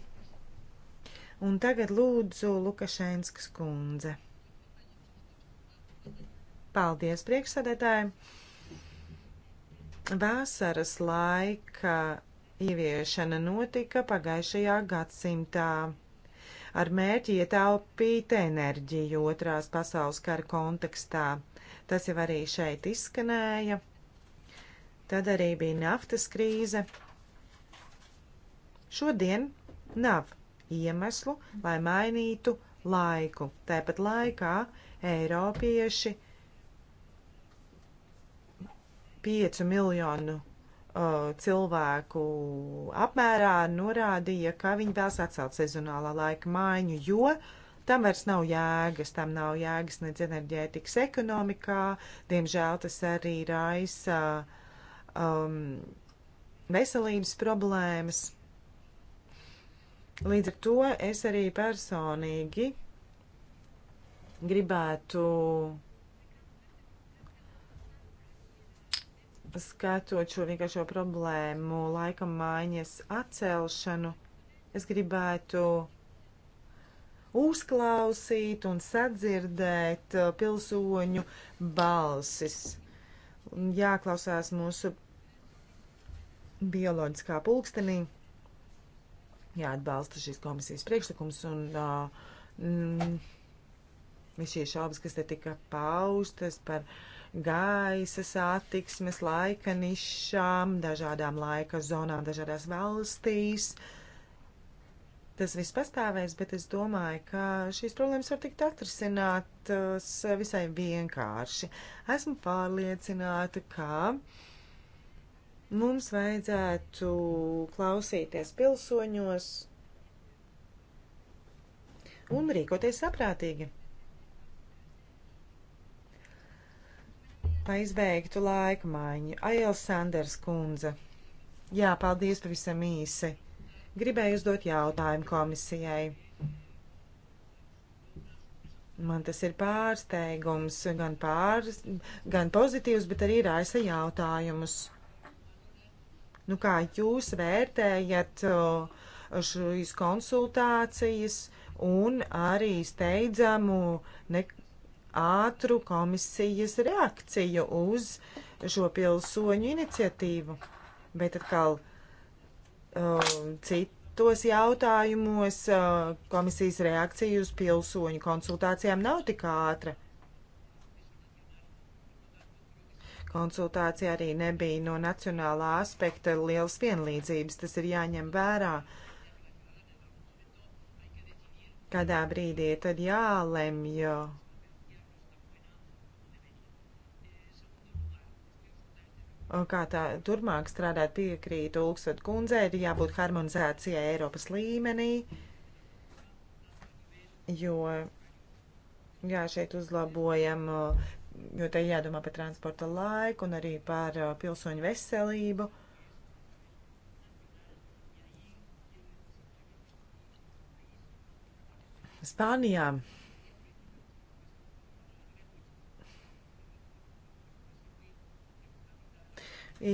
Un tagad lūdzu Lukašenskas kundze. Paldies, priekšsēdētāji! Vasaras laika ieviešana notika pagājušajā gadsimtā ar mērķi ietaupīt enerģiju otrās pasaules kara kontekstā. Tas jau arī šeit izskanēja. Tad arī bija naftas krīze. Šodien nav iemeslu, lai mainītu laiku. Tāpat laikā Eiropieši 5 miljonu uh, cilvēku apmērā norādīja, ka viņi vēlas atcelt sezonālā laika maiņu, jo tam vairs nav jēgas, tam nav jēgas nedz enerģētikas ekonomikā, diemžēl tas arī raisa um, veselības problēmas. Līdz ar to es arī personīgi gribētu skatot šo vienkāršo problēmu, laika maiņas atcelšanu, es gribētu uzklausīt un sadzirdēt uh, pilsoņu balsis. Jāklausās mūsu bioloģiskā pulkstenī jāatbalsta šis komisijas priekšlikums un uh, mm, šīs šaubas, kas te tika paustas par gaisa satiksmes laika nišām, dažādām laika zonām, dažādās valstīs. Tas viss pastāvēs, bet es domāju, ka šīs problēmas var tikt atrisinātas visai vienkārši. Esmu pārliecināta, ka uh, Mums vajadzētu klausīties pilsoņos un rīkoties saprātīgi. Lai izbeigtu laika maiņu, Aijels Sanders kundze. Jā, paldies pavisam īsi. Gribēju uzdot jautājumu komisijai. Man tas ir pārsteigums, gan, pār, gan pozitīvs, bet arī raisa jautājumus. Nu, kā jūs vērtējat šīs konsultācijas un arī steidzamu ne, ātru komisijas reakciju uz šo pilsoņu iniciatīvu? Bet atkal um, cit, citos jautājumos komisijas reakcija uz pilsoņu konsultācijām nav tik ātra. konsultācijā arī nebija no nacionālā aspekta liels vienlīdzības. Tas ir jāņem vērā. Kādā brīdī ir tad jālemj. Kā tā turmāk strādāt piekrītu Ulksot kundzei, ir jābūt harmonizācijai Eiropas līmenī, jo jā, šeit uzlabojam uh, jo te jādomā par transporta laiku un arī par uh, pilsoņu veselību. Spānijā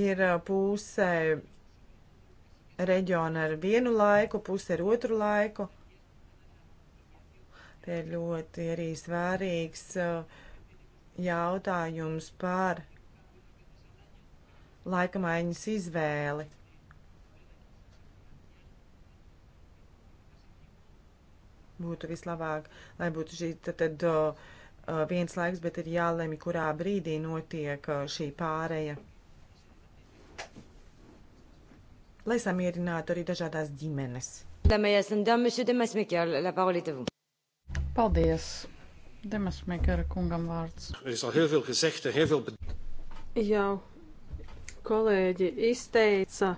ir uh, puse reģiona ar vienu laiku, puse ar otru laiku. Te ir ļoti arī svārīgs uh, jautājums par laikamaiņas izvēli. Būtu vislabāk, lai būtu šī tad, tad o, viens laiks, bet ir jālemj, kurā brīdī notiek o, šī pāreja. Lai samierinātu arī dažādās ģimenes. Paldies! Demasmekara kungam vārds. Er Jau kolēģi izteica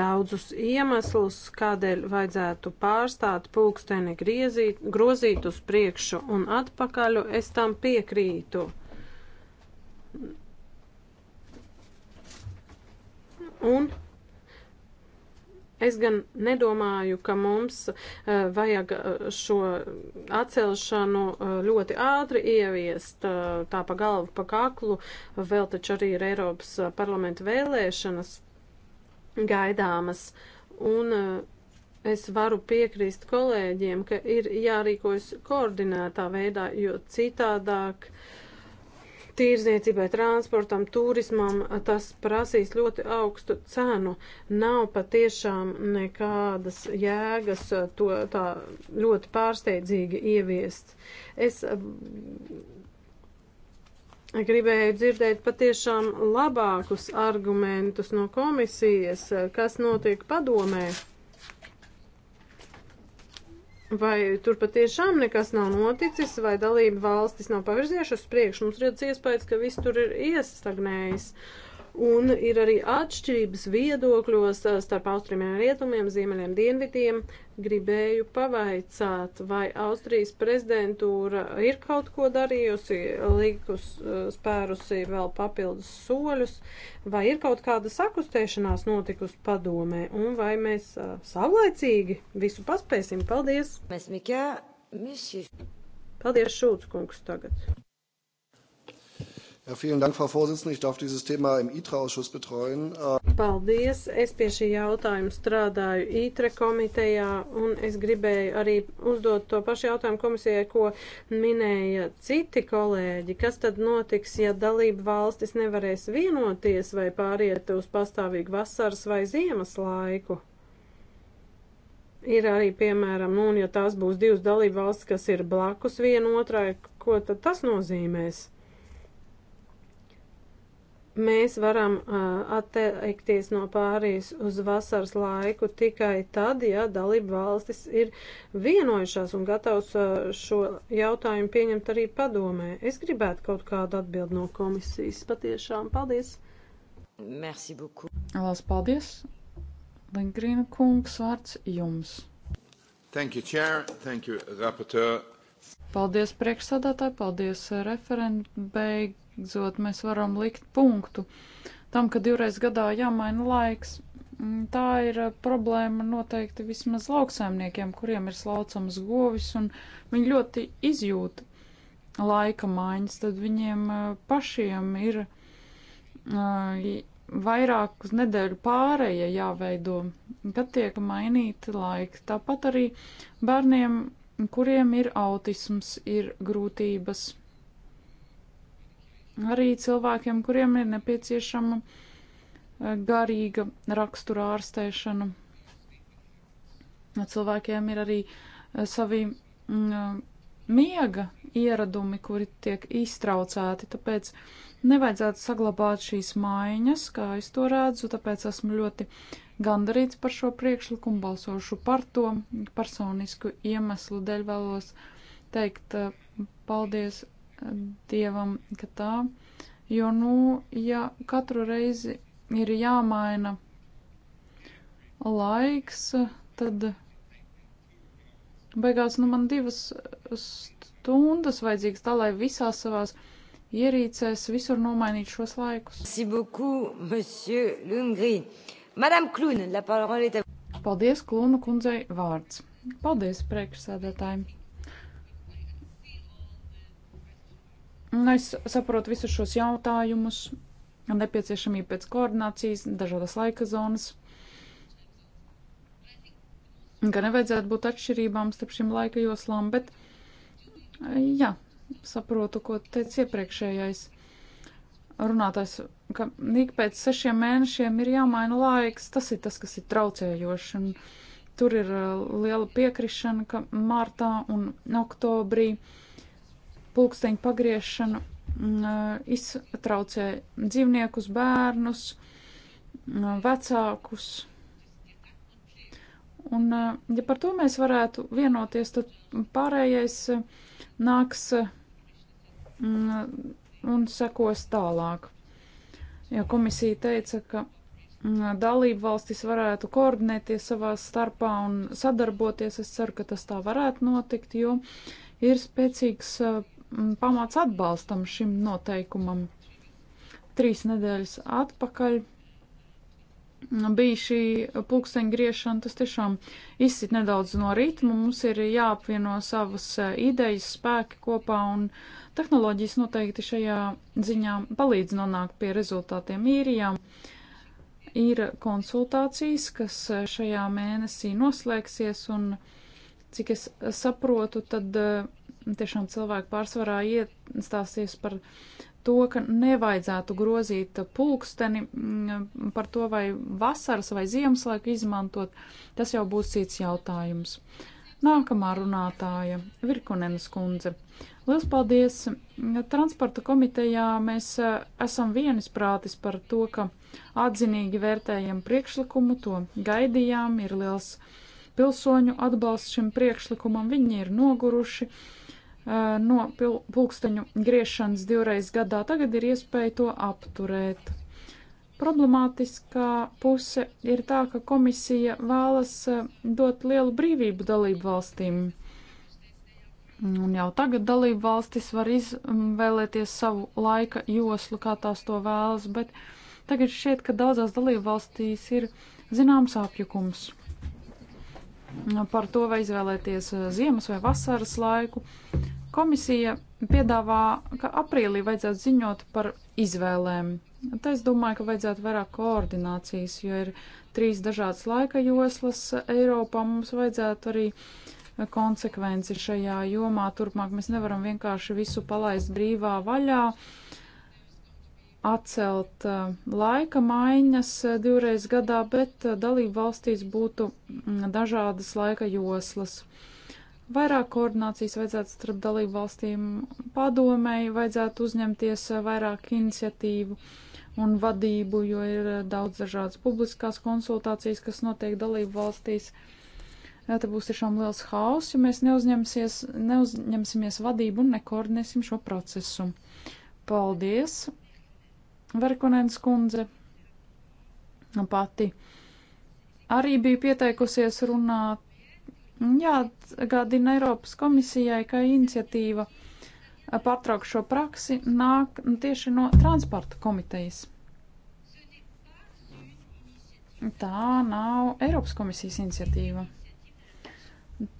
daudzus iemeslus, kādēļ vajadzētu pārstāt pulksteni griezīt, grozīt uz priekšu un atpakaļ. Es tam piekrītu. Un Es gan nedomāju, ka mums uh, vajag eh, šo atcelšanu uh, ļoti ātri ieviest uh, tā pa galvu, pa kaklu, vēl taču arī ir Eiropas parlamenta vēlēšanas gaidāmas. Un es varu piekrīst kolēģiem, ka ir jārīkojas koordinētā veidā, jo citādāk uh, tīrzniecībai, transportam, turismam, tas prasīs ļoti augstu cenu. Nav patiešām nekādas jēgas to tā ļoti pārsteidzīgi ieviest. Es gribēju dzirdēt patiešām labākus argumentus no komisijas, kas notiek padomē. Vai tur patiešām nekas nav noticis, vai dalība valstis nav pavirzījušas uz priekšu? Mums redz iespējas, ka viss tur ir iestagnējis. Uh, un ir arī atšķirības viedokļos uh, starp austrumiem un rietumiem, ziemeļiem, dienvidiem. Gribēju pavaicāt, vai Austrijas prezidentūra ir kaut ko darījusi, likus uh, spērusi vēl papildus soļus, vai ir kaut kāda sakustēšanās notikusi padomē, un vai mēs uh, savlaicīgi visu paspēsim. Paldies! Mēs, Mikā, mēs šis. Paldies, Šūts kungs, tagad. Ja, vielen Dank, Frau Vorsitzende. Ich darf dieses Thema im ITRA-Ausschuss betreuen. Äh, Paldies. Es pie šī jautājuma strādāju ITRA komitejā, un es gribēju arī uzdot to pašu jautājumu komisijai, ko minēja citi kolēģi. Kas tad notiks, ja dalība valstis nevarēs vienoties vai pāriet uz pastāvīgu vasaras vai ziemas laiku? Ir arī, piemēram, nu, un ja tās būs divas dalība valstis, kas ir blakus vienotrai, ko tad tas nozīmēs? mēs varam uh, atteikties no pārijas uz vasaras laiku tikai tad, ja dalību valstis ir vienojušās un gatavs uh, šo jautājumu pieņemt arī padomē. Es gribētu kaut kādu atbildi no komisijas. Patiešām paldies! Merci beaucoup! Lās paldies! Lingrīna kungs vārds jums! Thank you, Chair. Thank you, Rapporteur. Paldies priekšsādātāji, paldies referentbeigu beidzot mēs varam likt punktu tam, ka divreiz gadā jāmaina laiks. Mm, tā ir eh, problēma noteikti vismaz lauksaimniekiem, kuriem ir slaucamas govis, un viņi ļoti izjūt laika maiņas, tad viņiem eh, pašiem ir uh, eh, vairāku nedēļu pārēja jāveido, kad tiek mainīti laiki. Tāpat arī bērniem, kuriem ir autisms, ir grūtības arī cilvēkiem, kuriem ir nepieciešama eh, garīga rakstura ārstēšana. Cilvēkiem ir arī eh, savi mm, eh, miega ieradumi, kuri tiek iztraucēti, tāpēc nevajadzētu saglabāt šīs maiņas, kā es to redzu, tāpēc esmu ļoti gandarīts par šo priekšlikumu, balsošu par to. Personisku iemeslu dēļ vēlos teikt paldies dievam, ka tā, jo, nu, ja katru reizi ir jāmaina laiks, tad beigās, nu, man divas stundas vajadzīgas tā, lai visās savās ierīcēs visur nomainīt šos laikus. Paldies, Klūna kundzei vārds. Paldies, priekšsēdētāji. Nu, es saprotu visus šos jautājumus, nepieciešamību pēc koordinācijas, dažādas laika zonas, ka nevajadzētu būt atšķirībām starp šīm laika joslām, bet jā, saprotu, ko teica iepriekšējais runātājs, ka ik pēc sešiem mēnešiem ir jāmaina laiks, tas ir tas, kas ir traucējoši, un tur ir uh, liela piekrišana, ka martā un oktobrī. No pulksteņu pagriešanu uh, iztraucē dzīvniekus, bērnus, uh, vecākus. Un, uh, ja par to mēs varētu vienoties, tad pārējais nāks un sekos tālāk. Jo komisija teica, ka mm, dalību valstis varētu koordinēties savā starpā un sadarboties. Es ceru, ka tas tā varētu notikt, jo ir spēcīgs Mm, pamats atbalstam šim noteikumam. Trīs nedēļas atpakaļ bija šī pulksteņgriešana, tas tiešām izsit nedaudz no ritma. Mums ir jāapvieno savas eh, idejas, spēki kopā, un tehnoloģijas noteikti šajā ziņā palīdz nonākt pie rezultātiem īrijām. Ir konsultācijas, kas eh, šajā mēnesī noslēgsies, un cik es saprotu, tad eh, tiešām cilvēki pārsvarā iestāsies par to, ka nevajadzētu grozīt pulksteni mm, par to, vai vasaras vai ziemeslaiku izmantot, tas jau būs cits jautājums. Nākamā runātāja - Virkunenes kundze. Lielas paldies! Transporta komitejā mēs eh, esam vienisprātis par to, ka atzinīgi vērtējam priekšlikumu, to gaidījām, ir liels pilsoņu atbalsts šim priekšlikumam, viņi ir noguruši Eh, no pulksteņu griešanas divreiz gadā, tagad ir iespēja to apturēt. Problemātiskā puse ir tā, ka komisija vēlas eh, dot lielu brīvību dalību valstīm. Un jau tagad dalību valstis var izvēlēties mm, savu laika joslu, kā tās to vēlas, bet tagad šķiet, ka daudzās dalību valstīs ir zināms apjukums par to, vai izvēlēties eh, ziemas vai vasaras laiku. Komisija piedāvā, ka aprīlī vajadzētu ziņot par izvēlēm. Te es domāju, ka vajadzētu vairāk koordinācijas, jo ir trīs dažādas laika joslas Eiropā. Mums vajadzētu arī konsekvenci šajā jomā. Turpmāk mēs nevaram vienkārši visu palaist brīvā vaļā. Uh, atcelt laika maiņas divreiz gadā, bet dalību valstīs būtu dažādas laika joslas. Vairāk koordinācijas vajadzētu starp dalību valstīm padomēji, vajadzētu uzņemties vairāk iniciatīvu un vadību, jo ir daudz dažādas publiskās konsultācijas, kas notiek dalību valstīs. Ja te būs tiešām liels haoss, ja mēs neuzņemsimies vadību un nekoordinēsim šo procesu. Paldies! Verkonēns kundze pati arī bija pieteikusies runāt. Jāatgādina Eiropas komisijai, ka iniciatīva pārtraukt šo praksi nāk tieši no transporta komitejas. Tā nav Eiropas komisijas iniciatīva.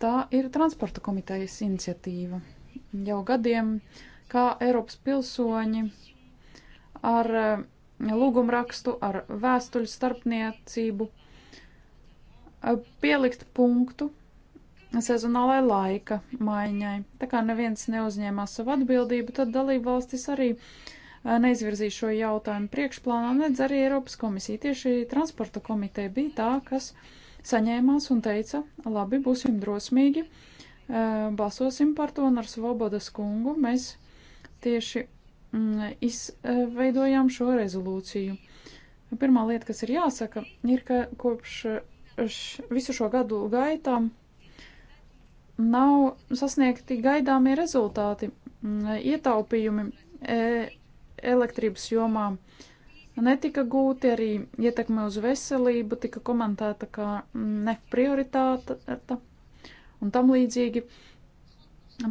Tā ir transporta komitejas iniciatīva. Jau gadiem, kā Eiropas pilsoņi ar eh, lūgumrakstu, ar vēstuļu starpniecību, eh, pielikt punktu sezonālai laika maiņai. Tā kā neviens neuzņēmās savu atbildību, tad dalību valstis arī eh, neizvirzīja šo jautājumu priekšplānā, nedz arī Eiropas komisija. Tieši transporta komiteja bija tā, kas saņēmās un teica, labi, būsim drosmīgi, balsosim par to un ar Svobodas kungu mēs tieši Mm, izveidojām šo rezolūciju. Pirmā lieta, kas ir jāsaka, ir, ka kopš visu šo gadu gaitā nav sasniegti gaidāmie rezultāti, mm, ietaupījumi e, elektrības jomā netika gūti, arī ietekme uz veselību tika komentēta kā neprioritāte un tam līdzīgi.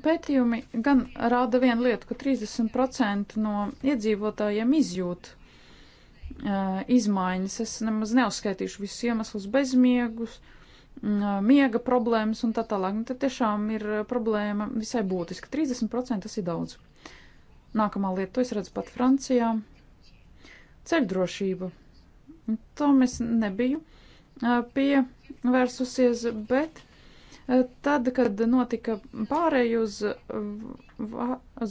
Pētījumi gan rāda vienu lietu, ka 30% no iedzīvotājiem izjūt uh, izmaiņas. Es nemaz neuzskaitīšu visus iemeslus bezmiegus, uh, miega problēmas un tā tālāk. Nu, tad tiešām ir problēma visai būtiska. 30% tas ir daudz. Nākamā lieta, to es redzu pat Francijā - ceļdrošība. To mēs nebiju pie vērsusies, bet Tad, kad notika pārēj uz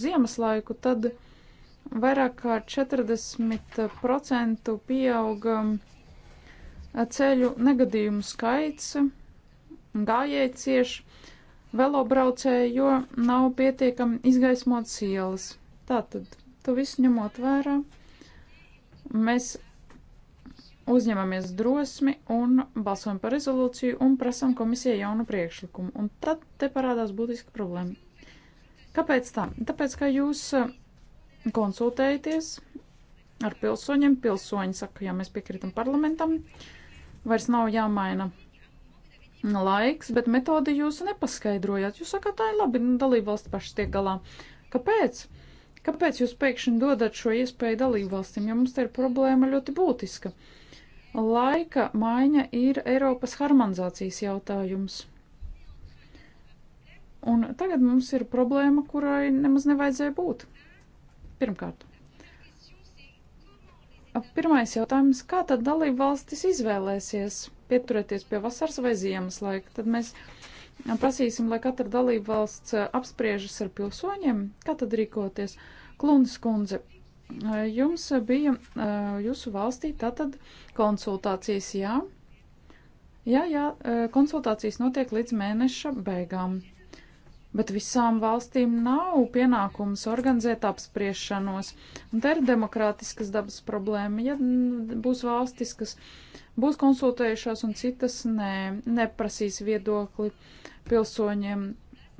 ziemeslaiku, tad vairāk kā 40% pieauga ceļu negadījumu skaits, gājēji cieši, velobraucēji, jo nav pietiekami izgaismots ielas. Tātad, to visu ņemot vērā, mēs uzņemamies drosmi un balsojam par rezolūciju un prasam komisijai jaunu priekšlikumu. Un tad te parādās būtiska problēma. Kāpēc tā? Tāpēc, ka jūs eh, konsultējaties ar pilsoņiem, pilsoņi saka, ja mēs piekritam parlamentam, vairs nav jāmaina laiks, bet metodi jūs nepaskaidrojāt. Jūs sakāt, tā ir labi, nu, dalībvalsts paši tiek galā. Kāpēc? Kāpēc jūs pēkšņi dodat šo iespēju dalībvalstīm, ja mums te ir problēma ļoti būtiska? Uh, Laika maiņa ir Eiropas harmonizācijas jautājums. Un tagad mums ir problēma, kurai nemaz nevajadzēja būt. Pirmkārt. Pirmais jautājums, kā tad dalība valstis izvēlēsies pieturēties pie vasaras vai ziemas laika? Tad mēs prasīsim, lai katra dalība valsts apspriežas ar pilsoņiem, kā tad rīkoties. Klundis kundze Jums bija jūsu valstī tātad konsultācijas, jā? Jā, jā, konsultācijas notiek līdz mēneša beigām. Bet visām valstīm nav pienākums organizēt apspriešanos. Un te ir demokrātiskas dabas problēma. Ja būs valstis, kas būs konsultējušās un citas nē, neprasīs viedokli pilsoņiem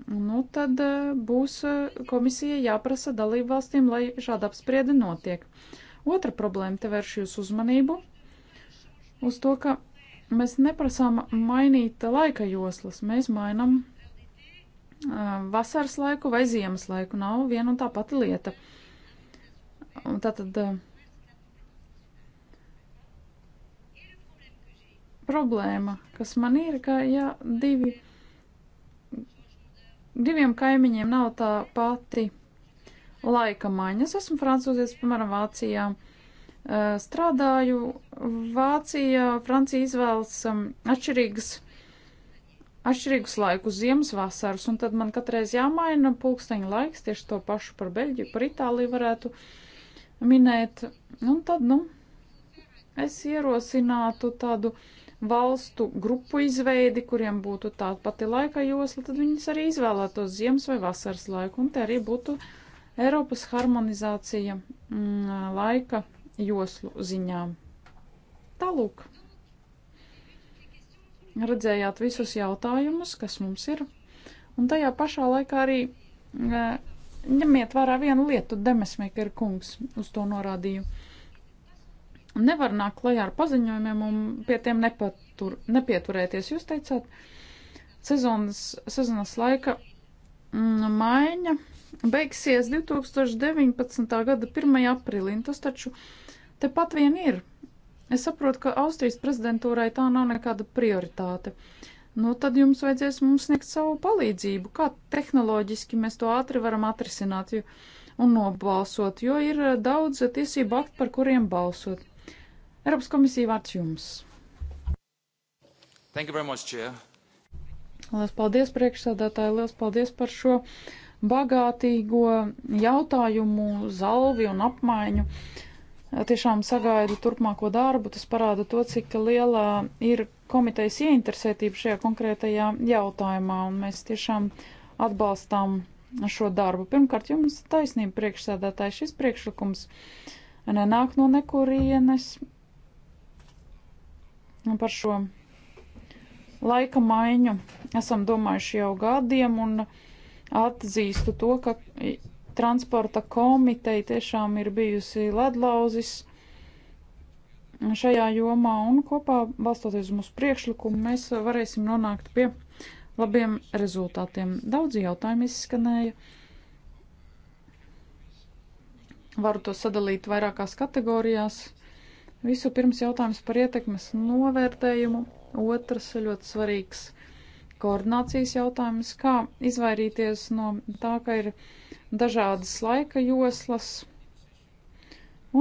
Nu, tad e, būs e, komisija jāprasa dalību valstīm, lai šāda apspriede notiek. Otra problēma te vērš jūs uzmanību uz to, ka mēs neprasām mainīt laika joslas. Mēs mainam e, vasaras laiku vai ziemas laiku. Nav viena un tā pati lieta. Un tātad problēma, kas man ir, ka ja divi. 2 diviem kaimiņiem nav tā pati laika maiņa. Es esmu francūzietis, piemēram, Vācijā. Strādāju Vācijā, Francija izvēlas um, atšķirīgas, atšķirīgus laikus, ziemas, vasaras, un tad man katreiz jāmaina pulksteņa laiks, tieši to pašu par Beļģiju, par Itāliju varētu minēt. Un tad, nu, es ierosinātu tādu uh, valstu grupu izveidi, kuriem būtu tāda pati laika josla, tad viņas arī izvēlētos ziemas vai vasaras laiku, un te arī būtu Eiropas harmonizācija m, mm, laika joslu ziņā. Tālūk. Redzējāt visus jautājumus, kas mums ir, un tajā pašā laikā arī e, ņemiet vērā vienu lietu, Demesmēker kungs uz to norādīju nevar nākt klajā ar paziņojumiem un pie tiem nepatur, nepieturēties. Jūs teicāt, sezonas, sezonas laika mm, maiņa beigsies 2019. gada 1. aprīlī, un tas taču tepat vien ir. Es saprotu, ka Austrijas prezidentūrai tā nav nekāda prioritāte. Nu, tad jums vajadzēs mums sniegt savu palīdzību, kā tehnoloģiski mēs to ātri varam atrisināt jo, un nobalsot, jo ir eh, daudz tiesību aktu, par kuriem balsot. Eiropas komisija vārds jums. Thank you very much, Chair. Lielas paldies priekšsādātāji, liels paldies par šo bagātīgo jautājumu, zalvi un apmaiņu. Tiešām sagaidu turpmāko darbu, tas parāda to, cik lielā ir komitejas ieinteresētība šajā konkrētajā jautājumā, un mēs tiešām atbalstām šo darbu. Pirmkārt, jums taisnība priekšsēdētāji šis priekšlikums nenāk no nekurienes, par šo laika maiņu esam domājuši jau gadiem un atzīstu to, ka transporta komiteja tiešām ir bijusi ledlauzis šajā jomā un kopā balstoties uz mūsu priekšlikumu mēs varēsim nonākt pie labiem rezultātiem. Daudzi jautājumi izskanēja. Varu to sadalīt vairākās kategorijās. Visu pirms jautājums par ietekmes novērtējumu, otrs ļoti svarīgs koordinācijas jautājums, kā izvairīties no tā, ka ir dažādas laika joslas,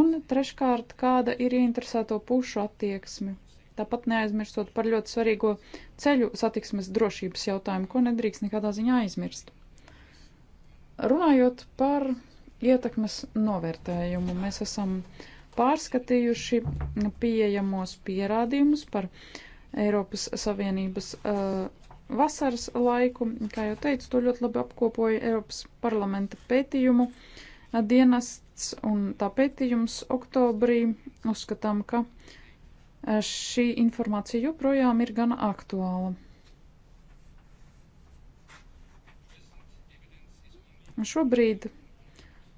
un treškārt, kāda ir ieinteresēto pušu attieksmi. Tāpat neaizmirstot par ļoti svarīgo ceļu satiksmes drošības jautājumu, ko nedrīkst nekādā ziņā aizmirst. Runājot par ietekmes novērtējumu, mēs esam uh, pārskatījuši pieejamos pierādījumus par Eiropas Savienības uh, vasaras laiku. Kā jau teicu, to ļoti labi apkopoja Eiropas parlamenta pētījumu dienests un tā pētījums oktobrī. Uzskatām, ka uh, šī informācija joprojām ir gana aktuāla. Šobrīd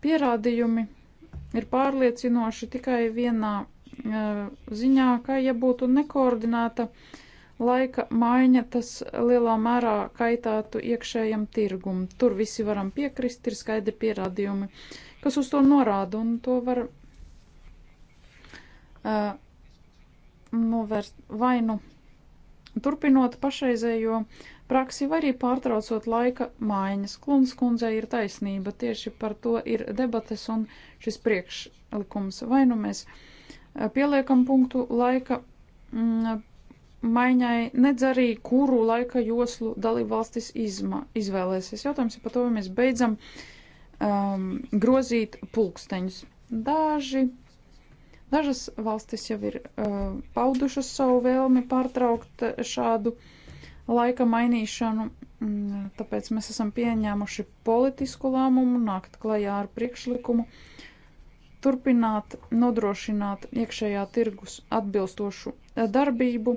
pierādījumi ir pārliecinoši tikai vienā e, ziņā, ka, ja būtu nekoordinēta laika maiņa, tas lielā mērā kaitātu iekšējam tirgum. Tur visi varam piekrist, ir skaidri pierādījumi, kas uz to norāda, un to var uh, e, novērst vai nu turpinot pašreizējo uh, praksi vai arī pārtraucot laika maiņas. Klums kundzei ir taisnība, tieši par to ir debates un šis priekšlikums. Vai nu mēs eh, pieliekam punktu laika mm, maiņai, nedz arī kuru laika joslu dalībvalstis izma, izvēlēsies. Jautājums ir par to, vai mēs beidzam um, grozīt pulksteņus. Daži Dažas valstis jau ir uh, paudušas savu vēlmi pārtraukt eh, šādu uh, laika mainīšanu, mm, tāpēc mēs esam pieņēmuši politisku lēmumu nākt klajā ar priekšlikumu turpināt nodrošināt iekšējā tirgus atbilstošu eh, darbību,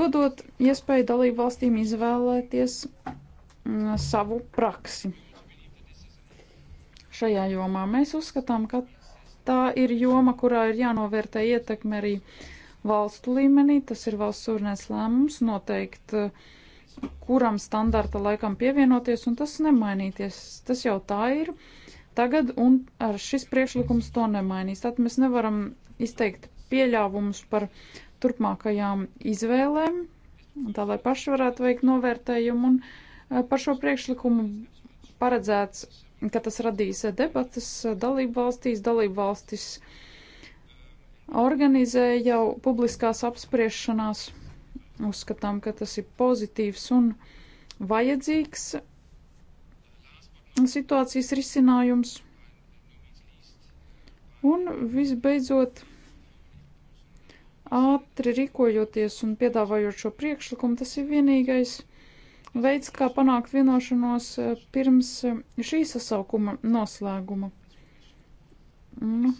dodot iespēju dalību valstīm izvēlēties mm, savu praksi. Šajā jomā mēs uzskatām, ka tā ir joma, kurā ir jānovērtē ietekme arī uh, valstu līmenī. Tas ir valsts surnēs lēmums noteikt, eh, kuram standarta laikam pievienoties, un tas nemainīties. Tas jau tā ir tagad, un ar šis priekšlikums to nemainīs. Tad mēs nevaram izteikt pieļāvumus par turpmākajām izvēlēm, tā lai paši varētu veikt novērtējumu, un eh, par šo priekšlikumu paredzēts, ka tas radīs debatas dalību valstīs, dalību valstis. Dalību valstis organizēja jau publiskās apspriešanās. Uzskatām, ka tas ir pozitīvs un vajadzīgs situācijas risinājums. Un visbeidzot, ātri rīkojoties un piedāvājot šo priekšlikumu, tas ir vienīgais veids, kā panākt vienošanos eh, pirms eh, šī sasaukuma noslēguma. Nu,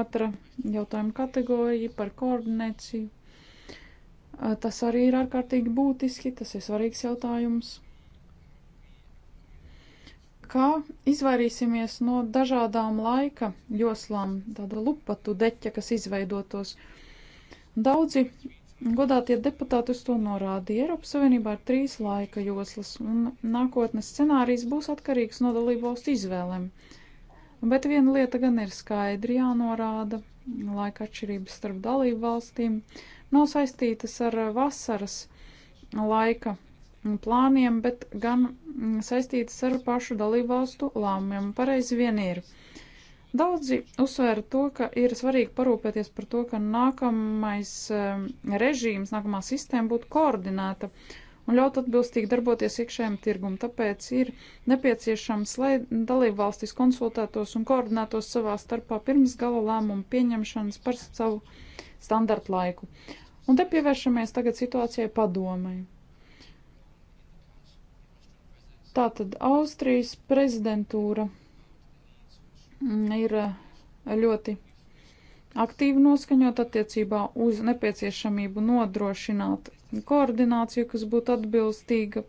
Otra jautājuma kategorija par koordināciju. Tas arī ir ārkārtīgi būtiski, tas ir svarīgs jautājums. Kā izvairīsimies no dažādām laika joslām, tāda lupatu deķa, kas izveidotos? Daudzi godātie deputāti uz to norādīja. Eiropas Savienībā ir trīs laika joslas, un nākotnes scenārijs būs atkarīgs no dalību valstu izvēlēm. Uh, Bet viena lieta gan ir skaidri jānorāda - laika atšķirības starp dalību valstīm nav saistītas ar vasaras laika plāniem, bet gan saistītas ar pašu dalību valstu lēmumiem. Pareizi vien ir. Daudzi uzsvēra to, ka ir svarīgi parūpēties par to, ka nākamais eh, režīms, nākamā sistēma būtu koordinēta un ļaut atbilstīgi darboties iekšējiem tirgum. Tāpēc ir nepieciešams, lai dalību valstis konsultētos un koordinētos savā starpā pirms gala lēmumu pieņemšanas par savu standartu laiku. Un te pievēršamies tagad situācijai padomai. Tātad Austrijas prezidentūra ir ļoti aktīvi noskaņot attiecībā uz nepieciešamību nodrošināt koordināciju, kas būtu atbilstīga,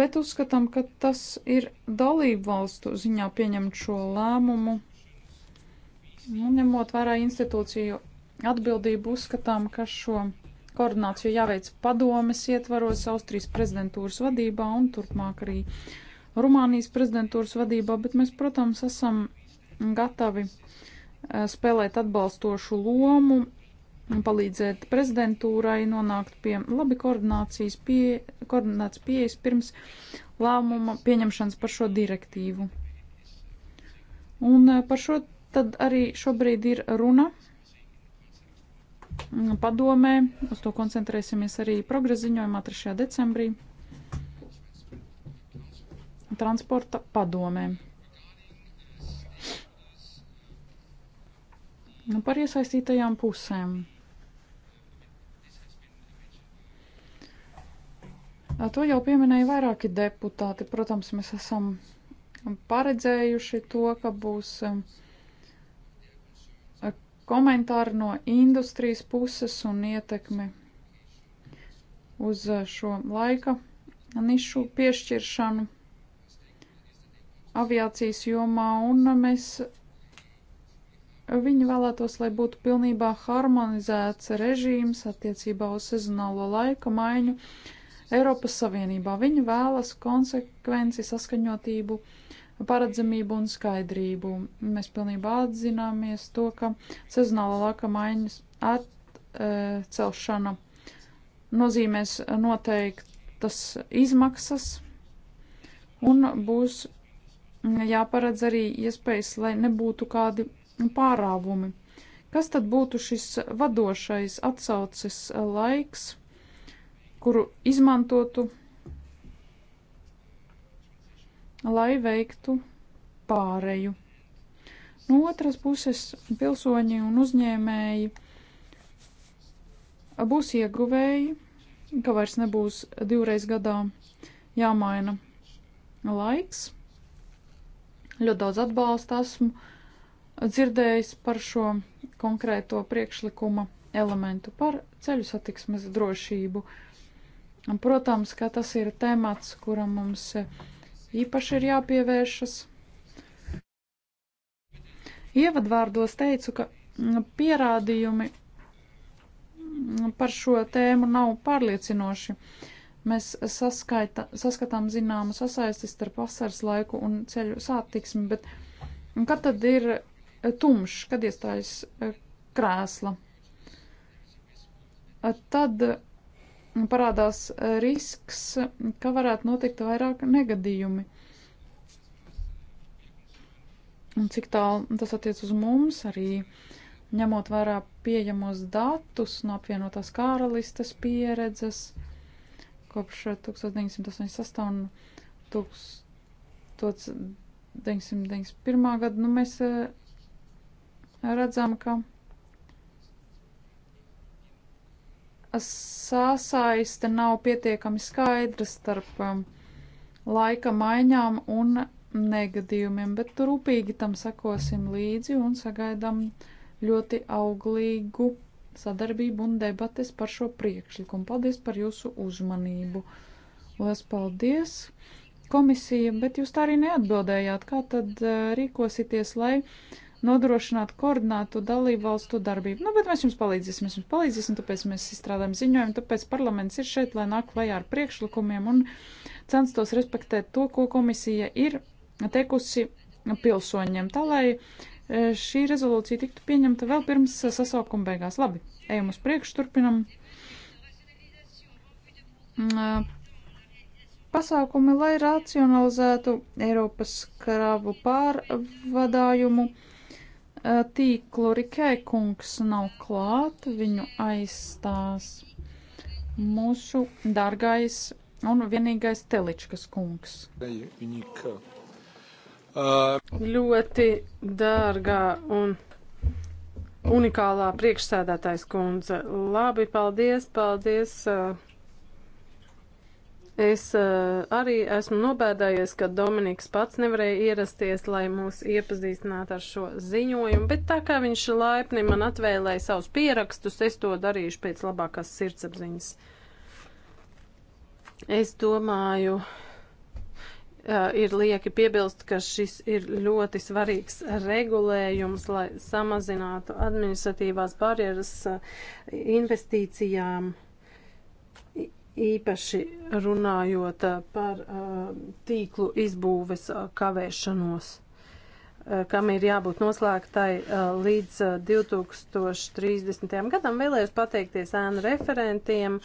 bet uzskatām, ka tas ir dalību valstu ziņā pieņemt šo lēmumu. Un nu, ņemot vērā institūciju atbildību, uzskatām, ka šo koordināciju jāveic padomes ietvaros Austrijas prezidentūras vadībā un turpmāk arī Rumānijas prezidentūras vadībā, bet mēs, protams, esam gatavi uh, Eh, spēlēt atbalstošu lomu un palīdzēt prezidentūrai nonākt pie labi koordinācijas pie, koordinācijas pieejas pirms lēmuma pieņemšanas par šo direktīvu. Un eh, par šo tad arī šobrīd ir runa mm, padomē, uz to koncentrēsimies arī progresziņojumā 3. decembrī transporta padomē. Nu, par iesaistītajām pusēm. To jau pieminēja vairāki deputāti. Protams, mēs esam paredzējuši to, ka būs um, komentāri no industrijas puses un ietekme uz šo laika nišu piešķiršanu aviācijas jomā, un mēs Viņi vēlētos, lai būtu pilnībā harmonizēts režīms attiecībā uz sezonālo laika maiņu Eiropas Savienībā. Viņi vēlas konsekvenci, saskaņotību, paredzamību un skaidrību. Mēs pilnībā atzināmies to, ka sezonāla laika maiņas atcelšana nozīmēs noteiktas izmaksas un būs jāparedz arī iespējas, lai nebūtu kādi pārāvumi. Kas tad būtu šis vadošais atsauces eh, laiks, kuru izmantotu, lai veiktu pāreju? No otras puses, pilsoņi un uzņēmēji būs ieguvēji, ka vairs nebūs divreiz gadā jāmaina laiks. Ļoti daudz atbalsta esmu dzirdējis par šo konkrēto priekšlikuma elementu par ceļu satiksmes drošību. Protams, ka tas ir temats, kuram mums īpaši ir jāpievēršas. Ievadvārdos teicu, ka pierādījumi par šo tēmu nav pārliecinoši. Mēs saskaita, saskatām zināmu sasaisti starp vasaras laiku un ceļu sātiksmi, bet kad tad ir tumšs, kad iestājas eh, krēsla. Tad mm, parādās eh, risks, ka varētu notikt vairāk negadījumi. Un cik tālu tas attiec uz mums, arī ņemot vērā pieejamos datus no apvienotās karalistes pieredzes kopš 1986 eh, un 1991. gada, nu mēs redzam, ka sasaiste nav pietiekami skaidra starp um, laika maiņām un negadījumiem, bet rūpīgi tam sekosim līdzi un sagaidām ļoti auglīgu sadarbību un debates par šo priekšlikumu. Paldies par jūsu uzmanību. Lielas paldies komisija, bet jūs tā arī neatbildējāt. Kā tad uh, rīkosieties, lai nodrošināt koordinātu dalību valstu darbību. Nu, bet mēs jums palīdzēsim, mēs jums palīdzēsim, tāpēc mēs izstrādājam ziņojumu, tāpēc parlaments ir šeit, lai nāk klajā ar priekšlikumiem un censtos respektēt to, ko komisija ir teikusi pilsoņiem, tā lai e, šī rezolūcija tiktu pieņemta vēl pirms sasaukuma beigās. Labi, ejam uz priekšu, turpinam. Mm, e, pasākumi, lai racionalizētu Eiropas kravu pārvadājumu tīklu Rikē kungs nav klāt, viņu aizstās mūsu dārgais un vienīgais Teličkas kungs. Ļoti dārgā un unikālā priekšsēdētājs kundze. Labi, paldies, paldies. Uh, Es uh, arī esmu nobēdājies, ka Dominiks pats nevarēja ierasties, lai mūs iepazīstinātu ar šo ziņojumu, bet tā kā viņš laipni man atvēlēja savus pierakstus, es to darīšu pēc labākās sirdsapziņas. Es domāju, uh, ir lieki piebilst, ka šis ir ļoti svarīgs regulējums, lai samazinātu administratīvās barjeras uh, investīcijām īpaši runājot uh, par uh, tīklu izbūves uh, kavēšanos kam ir jābūt noslēgtai līdz 2030. gadam. Vēlējos pateikties ēnu referentiem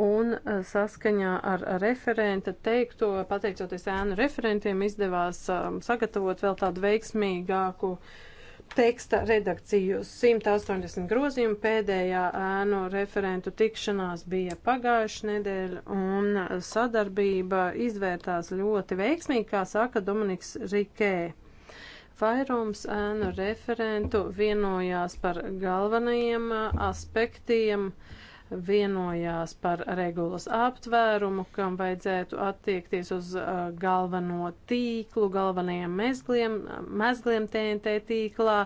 un saskaņā ar referenta teikto, pateicoties ēnu referentiem, izdevās um, sagatavot vēl tādu veiksmīgāku uh, teksta redakciju 180 grozījumu. Pēdējā ēnu referentu tikšanās bija pagājuši nedēļa un sadarbība izvērtās ļoti veiksmīgi, kā saka Dominiks Rikē. Vairums ēnu referentu vienojās par galvenajiem aspektiem. Uh, vienojās par regulas aptvērumu, kam vajadzētu attiekties uz uh, galveno tīklu, galvenajiem mezgliem, mezgliem TNT tīklā,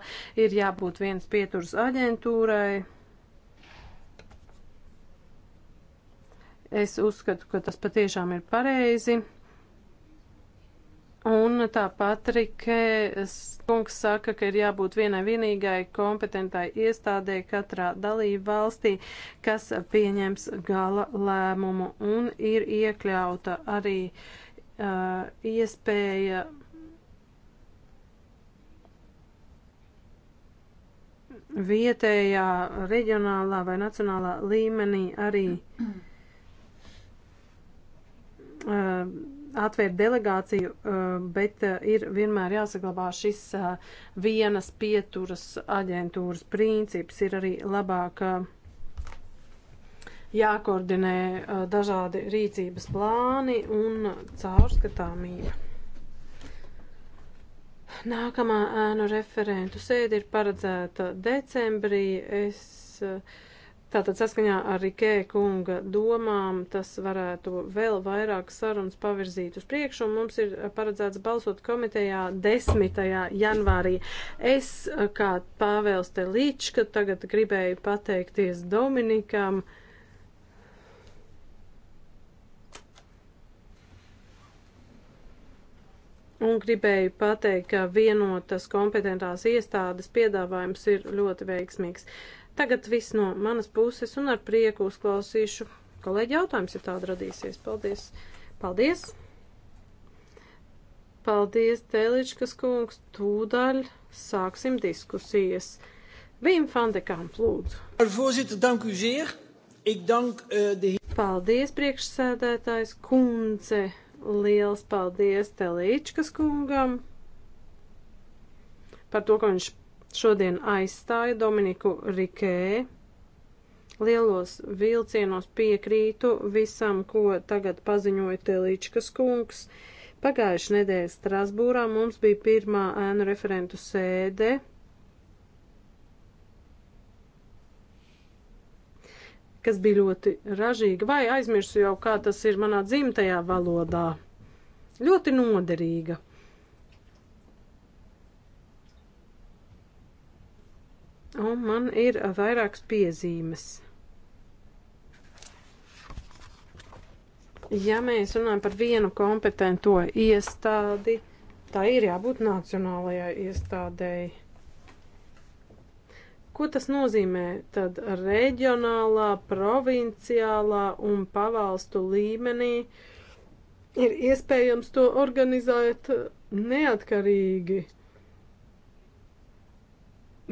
ir jābūt viens pieturs aģentūrai. Es uzskatu, ka tas patiešām ir pareizi. Un tāpat Rikē kungs saka, ka ir jābūt vienai vienīgai kompetentai iestādē katrā dalību valstī, kas pieņems gala lēmumu. Un ir iekļauta arī uh, iespēja. Vietējā, reģionālā vai nacionālā līmenī arī uh, atvērt delegāciju, uh, bet uh, ir vienmēr jāsaglabā šis uh, vienas pieturas aģentūras princips. Ir arī labāk jākoordinē dažādi rīcības plāni un caurskatāmība. Nākamā ēnu referentu sēde ir paredzēta decembrī. Es uh, Tātad saskaņā ar Rikē kunga domām tas varētu vēl vairāk sarunas pavirzīt uz priekšu, un mums ir paredzēts balsot komitejā 10. janvārī. Es, kā Pāvēls Telīčka, tagad gribēju pateikties Dominikam. Un gribēju pateikt, ka vienotas kompetentās iestādes piedāvājums ir ļoti veiksmīgs. Uh, Tagad viss no manas puses un ar prieku uzklausīšu kolēģi jautājums, ja tāda radīsies. Paldies! Paldies! Paldies, Tēličkas kungs! Tūdaļ sāksim diskusijas. Vim Fandekamp, lūdzu. Voorzitter, dank u zeer. Ik dank uh, de heer. Paldies, priekšsēdētājs kundze. Liels paldies Telīčkas kungam par to, ka viņš šodien aizstāja Dominiku Rikē. Lielos vilcienos piekrītu visam, ko tagad paziņoja Telīčkas kungs. Pagājuši nedēļa Strasbūrā mums bija pirmā ēnu referentu sēde. kas bija ļoti ražīga, vai aizmirsu jau, kā tas ir manā dzimtajā valodā. Ļoti noderīga. Un man ir vairākas piezīmes. Ja mēs runājam par vienu kompetento iestādi, tā ir jābūt nacionālajai iestādēji. Ko tas nozīmē? Tad reģionālā, provinciālā un pavalstu līmenī ir iespējams to organizēt neatkarīgi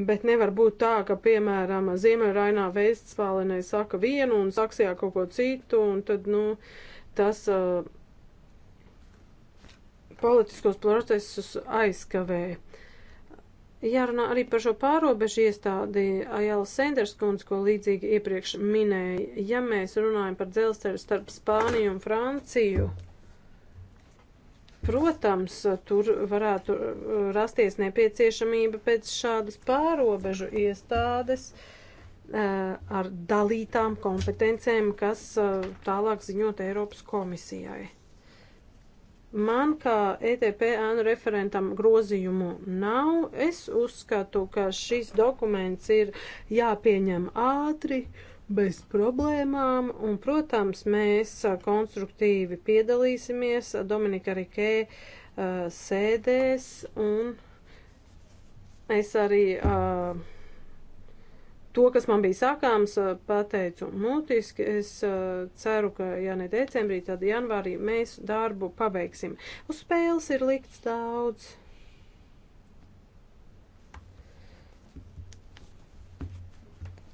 Bet nevar būt tā, ka, piemēram, Ziemeļrainā Vestfālenē saka vienu un Saksijā kaut ko citu, un tad, nu, tas uh, politiskos procesus aizkavē. Jārunā arī par šo pārobežu iestādi Ajala Sanders kundz, ko līdzīgi iepriekš minēja. Ja mēs runājam par dzelzceļu starp Spāniju un Franciju, Protams, tur varētu uh, rasties nepieciešamība pēc šādas pārobežu iestādes uh, ar dalītām kompetencēm, kas uh, tālāk ziņot Eiropas komisijai. Man kā ETP ēnu referentam grozījumu nav. Es uzskatu, ka šis dokuments ir jāpieņem ātri. Uh, bez problēmām, un, protams, mēs konstruktīvi piedalīsimies Dominika Rikē sēdēs, un es arī to, kas man bija sākāms, pateicu mutiski. Es ceru, ka, ja ne decembrī, tad janvārī mēs darbu pabeigsim. Uz spēles ir likts daudz.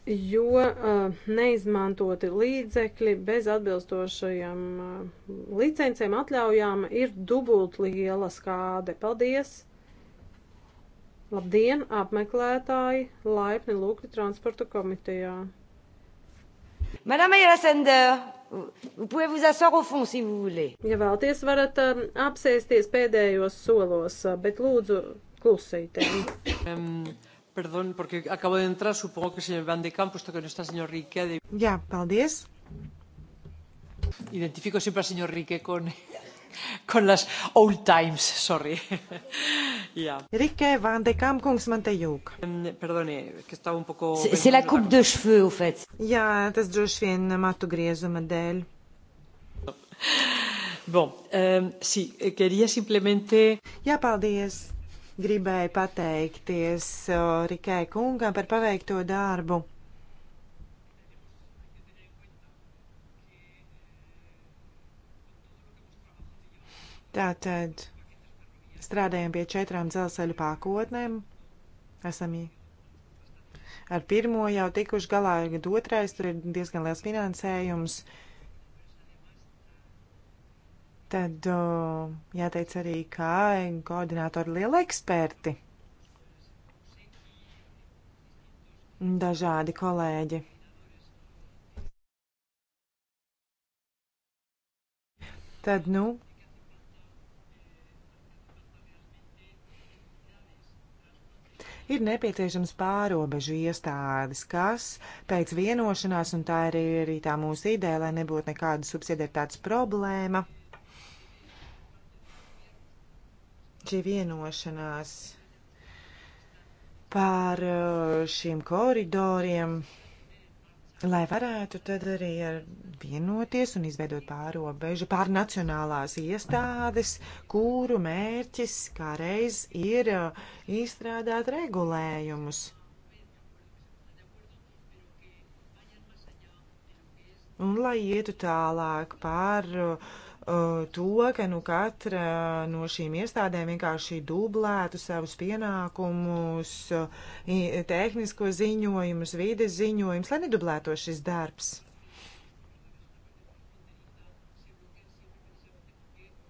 jo eh, neizmantoti līdzekļi bez atbilstošajām eh, licencēm atļaujām ir dubult liela skāde. Paldies! Labdien, apmeklētāji! Laipni lūgti transporta komitejā! Madame Yelasender, vous pouvez vous asseoir au fond, si vous voulez. Ja vēlties, varat um, apsēsties pēdējos solos, bet lūdzu klusītēm. Um. Perdón, porque acabo de entrar, supongo que señor Van de Camp, puesto que no está señor Riquet. De... Jā, paldies. Identifico siempre al señor Riquet con, [LAUGHS] con las old times, sorry. [LAUGHS] yeah. Riquet Van de Camp, kungs man te jūg. Perdone, que estaba un poco... C'est la coupe de cheveux, au fait. Jā, tas droši vien matu griezuma dēļ. Bon, um, sí, eh, quería simplemente... Jā, paldies. Gribēju pateikties Rikai kungam par paveikto darbu. Tātad strādājam pie četrām dzelzceļa pakotnēm. Esam ar pirmo jau tikuši galā, kad otrais tur ir diezgan liels finansējums. Uh, Tad jāteic arī, kā koordinātori liela eksperti. Dažādi kolēģi. Tad, nu, ir nepieciešams pārobežu iestādes, kas pēc vienošanās, un tā ir arī tā mūsu ideja, lai nebūtu nekāda subsidiaritātes problēma. šī vienošanās par eh, šiem koridoriem, lai varētu tad arī ar eh, vienoties un izveidot pārobežu pārnacionālās iestādes, kuru mērķis kā reiz ir eh, izstrādāt regulējumus. Un lai ietu tālāk par uh, Eh, to, ka nu katra no šīm iestādēm vienkārši dublētu savus pienākumus, tehnisko ziņojumus, vides ziņojumus, lai nedublēto šis darbs.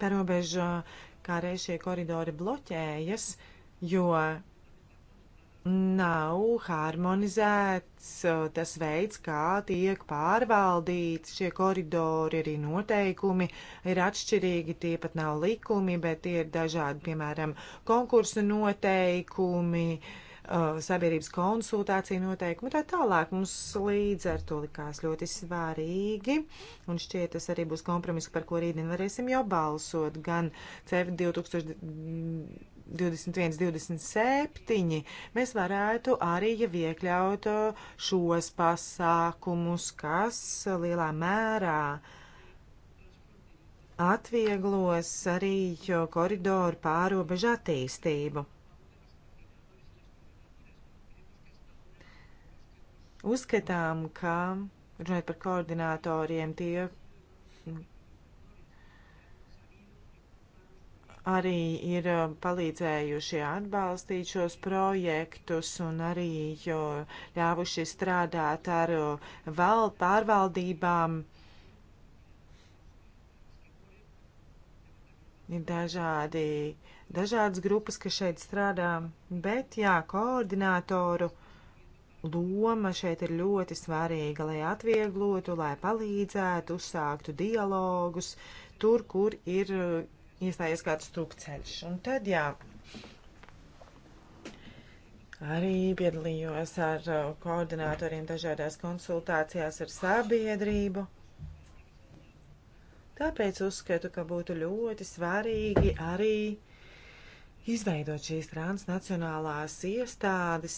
Parobežu kā reiz šie koridori bloķējas, jo nav harmonizēts tas veids, kā tiek pārvaldīts šie koridori, arī noteikumi ir atšķirīgi, tie pat nav likumi, bet tie ir dažādi, piemēram, konkursu noteikumi, sabiedrības konsultācija noteikumi, tā tālāk mums līdz ar to likās ļoti svarīgi, un šķiet tas arī būs kompromiss, par ko rītdien varēsim jau balsot, gan CEF 2000. 21, 27, mēs varētu arī jau iekļaut šos pasākumus, kas lielā mērā atvieglos arī koridoru pārobežu attīstību. Uzskatām, ka runājot par koordinatoriem, tie arī ir um, palīdzējuši atbalstīt šos projektus un arī ļāvuši strādāt ar uh, val, pārvaldībām. Ir dažādi, dažādas grupas, kas šeit strādā, bet jā, koordinātoru loma šeit ir ļoti svarīga, lai atvieglotu, lai palīdzētu, uzsāktu dialogus tur, kur ir iestājies kāds strupceļš. Un tad, jā, arī piedalījos ar uh, koordinātoriem dažādās konsultācijās ar sabiedrību. Tāpēc uzskatu, ka būtu ļoti svarīgi arī izveidot šīs transnacionālās iestādes.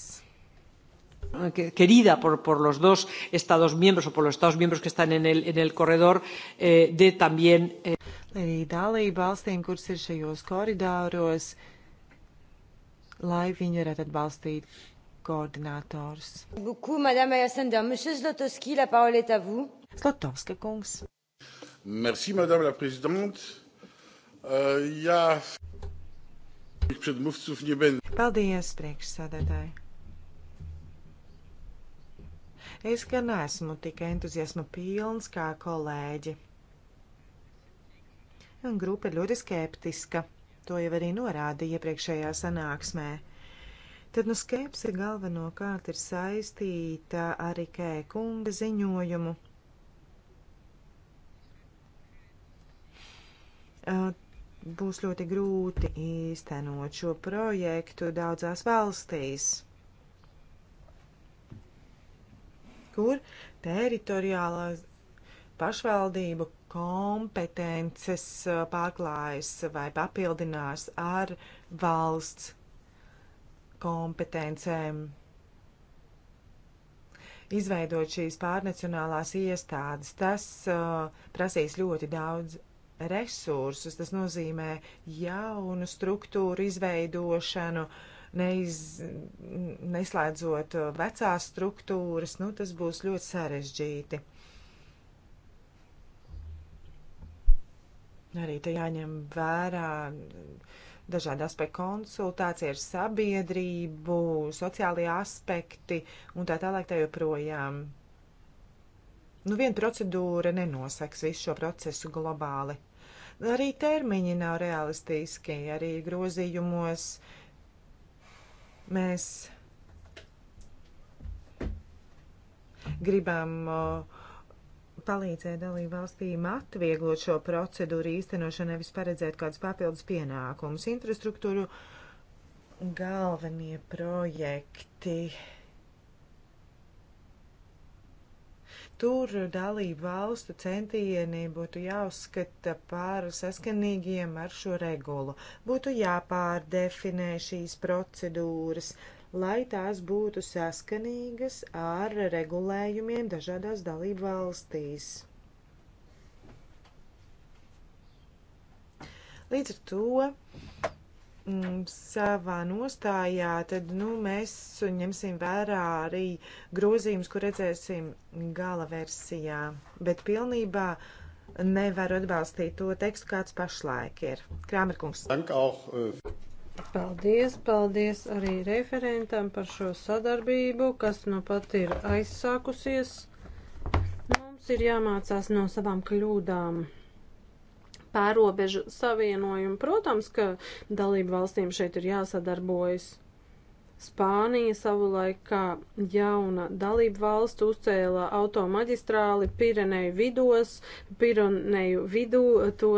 Ah, querida por, por los dos Estados miembros o por los Estados miembros que están en el, en el corredor, eh, de también. Eh arī dalību valstīm, kuras ir šajos koridoros, lai viņi varētu atbalstīt koordinātors. Slotovska kungs. Merci, madame la présidente. Uh, jā, predmūvcuf nebēn. Paldies, priekšsādātāji. Es gan esmu tik entuziasma pilns kā kolēģi un grupa ir ļoti skeptiska. To jau arī norādīja iepriekšējā sanāksmē. Tad nu skepse galvenokārt ir saistīta ar Rikē kunga ziņojumu. Būs ļoti grūti īstenot šo projektu daudzās valstīs, kur teritoriālā pašvaldība kompetences eh, pārklājas vai papildinās ar valsts kompetencēm. Izveidot šīs pārnacionālās iestādes, tas uh, prasīs ļoti daudz resursus. Tas nozīmē jaunu struktūru izveidošanu, neiz, neslēdzot eh, vecās struktūras. Nu, tas būs ļoti sarežģīti. Arī te jāņem vērā dažādi aspekti, konsultācija ar sabiedrību, sociālie aspekti un tā tālāk tā joprojām. Nu, viena procedūra nenosaks visu šo procesu globāli. Arī termiņi nav realistiski, arī grozījumos mēs gribam uh, palīdzēja dalību valstīm atvieglot šo procedūru īstenošanu, nevis paredzēt kādus papildus pienākumus. Infrastruktūru galvenie projekti. Tur dalību valstu centieni būtu jāuzskata par saskanīgiem ar šo regulu. Būtu jāpārdefinē šīs procedūras, lai tās būtu saskanīgas ar regulējumiem dažādās dalību valstīs. Līdz ar to mm, savā nostājā, tad nu, mēs ņemsim vērā arī grozījumus, kur redzēsim gala versijā. Bet pilnībā nevaru atbalstīt to tekstu, kāds pašlaik ir. Krāmerkungs. Paldies, paldies arī referentam par šo sadarbību, kas nu pat ir aizsākusies. Mums ir jāmācās no savām kļūdām. Pārobežu savienojumu, protams, ka dalību valstīm šeit ir jāsadarbojas. Spānija savulaik kā jauna dalība valsts uzcēla automaģistrāli Pireneju vidos, Pireneju vidū to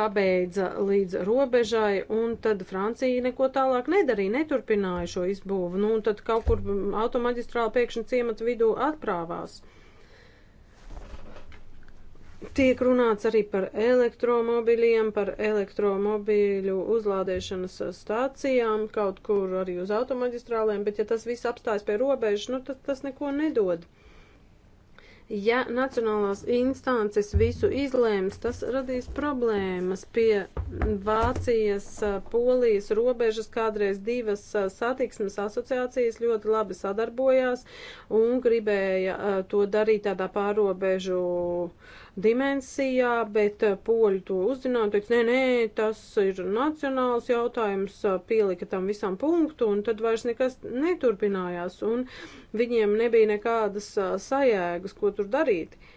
pabeidza līdz robežai, un tad Francija neko tālāk nedarīja, neturpināja šo izbūvu. Nu, un tad kaut kur automaģistrāli pēkšņi ciemata vidū atprāvās. Uh, Tiek runāts arī par elektromobīļiem, par elektromobīļu uzlādēšanas eh, stācijām, kaut kur arī uz automaģistrālēm, bet ja tas viss apstājas pie robežas, nu tad tas neko nedod. Ja nacionālās instances visu izlēms, tas radīs problēmas pie Vācijas, eh, Polijas robežas. Kādreiz divas eh, satiksmes asociācijas ļoti labi sadarbojās un gribēja to darīt tādā pārobežu uh, dimensijā, bet eh, poļi to uzzināja, teica, nē, nē, tas ir nacionāls jautājums, eh, pielika tam visam punktu, un tad vairs nekas neturpinājās, un viņiem nebija nekādas eh, sajēgas, ko tur darīt. Uh,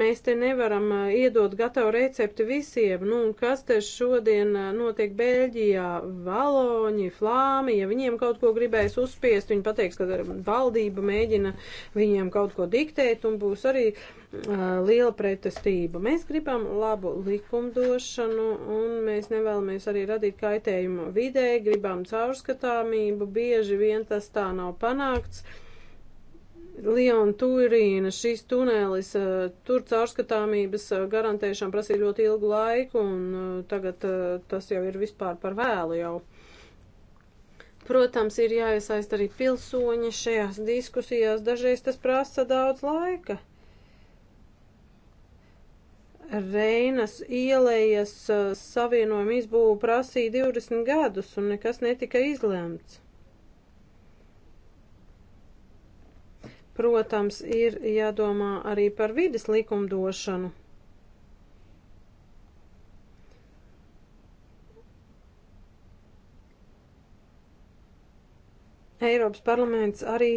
Mēs te nevaram iedot gatavu recepti visiem, nu, kas te šodien notiek Beļģijā, valoņi, flāmi, ja viņiem kaut ko gribēs uzspiest, viņi pateiks, ka valdība mēģina viņiem kaut ko diktēt un būs arī uh, liela pretestība. Mēs gribam labu likumdošanu un mēs nevēlamies arī radīt kaitējumu vidē, gribam caurskatāmību, bieži vien tas tā nav panākts. Uh, Liona Turīna šis tunelis, eh, tur caurskatāmības eh, garantēšana prasīja ļoti ilgu laiku, un eh, tagad tas jau ir vispār par vēlu jau. Protams, ir jāiesaist arī pilsoņi šajās diskusijās, dažreiz tas prasa daudz laika. Reinas ielējas savienojuma izbūvu prasīja 20 gadus, un nekas netika izlemts. Protams, ir jādomā arī par vides likumdošanu. Eiropas parlaments arī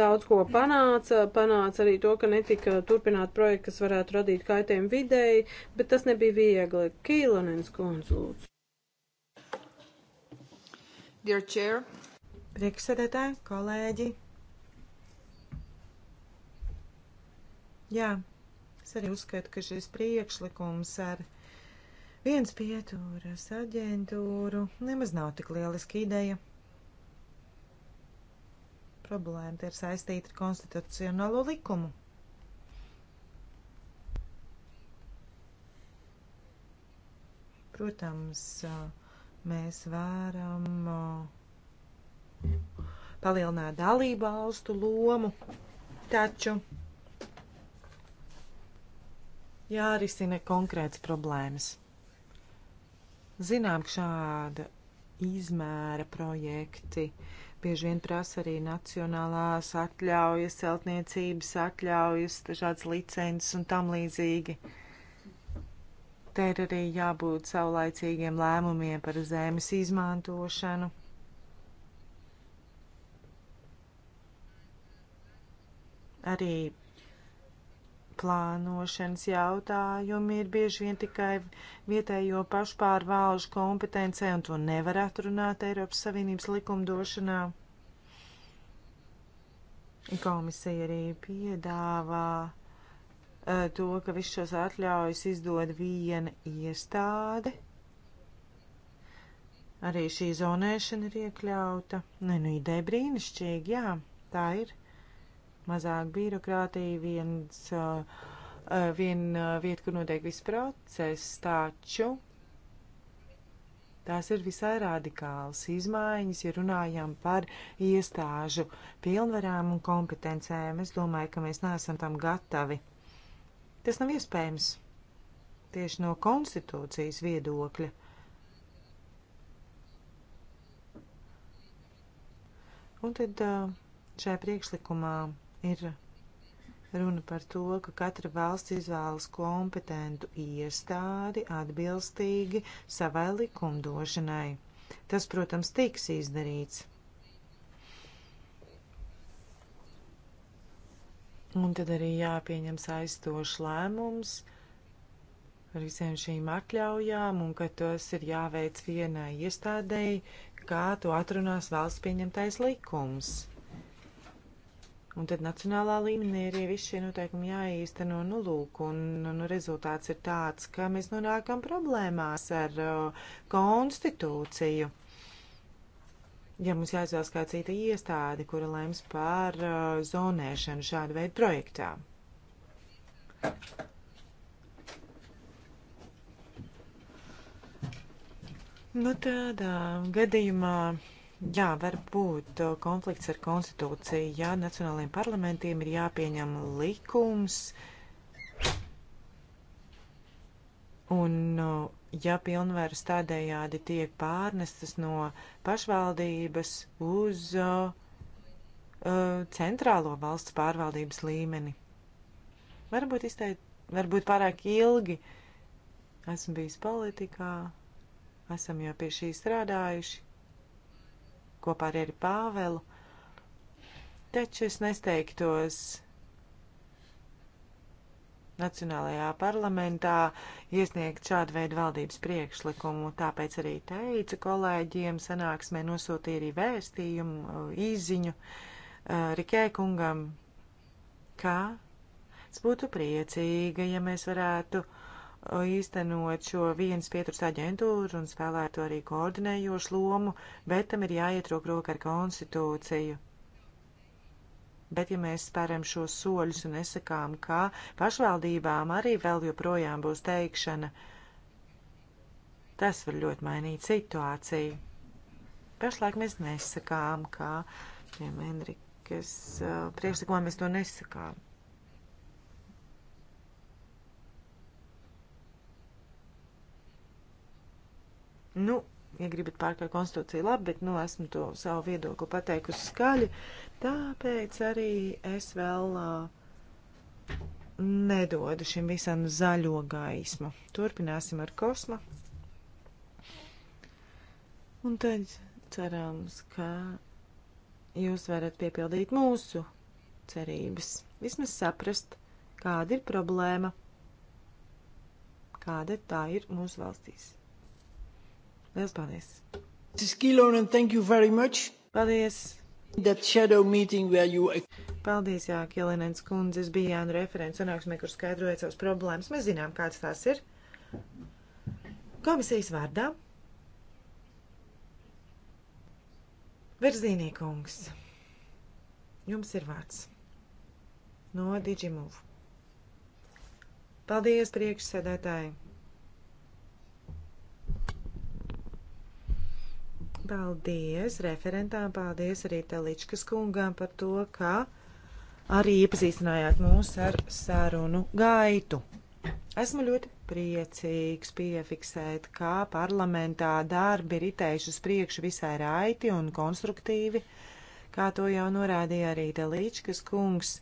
daudz ko panāca. Panāca arī to, ka netika turpināt projekti, kas varētu radīt kaitējumu videi, bet tas nebija viegli. Kīlonens konsults. Dear Chair. Priekšsēdētāji, kolēģi. Jā, es arī uzskatu, ka šis priekšlikums ar viens pietūras aģentūru nemaz nav tik lieliski ideja. Problēma te ir saistīta ar konstitucionālo likumu. Protams, mēs varam uh, palielināt dalību valstu lomu, taču jārisina konkrēts problēmas. Zinām, ka šāda izmēra projekti bieži vien prasa arī nacionālās atļaujas, celtniecības atļaujas, dažādas licences un tam līdzīgi. Te ir arī jābūt saulaicīgiem lēmumiem par zemes izmantošanu. Arī plānošanas jautājumi ir bieži vien tikai vietējo pašpārvalžu kompetencē, un to nevar atrunāt Eiropas Savienības likumdošanā. Komisija arī piedāvā uh, to, ka visus šos atļaujas izdod viena iestāde. Arī šī zonēšana ir iekļauta. Nē, nu ideja brīnišķīgi, jā, tā ir mazāk birokrātija, viens, vien vieta, kur notiek viss process, taču tās ir visai radikālas izmaiņas, ja runājam par iestāžu pilnvarām un kompetencēm. Es domāju, ka mēs neesam tam gatavi. Tas nav iespējams tieši no konstitūcijas viedokļa. Un tad šajā priekšlikumā ir runa par to, ka katra valsts izvēlas kompetentu iestādi atbilstīgi savai likumdošanai. Tas, protams, tiks izdarīts. Un tad arī jāpieņem saistošs lēmums par visiem šīm atļaujām, un ka tos ir jāveic vienai iestādēji, kā to atrunās valsts pieņemtais likums. Un tad nacionālā līmenī arī visi šie noteikumi jāīsteno, nu, lūk, un, un rezultāts ir tāds, ka mēs nonākam problēmās ar uh, konstitūciju. Ja mums jāizvēlas kā cita iestāde, kura lems par uh, zonēšanu šādu veidu projektā. Nu, tādā gadījumā Jā, var būt uh, konflikts ar konstitūciju. Jā, nacionālajiem parlamentiem ir jāpieņem likums. Un, uh, ja pilnvaras tādējādi tiek pārnestas no pašvaldības uz uh, uh centrālo valsts pārvaldības līmeni, varbūt izteikt, varbūt pārāk ilgi esmu bijis politikā, esam jau pie šī strādājuši kopā arī ar Pāvelu. Taču es nesteigtos Nacionālajā parlamentā iesniegt šādu veidu valdības priekšlikumu, tāpēc arī teica kolēģiem sanāksmē nosūtīja arī vēstījumu, īziņu eh, Rikē kungam, ka es būtu priecīga, ja mēs varētu īstenot šo vienas pieturas aģentūru un spēlētu arī koordinējošu lomu, bet tam ir jāiet roku rokā ar konstitūciju. Bet, ja mēs spēram šos soļus un nesakām, ka pašvaldībām arī vēl joprojām būs teikšana, tas var ļoti mainīt situāciju. Pašlaik mēs nesakām, ka, piemēram, Enrikas eh, priekšlikumā mēs to nesakām. Nu, ja gribat pārkāpt konstitūciju, labi, bet nu, esmu to savu viedokli pateikusi skaļi. Tāpēc arī es vēl uh, nedodu šim visam zaļo gaismu. Turpināsim ar kosmu. Un tad cerams, ka jūs varat piepildīt mūsu cerības. Vismaz saprast, kāda ir problēma, kāda tā ir mūsu valstīs. Liels paldies! Skilonen, thank you very much. Paldies! That shadow meeting where you... Paldies, Jā, Kielenens kundze. Es biju Jānu referents sanāksmē, kur skaidroja savas problēmas. Mēs zinām, kādas tās ir. Komisijas vārdā. Verzīnī kungs. Jums ir vārds. No Digimove. Paldies, priekšsēdētāji! Paldies referentām, paldies arī Teličkas kungām par to, ka arī iepazīstinājāt mūs ar sarunu gaitu. Esmu ļoti priecīgs piefiksēt, kā parlamentā darbi ir itējuši uz priekšu visai raiti un konstruktīvi, kā to jau norādīja arī Teličkas kungs.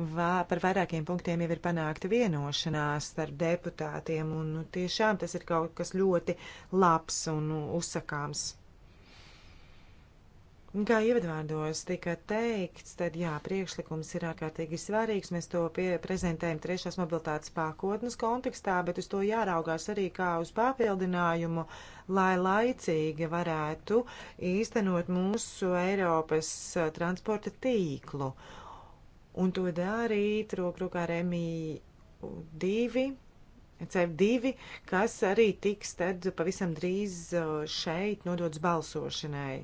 Vā, par vairākiem punktiem jau ir panākta vienošanās starp deputātiem, un nu, tiešām tas ir kaut kas ļoti labs un nu, uzsakāms. Kā ievadvārdos tika teikts, tad jā, priekšlikums ir ārkārtīgi svarīgs. Mēs to prezentējam trešās mobilitātes pakotnes kontekstā, bet uz to jāraugās arī kā uz papildinājumu, lai laicīgi varētu īstenot mūsu Eiropas transporta tīklu. Uh, un to darīt roku rokā ar MI2, CF2, kas arī tiks tad pavisam drīz šeit nodots balsošanai.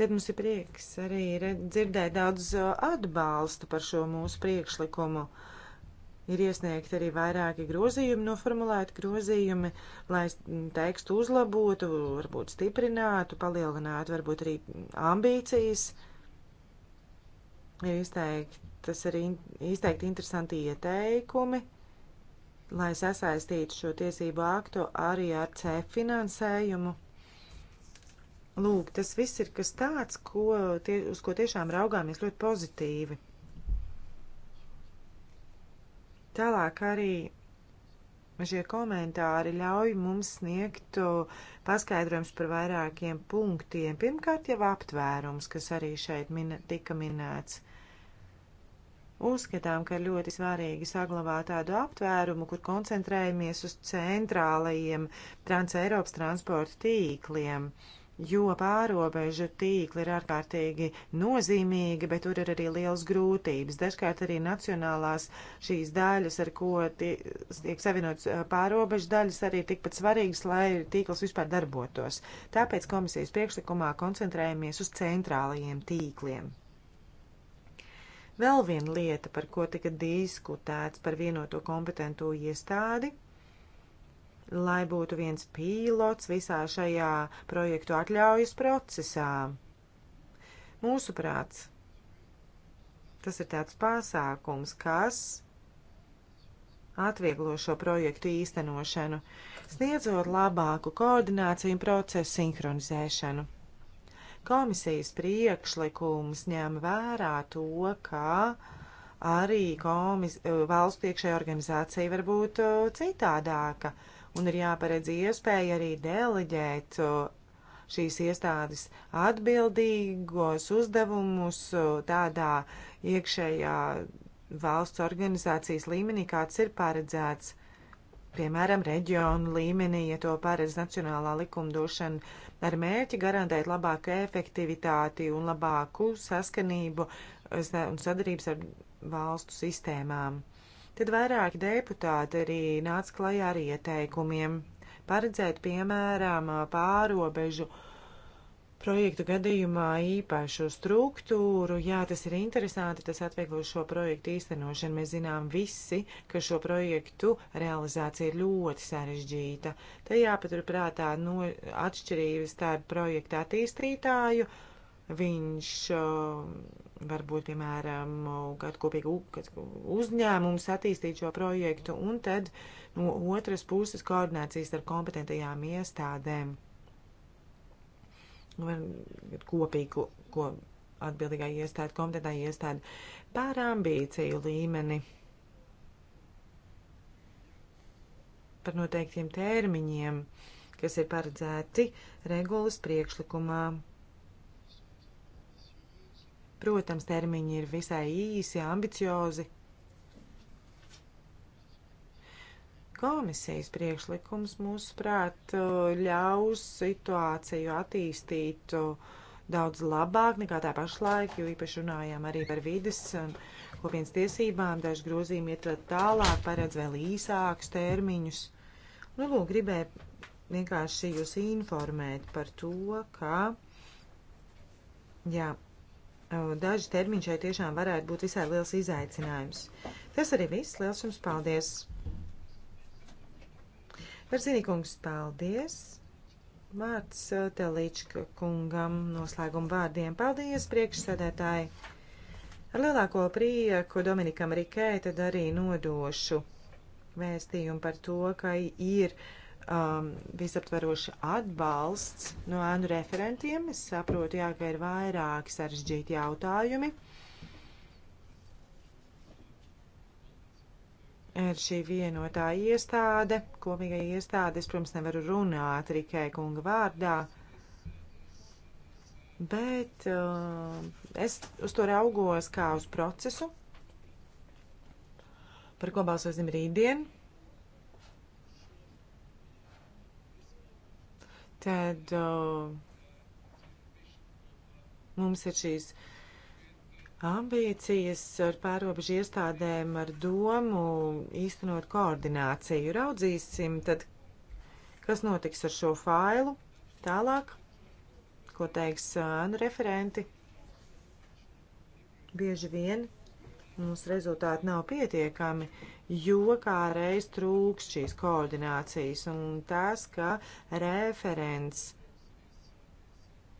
Tad mums ir prieks arī dzirdēt daudz atbalstu par šo mūsu priekšlikumu. Ir iesniegti arī vairāki grozījumi, noformulēti grozījumi, lai tekstu uzlabotu, varbūt stiprinātu, palielinātu, varbūt arī ambīcijas. Uh, Izteikti, tas ir in, izteikti interesanti ieteikumi, lai sasaistītu šo tiesību aktu arī ar C finansējumu. Lūk, tas viss ir kas tāds, ko tie, uz ko tiešām raugāmies ļoti pozitīvi. Tālāk arī šie komentāri ļauj mums sniegt paskaidrojums par vairākiem punktiem. Pirmkārt, jau aptvērums, kas arī šeit min tika minēts. Uzskatām, ka ir ļoti svarīgi saglabāt tādu aptvērumu, kur koncentrējamies uz centrālajiem transeiropas transporta tīkliem jo pārobežu tīkli ir ārkārtīgi nozīmīgi, bet tur ir arī liels grūtības. Dažkārt arī nacionālās šīs daļas, ar ko tiek savienots pārobežu daļas, arī tikpat svarīgas, lai tīkls vispār darbotos. Tāpēc komisijas priekšlikumā koncentrējamies uz centrālajiem tīkliem. Vēl viena lieta, par ko tika diskutēts par vienoto kompetentu iestādi, lai būtu viens pīlots visā šajā projektu atļaujas procesā. Mūsuprāt, tas ir tāds pasākums, kas atvieglo šo projektu īstenošanu, sniedzot labāku koordināciju un procesu sinhronizēšanu. Komisijas priekšlikums ņem vērā to, ka arī komis, eh, valstu iekšējā organizācija var būt eh, citādāka, un ir jāparedz iespēja arī deleģēt eh, šīs iestādes atbildīgos uzdevumus tādā iekšējā valsts organizācijas līmenī, kāds ir paredzēts piemēram, reģionu līmenī, ja to paredz nacionālā likumdošana ar mērķi garantēt labāku efektivitāti un labāku saskanību un sadarības ar valstu sistēmām. Tad vairāki deputāti arī nāca klajā ar ieteikumiem paredzēt, piemēram, pārobežu uh, projektu gadījumā īpašu struktūru. Jā, tas ir interesanti, tas atvieglo šo projektu īstenošanu. Mēs zinām visi, ka šo projektu realizācija ir ļoti sarežģīta. Te jāpaturprātā no atšķirības starp projekta attīstītāju. Viņš uh, varbūt, piemēram, kādu kopīgu uzņēmumu attīstīt šo projektu, un tad no otras puses koordinācijas ar kompetentajām iestādēm Nu, kopīgu, ko atbildīgā iestāde, komitētā iestāde par ambīciju līmeni, par noteiktiem termiņiem, kas ir paredzēti regulas priekšlikumā. Protams, termiņi ir visai īsi, ambiciozi, Komisijas priekšlikums, mūsuprāt, uh, ļaus situāciju attīstīt uh, daudz labāk nekā tā pašlaik, jo īpaši runājām arī par vides um, kopienas tiesībām. Daži grozījumi iet tālāk, paredz vēl īsākus termiņus. Nu, lūk, gribēju vienkārši jūs informēt par to, ka, jā, uh, daži termiņi šeit tiešām varētu būt visai liels izaicinājums. Tas arī viss. Liels jums paldies! Verzinīkungs, paldies! Vārds uh, Telīčka kungam noslēguma vārdiem. Paldies, priekšsēdētāji! Ar lielāko prieku Dominikam Rikē tad arī nodošu vēstījumu par to, ka ir um, visaptveroši atbalsts no ēnu referentiem. Es saprotu, jā, ka ir vairāki sarežģīti jautājumi. Uh, ir šī vienotā iestāde, kopīgā iestāde. Es, protams, nevaru runāt Rikē kunga vārdā, bet uh, es uz to raugos kā uz procesu, par ko balsosim rītdien. Tad uh, mums ir šīs uh, ambīcijas ar pārobežu iestādēm ar domu īstenot koordināciju. Raudzīsim tad, kas notiks ar šo failu tālāk, ko teiks ānu referenti. Bieži vien mums rezultāti nav pietiekami, jo kā reiz trūks šīs koordinācijas un tas, ka referents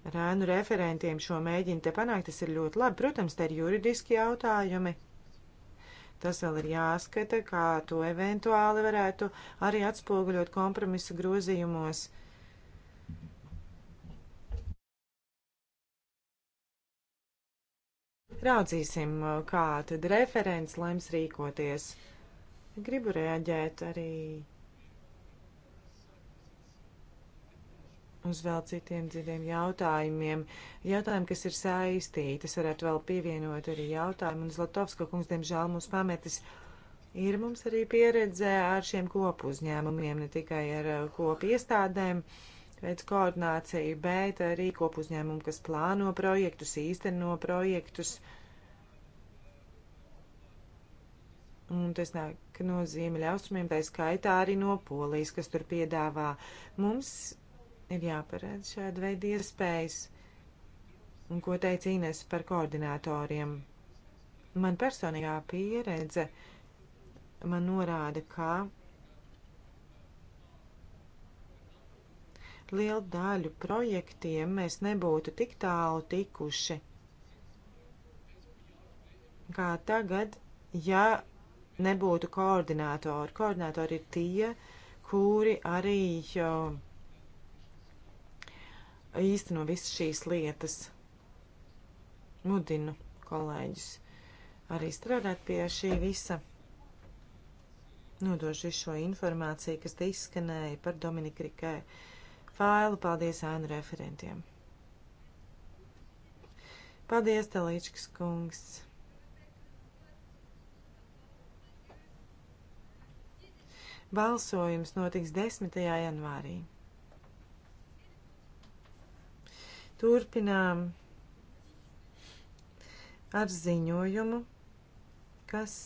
ar ēnu referentiem šo mēģinu te panākt, tas ir ļoti labi. Protams, te ir juridiski jautājumi. Tas vēl ir jāskata, kā to eventuāli varētu arī atspoguļot kompromisa grozījumos. Raudzīsim, kā tad referents lems rīkoties. Gribu reaģēt arī uz vēl citiem dziļiem jautājumiem. Jautājumi, kas ir saistīti, es varētu vēl pievienot arī jautājumu, un Zlatovska kungs, diemžēl, mūs pametis. Ir mums arī pieredze ar šiem kopu uzņēmumiem, ne tikai ar uh, kopu iestādēm, veids koordināciju, bet arī kopu uzņēmumu, kas plāno projektus, īsteno projektus. Un tas nāk no ziemeļaustrumiem, tā skaitā arī no polijas, kas tur piedāvā. Mums Ir jāparedz šāda veida iespējas. Un ko teica Ines par koordinatoriem? Man personīgā pieredze man norāda, ka lielu daļu projektiem mēs nebūtu tik tālu tikuši. Kā tagad, ja nebūtu koordinātori. Koordinātori ir tie, kuri arī īsteno visas šīs lietas. Mudinu kolēģus arī strādāt pie šī visa. Nodošu visu šo informāciju, kas te izskanēja par Dominika Rikē failu. Paldies ēnu referentiem. Paldies, Telīčkas kungs. Balsojums notiks 10. janvārī. Turpinām ar ziņojumu, kas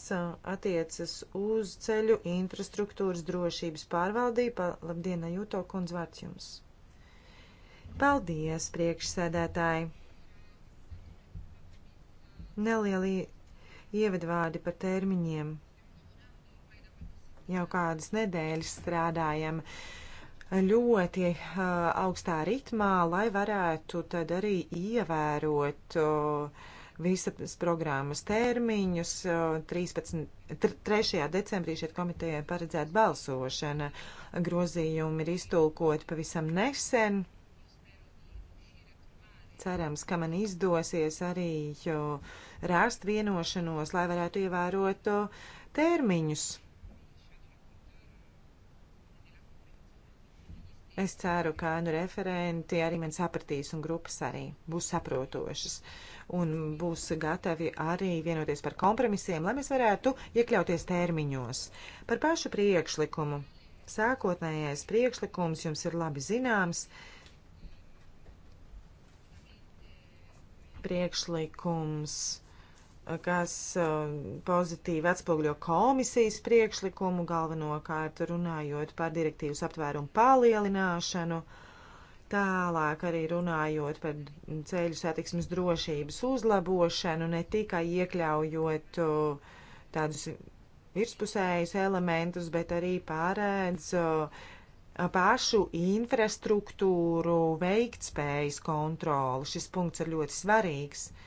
attiecas uz ceļu infrastruktūras drošības pārvaldību. Labdien, Jūto kundz vārds jums! Paldies, priekšsēdētāji! Nelieli ievadvārdi par termiņiem. Jau kādas nedēļas strādājam. Uh, ļoti uh, augstā ritmā, lai varētu tad arī ievērot uh, visas programmas termiņus. Uh, 13, 3. decembrī šeit komitejai paredzēta balsošana. Grozījumi ir iztulkoti pavisam nesen. Cerams, ka man izdosies arī rast vienošanos, lai varētu ievērot termiņus. Es ceru, ka nu referenti arī man sapratīs un grupas arī būs saprotošas un būs gatavi arī vienoties par kompromisiem, lai mēs varētu iekļauties termiņos. Par pašu priekšlikumu. Sākotnējais priekšlikums jums ir labi zināms. Priekšlikums kas um, pozitīvi atspogļo komisijas priekšlikumu, galvenokārt runājot par direktīvas aptvērumu palielināšanu, tālāk arī runājot par ceļu satiksmes drošības uzlabošanu, ne tikai iekļaujot uh, tādus virspusējus elementus, bet arī pārēdz uh, pašu infrastruktūru veiktspējas kontroli. Šis punkts ir ļoti svarīgs. Uh,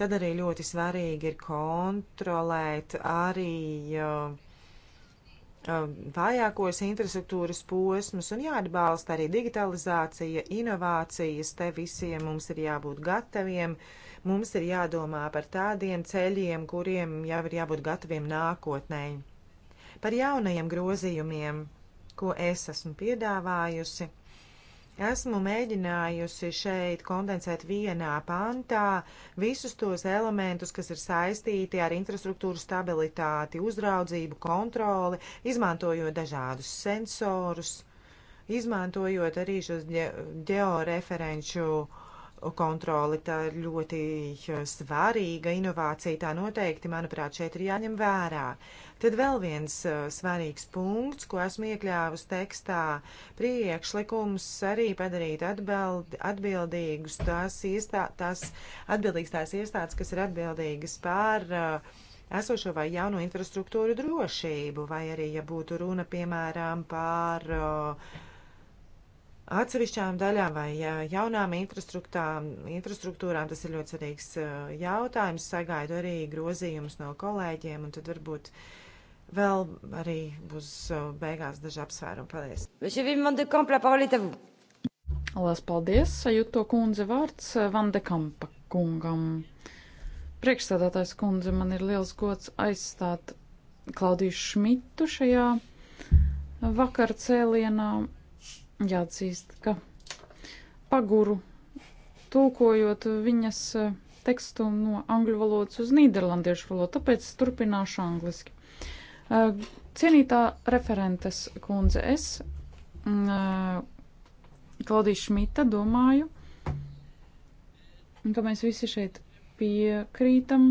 Tad arī ļoti svarīgi ir kontrolēt arī uh, vājākos infrastruktūras posmus un jāatbalsta arī digitalizācija, inovācijas. Te visiem mums ir jābūt gataviem. Mums ir jādomā par tādiem ceļiem, kuriem jau ir jābūt gataviem nākotnē. Par jaunajiem grozījumiem, ko es esmu piedāvājusi Esmu mēģinājusi šeit kondensēt vienā pantā visus tos elementus, kas ir saistīti ar infrastruktūru stabilitāti, uzraudzību, kontroli, izmantojot dažādus sensorus, izmantojot arī šos ģeoreferenču uh, kontroli. Tā ir ļoti eh, svarīga inovācija. Tā noteikti, manuprāt, šeit ir jāņem vērā. Tad vēl viens uh, svarīgs punkts, ko esmu iekļāvusi tekstā - priekšlikums arī padarīt atbild, atbildīgus tās, iestā, tās atbildīgas tās iestādes, kas ir atbildīgas pār uh, eh, esošo vai jauno infrastruktūru drošību, vai arī, ja būtu runa, piemēram, par uh, atsevišķām daļām vai jaunām infrastruktūrām. Tas ir ļoti svarīgs eh, jautājums. Sagaidu arī grozījumus no kolēģiem, un tad varbūt vēl arī būs eh, beigās daži apsvērumi. Paldies! Lielas paldies! Jūto kundze vārds eh, Vandekampa kungam. Priekšsēdētājs kundze, man ir liels gods aizstāt Klaudiju Šmitu šajā vakar cēlienā Jāatzīst, ka paguru tulkojot viņas eh, tekstu no angļu valodas uz nīderlandiešu valodu, tāpēc turpināšu angliski. Eh, cienītā referentes kundze, es, mm, eh, Klaudija Šmita, domāju, ka mēs visi šeit piekrītam.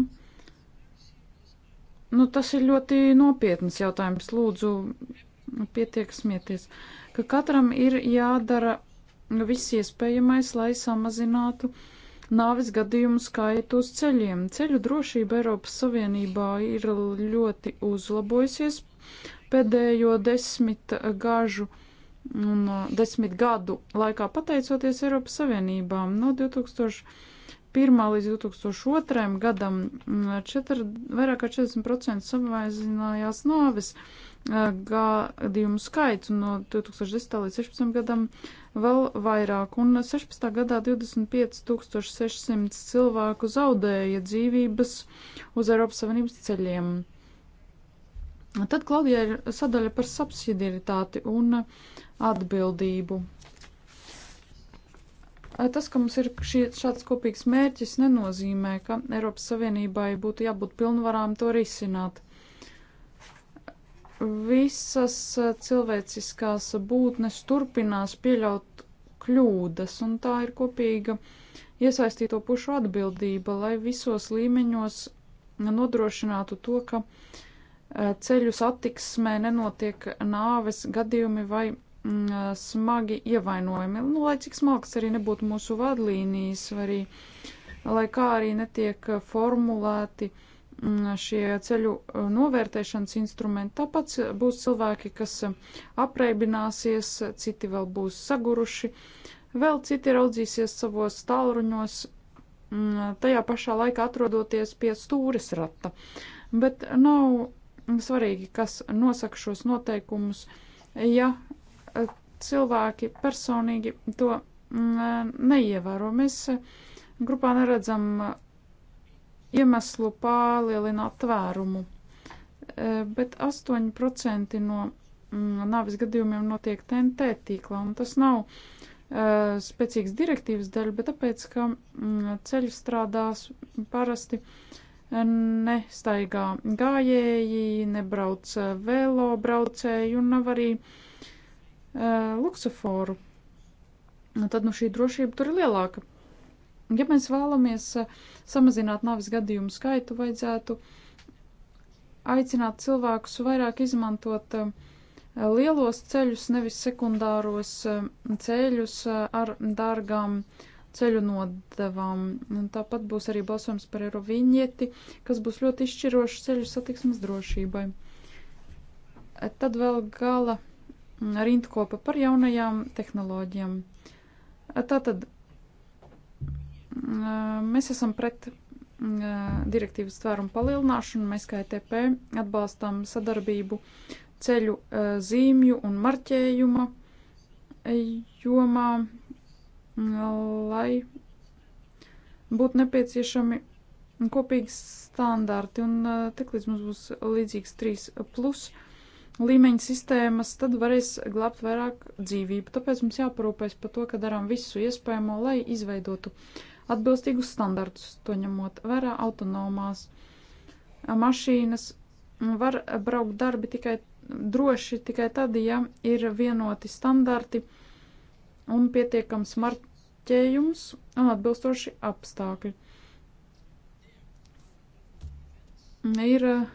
Nu, tas ir ļoti nopietns jautājums. Lūdzu, Nu, pietieksmieties, ka katram ir jādara viss iespējamais, lai samazinātu nāvis gadījumu skaitu uz ceļiem. Ceļu drošība Eiropas Savienībā ir ļoti uzlabojusies pēdējo desmit gažu un uh, desmit gadu laikā pateicoties Eiropas Savienībām no 2000. 1. līdz 2002. gadam mm, četri, vairāk kā 40% samazinājās nāvis gadījumu skaits no 2010. līdz 16. gadam vēl vairāk, un 16. gadā 25600 cilvēku zaudēja dzīvības uz Eiropas Savienības ceļiem. Tad Klaudijā ir sadaļa par subsidiaritāti un atbildību tas, ka mums ir šie, šāds kopīgs mērķis, nenozīmē, ka Eiropas Savienībai būtu jābūt pilnvarām to risināt visas eh, cilvēciskās būtnes turpinās pieļaut kļūdas, un tā ir kopīga iesaistīto pušu atbildība, lai visos līmeņos nodrošinātu to, ka eh, ceļu satiksmē nenotiek nāves gadījumi vai mm, eh, smagi ievainojumi. Nu, lai cik smalks arī nebūtu mūsu vadlīnijas, vai arī, lai kā arī netiek formulēti uh, Mm, šie ceļu eh, novērtēšanas instrumenti. Tāpat būs cilvēki, kas eh, apreibināsies, citi vēl būs saguruši, vēl citi raudzīsies savos tālruņos, mm, tajā pašā laikā atrodoties pie stūres rata. Bet nav svarīgi, kas nosaka šos noteikumus, ja eh, cilvēki personīgi to mm, neievēro. Mēs grupā neredzam iemeslu pālielināt tvērumu. E, bet 8% no mm, nāvis gadījumiem notiek TNT tīklā, un tas nav uh, spēcīgs direktīvas dēļ, bet tāpēc, ka mm, ceļu strādās parasti nestaigā gājēji, nebrauc e, velo braucēji un nav arī uh, luksuforu. Un tad nu šī drošība tur ir lielāka. Ja mēs vēlamies eh, samazināt nāvis gadījumu skaitu, vajadzētu aicināt cilvēkus vairāk izmantot eh, lielos ceļus, nevis sekundāros eh, ceļus ar dārgām ceļu nodevām. Un tāpat būs arī balsojums par eirovīņieti, kas būs ļoti izšķirošs ceļu satiksmes drošībai. Tad vēl gala mm, rindkopa par jaunajām tehnoloģijām. Tātad Mēs esam pret direktīvas tvērumu palielināšanu. Mēs kā ETP atbalstām sadarbību ceļu zīmju un marķējuma jomā, lai būtu nepieciešami kopīgi standarti. Un tik līdz mums būs līdzīgs 3 plus līmeņa sistēmas, tad varēs glābt vairāk dzīvību. Tāpēc mums jāparūpēs par to, ka darām visu iespējamo, lai izveidotu uh, atbilstīgus standartus, to ņemot vērā autonomās eh, mašīnas mm, var braukt darbi tikai droši tikai tad, ja ir vienoti standarti un pietiekams marķējums un atbilstoši apstākļi. Ir eh,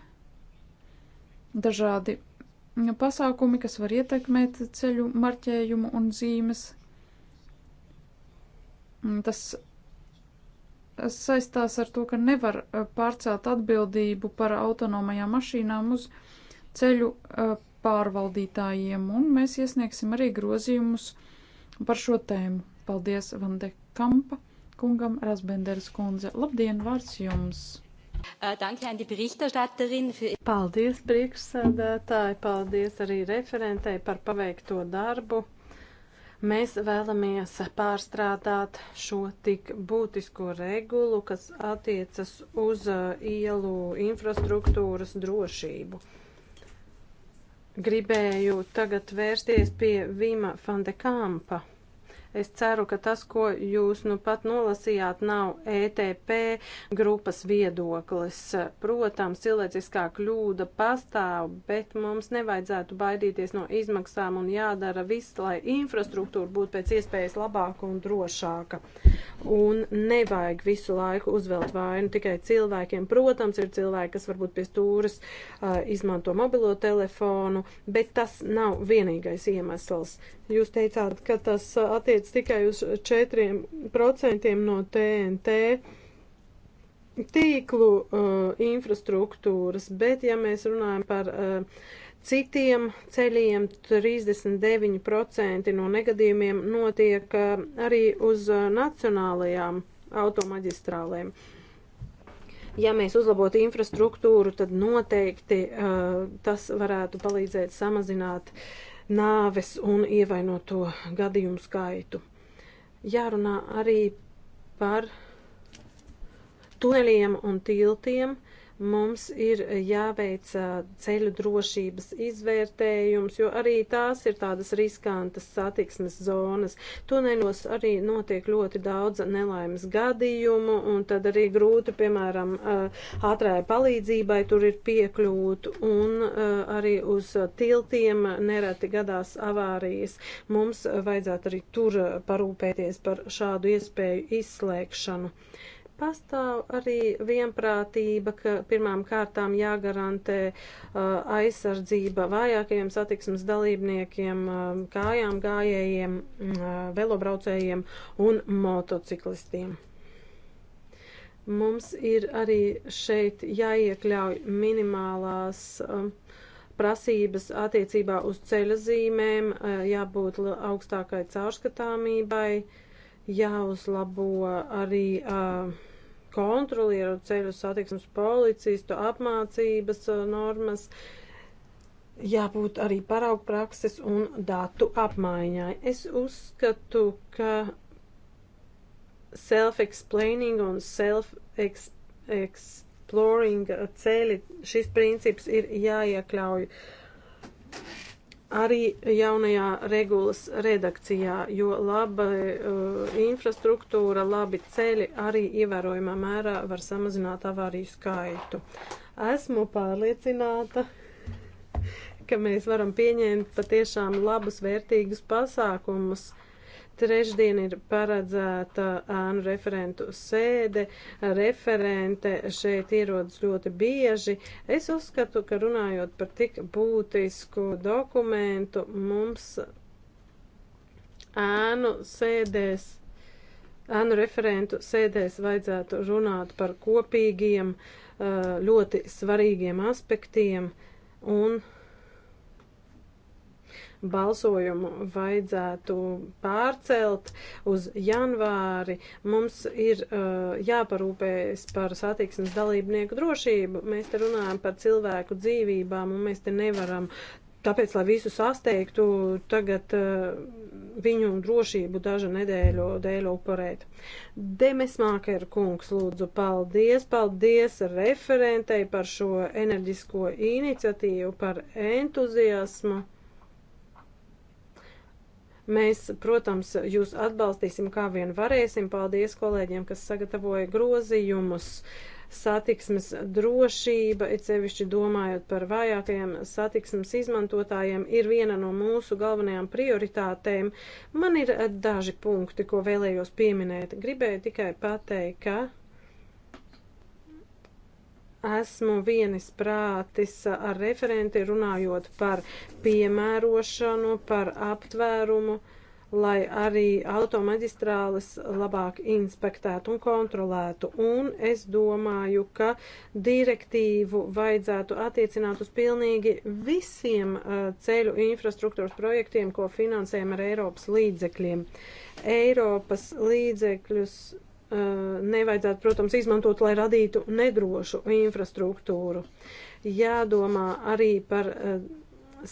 dažādi mm, pasākumi, kas var ietekmēt ceļu marķējumu un zīmes. Mm, tas saistās ar to, ka nevar eh, pārcelt atbildību par autonomajām mašīnām uz ceļu eh, pārvaldītājiem, un mēs iesniegsim arī grozījumus par šo tēmu. Paldies Vande Kampa kungam Rasbenderas kundze. Labdien, vārds jums! Paldies priekšsēdētāji, paldies arī referentei par paveikto darbu. Mēs vēlamies pārstrādāt šo tik būtisko regulu, kas attiecas uz uh, ielu infrastruktūras drošību. Gribēju tagad vērsties pie Vima Fandekāmpa. Es ceru, ka tas, ko jūs nu pat nolasījāt, nav ETP grupas viedoklis. Protams, cilvēciskā kļūda pastāv, bet mums nevajadzētu baidīties no izmaksām un jādara viss, lai infrastruktūra būtu pēc iespējas labāka un drošāka. Un nevajag visu laiku uzvelt vainu tikai cilvēkiem. Protams, ir cilvēki, kas varbūt pie stūras uh, izmanto mobilo telefonu, bet tas nav vienīgais iemesls. Jūs teicāt, ka tas attiec tikai uz 4% no TNT tīklu uh, infrastruktūras, bet ja mēs runājam par uh, citiem ceļiem 39% no negadījumiem notiek arī uz nacionālajām automaģistrālēm. Ja mēs uzlabotu infrastruktūru, tad noteikti uh, tas varētu palīdzēt samazināt nāves un ievainoto gadījumu skaitu. Jārunā arī par tuneliem un tiltiem, Mums ir jāveic ceļu drošības izvērtējums, jo arī tās ir tādas riskantas satiksmes zonas. Tuneļos arī notiek ļoti daudz nelaimes gadījumu, un tad arī grūti, piemēram, ātrāja palīdzībai tur ir piekļūt, un arī uz tiltiem nereti gadās avārijas. Mums vajadzētu arī tur parūpēties par šādu iespēju izslēgšanu. Thank you Pastāv arī vienprātība, ka pirmām kārtām jāgarantē uh, aizsardzība vājākajiem satiksmes dalībniekiem, uh, kājām gājējiem, mm, uh, velobraucējiem un motociklistiem. Mums ir arī šeit jāiekļauj minimālās uh, prasības attiecībā uz ceļa zīmēm, uh, jābūt augstākai caurskatāmībai. Uh, jāuzlabo arī uh, kontrolieru ceļu satiksmes policistu apmācības uh, normas, jābūt arī paraugu prakses un datu apmaiņai. Es uzskatu, ka self-explaining un self-exploring ceļi šis princips ir jāiekļauj arī jaunajā regulas redakcijā, jo laba uh, infrastruktūra, labi ceļi arī ievērojumā mērā var samazināt avāriju skaitu. Esmu pārliecināta, ka mēs varam pieņemt patiešām labus, vērtīgus pasākumus. Uh, Trešdien ir paredzēta ānu referentu sēde, referente šeit ierodas ļoti bieži. Es uzskatu, ka runājot par tik būtisku dokumentu, mums ānu sēdēs, ānu referentu sēdēs vajadzētu runāt par kopīgiem, eh, ļoti svarīgiem aspektiem un balsojumu vajadzētu pārcelt uz janvāri. Mums ir uh, jāparūpējas par satiksmes dalībnieku drošību. Mēs te runājam par cilvēku dzīvībām, un mēs te nevaram. Tāpēc, lai visu sasteigtu, tagad uh, viņu drošību dažu nedēļu dēļ upurēt. Demesmāker kungs, lūdzu, paldies, paldies referentei par šo enerģisko iniciatīvu, par entuziasmu Mēs, protams, jūs atbalstīsim kā vien varēsim. Paldies kolēģiem, kas sagatavoja grozījumus. Satiksmes drošība, it sevišķi domājot par vājākajiem satiksmes izmantotājiem, ir viena no mūsu galvenajām prioritātēm. Man ir daži punkti, ko vēlējos pieminēt. Gribēju tikai pateikt, ka esmu vienis prātis ar referenti runājot par piemērošanu, par aptvērumu, lai arī automaģistrāles labāk inspektētu un kontrolētu. Un es domāju, ka direktīvu vajadzētu attiecināt uz pilnīgi visiem uh, ceļu infrastruktūras projektiem, ko finansējam ar Eiropas līdzekļiem. Eiropas līdzekļus nevajadzētu, protams, izmantot, lai radītu nedrošu infrastruktūru. Jādomā arī par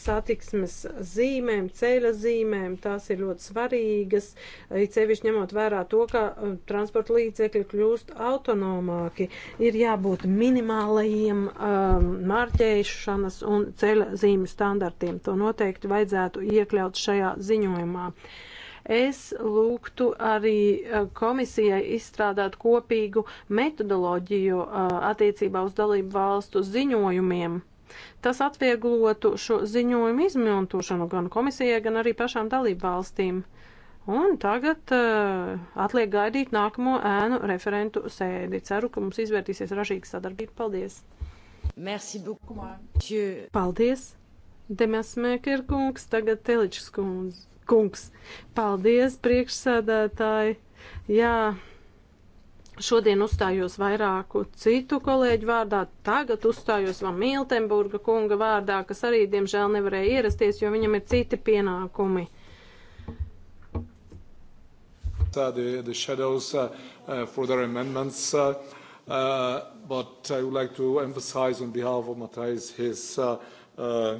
satiksmes zīmēm, ceļa zīmēm, tās ir ļoti svarīgas, cevišķi ņemot vērā to, ka transporta līdzekļi kļūst autonomāki, ir jābūt minimālajiem um, marķēšanas un ceļa zīmju standartiem. To noteikti vajadzētu iekļaut šajā ziņojumā. Uh, Es lūgtu arī eh, komisijai izstrādāt kopīgu metodoloģiju eh, attiecībā uz dalību valstu ziņojumiem. Tas atvieglotu šo ziņojumu izmantošanu gan komisijai, gan arī pašām dalību valstīm. Un tagad uh, atliek gaidīt nākamo ēnu referentu sēdi. Ceru, ka mums izvērtīsies ražīga sadarbība. Paldies! Merci beaucoup, Paldies! Demesmēker kungs, tagad Teličs kungs kungs. Paldies, priekšsēdētāji. Jā. Šodien uzstājos vairāku citu kolēģu vārdā, tagad uzstājos Van Miltenburga kunga vārdā, kas arī, diemžēl, nevarēja ierasties, jo viņam ir citi pienākumi. The, the shadows uh, uh, for their amendments, uh, uh, but I would like to emphasize on behalf of Matthijs his uh, uh,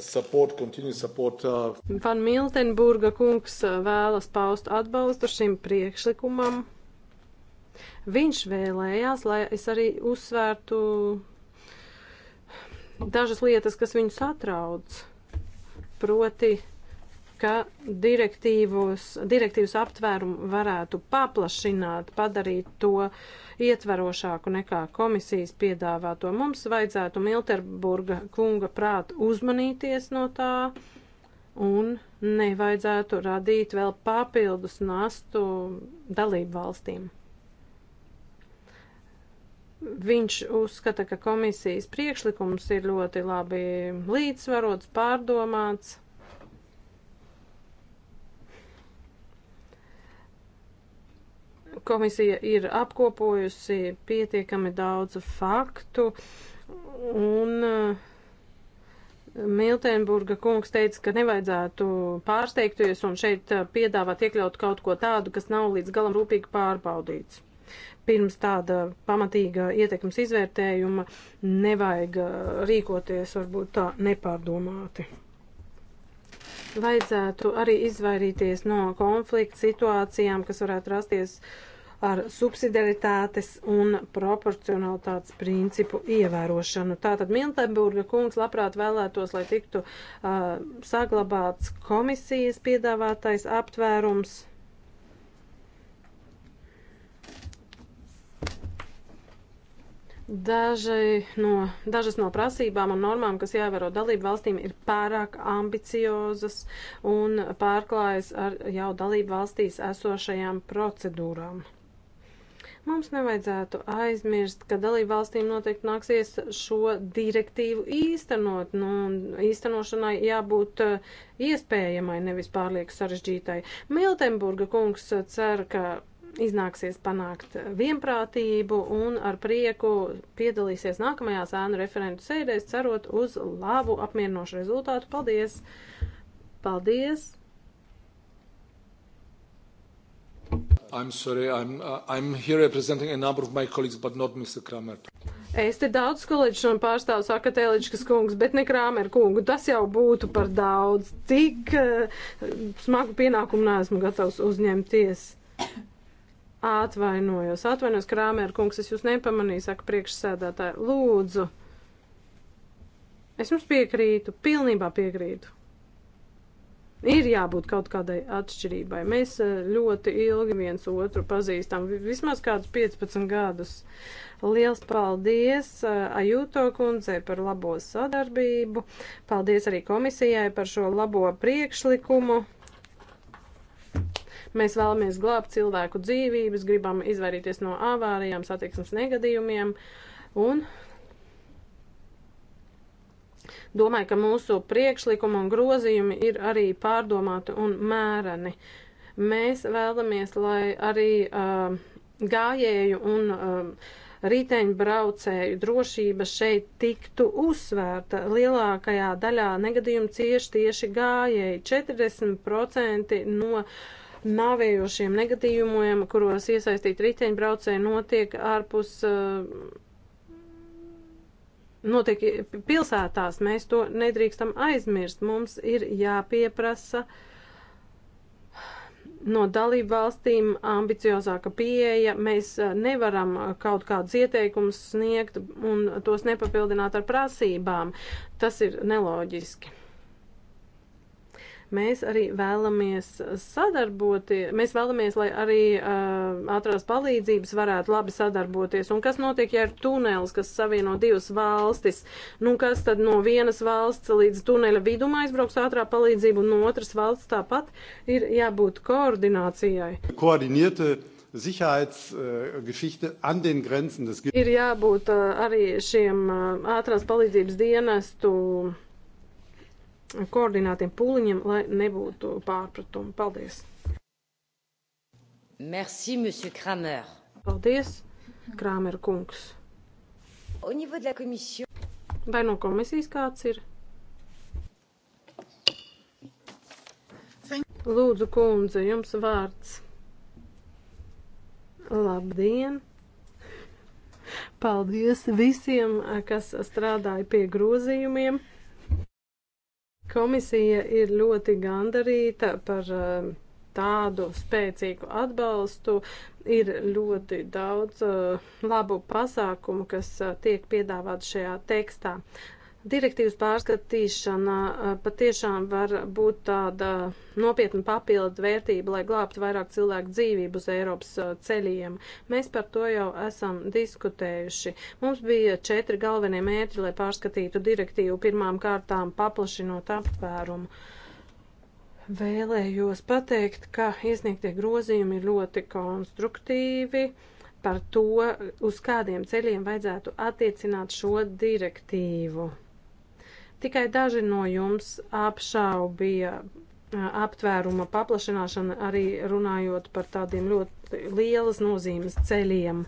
Support, support, uh... Van Miltenburga kungs uh, vēlas paust atbalstu šim priekšlikumam. Viņš vēlējās, lai es arī uzsvērtu dažas lietas, kas viņu satrauc. Proti, ka direktīvas aptvērumu varētu paplašināt, padarīt to ietverošāku nekā komisijas piedāvāto. Mums vajadzētu Milterburga kunga prātu uzmanīties no tā un nevajadzētu radīt vēl papildus nastu dalību valstīm. Viņš uzskata, ka komisijas priekšlikums ir ļoti labi līdzsvarots, pārdomāts. Komisija ir apkopojusi pietiekami daudz faktu un uh, Miltenburga kungs teica, ka nevajadzētu pārsteigties un šeit uh, piedāvāt iekļaut kaut ko tādu, kas nav līdz galam rūpīgi pārbaudīts. Pirms tāda pamatīga ietekmes izvērtējuma nevajag uh, rīkoties varbūt tā nepārdomāti. Vajadzētu arī izvairīties no konflikta situācijām, kas varētu rasties ar subsidiaritātes un proporcionalitātes principu ievērošanu. Tātad Miltenburga kungs labprāt vēlētos, lai tiktu uh, saglabāts komisijas piedāvātais aptvērums Daži no, dažas no prasībām un normām, kas jāievēro dalību valstīm, ir pārāk ambiciozas un pārklājas ar jau dalību valstīs esošajām procedūrām. Mums nevajadzētu aizmirst, ka dalību valstīm noteikti nāksies šo direktīvu īstenot, nu, īstenošanai jābūt eh, iespējamai, nevis pārlieku sarežģītai. Miltenburga kungs eh, cer, ka iznāksies panākt vienprātību un ar prieku piedalīsies nākamajā sēnu referentu sēdēs, cerot uz labu apmierinošu rezultātu. Paldies! Paldies! I'm sorry, I'm, uh, I'm here representing a number of my colleagues, but not Mr. Kramer. Es te daudz kolēģi šodien pārstāvu saka Tēličkas kungs, bet ne Krāmer kungu. Tas jau būtu par daudz. Tik uh, smagu pienākumu neesmu gatavs uzņemties. Atvainojos, atvainojos, Krāmēr kungs, es jūs nepamanīju, saka priekšsēdētāji. Lūdzu, es jums piekrītu, pilnībā piekrītu. Ir jābūt kaut kādai atšķirībai. Mēs eh, ļoti ilgi viens otru pazīstam, vismaz kādus 15 gadus. Liels paldies eh, Ajūto kundzei par labo sadarbību. Paldies arī komisijai par šo labo priekšlikumu. Mēs vēlamies glābt cilvēku dzīvības, gribam izvairīties no avārijām, satiksmes negadījumiem un domāju, ka mūsu priekšlikumi un grozījumi ir arī pārdomāti un mēreni. Mēs vēlamies, lai arī uh, gājēju un uh, riteņbraucēju drošība šeit tiktu uzsvērta. Lielākajā daļā negadījumu cieši tieši gājēji. 40% no uh, nāvējošiem negadījumiem, kuros iesaistīt riteņbraucēji notiek ārpus, eh, notiek pilsētās. Mēs to nedrīkstam aizmirst. Mums ir jāpieprasa no dalību valstīm ambiciozāka pieeja. Mēs eh, nevaram eh, kaut kādus ieteikumus sniegt un tos nepapildināt ar prasībām. Tas ir neloģiski. Mēs arī vēlamies sadarboties, mēs vēlamies, lai arī uh, ātrās palīdzības varētu labi sadarboties. Un kas notiek, ja ir tunelis, kas savieno divas valstis? Nu, kas tad no vienas valsts līdz tuneļa vidum aizbrauks ātrā palīdzība un no otras valsts tāpat ir jābūt koordinācijai? Koordiniete. Sicherheitsgeschichte uh, an den Grenzen des Ir jābūt uh, arī šiem uh, ātrās palīdzības dienestu koordinētiem pūliņiem, lai nebūtu pārpratumu. Paldies! Merci, monsieur Kramer. Paldies, Kramer kungs. Vai no komisijas kāds ir? Lūdzu, kundze, jums vārds. Labdien! Paldies visiem, kas strādāja pie grozījumiem. Komisija ir ļoti gandarīta par eh, tādu spēcīgu atbalstu. Ir ļoti daudz eh, labu pasākumu, kas eh, tiek piedāvāti šajā tekstā. Direktīvas pārskatīšana eh, patiešām var būt tāda nopietna papildu vērtība, lai glābtu vairāk cilvēku dzīvību uz Eiropas eh, ceļiem. Mēs par to jau esam diskutējuši. Mums bija četri galvenie mērķi, lai pārskatītu direktīvu pirmām kārtām paplašinot aptvērumu. Vēlējos pateikt, ka iesniegtie grozījumi ir ļoti konstruktīvi par to, uz kādiem ceļiem vajadzētu attiecināt šo direktīvu. Tikai daži no jums apšaubīja aptvēruma paplašināšana arī runājot par tādiem ļoti lielas nozīmes ceļiem.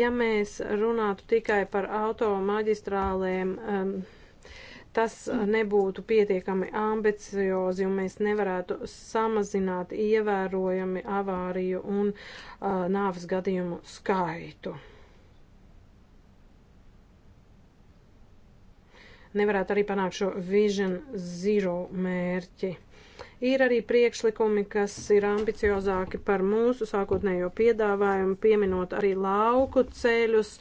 Ja mēs runātu tikai par automaģistrālēm, tas nebūtu pietiekami ambiciozi un mēs nevarētu samazināt ievērojami avāriju un nāves gadījumu skaitu. nevarētu arī panākt šo Vision Zero mērķi. Ir arī priekšlikumi, kas ir ambiciozāki par mūsu sākotnējo piedāvājumu, pieminot arī lauku ceļus.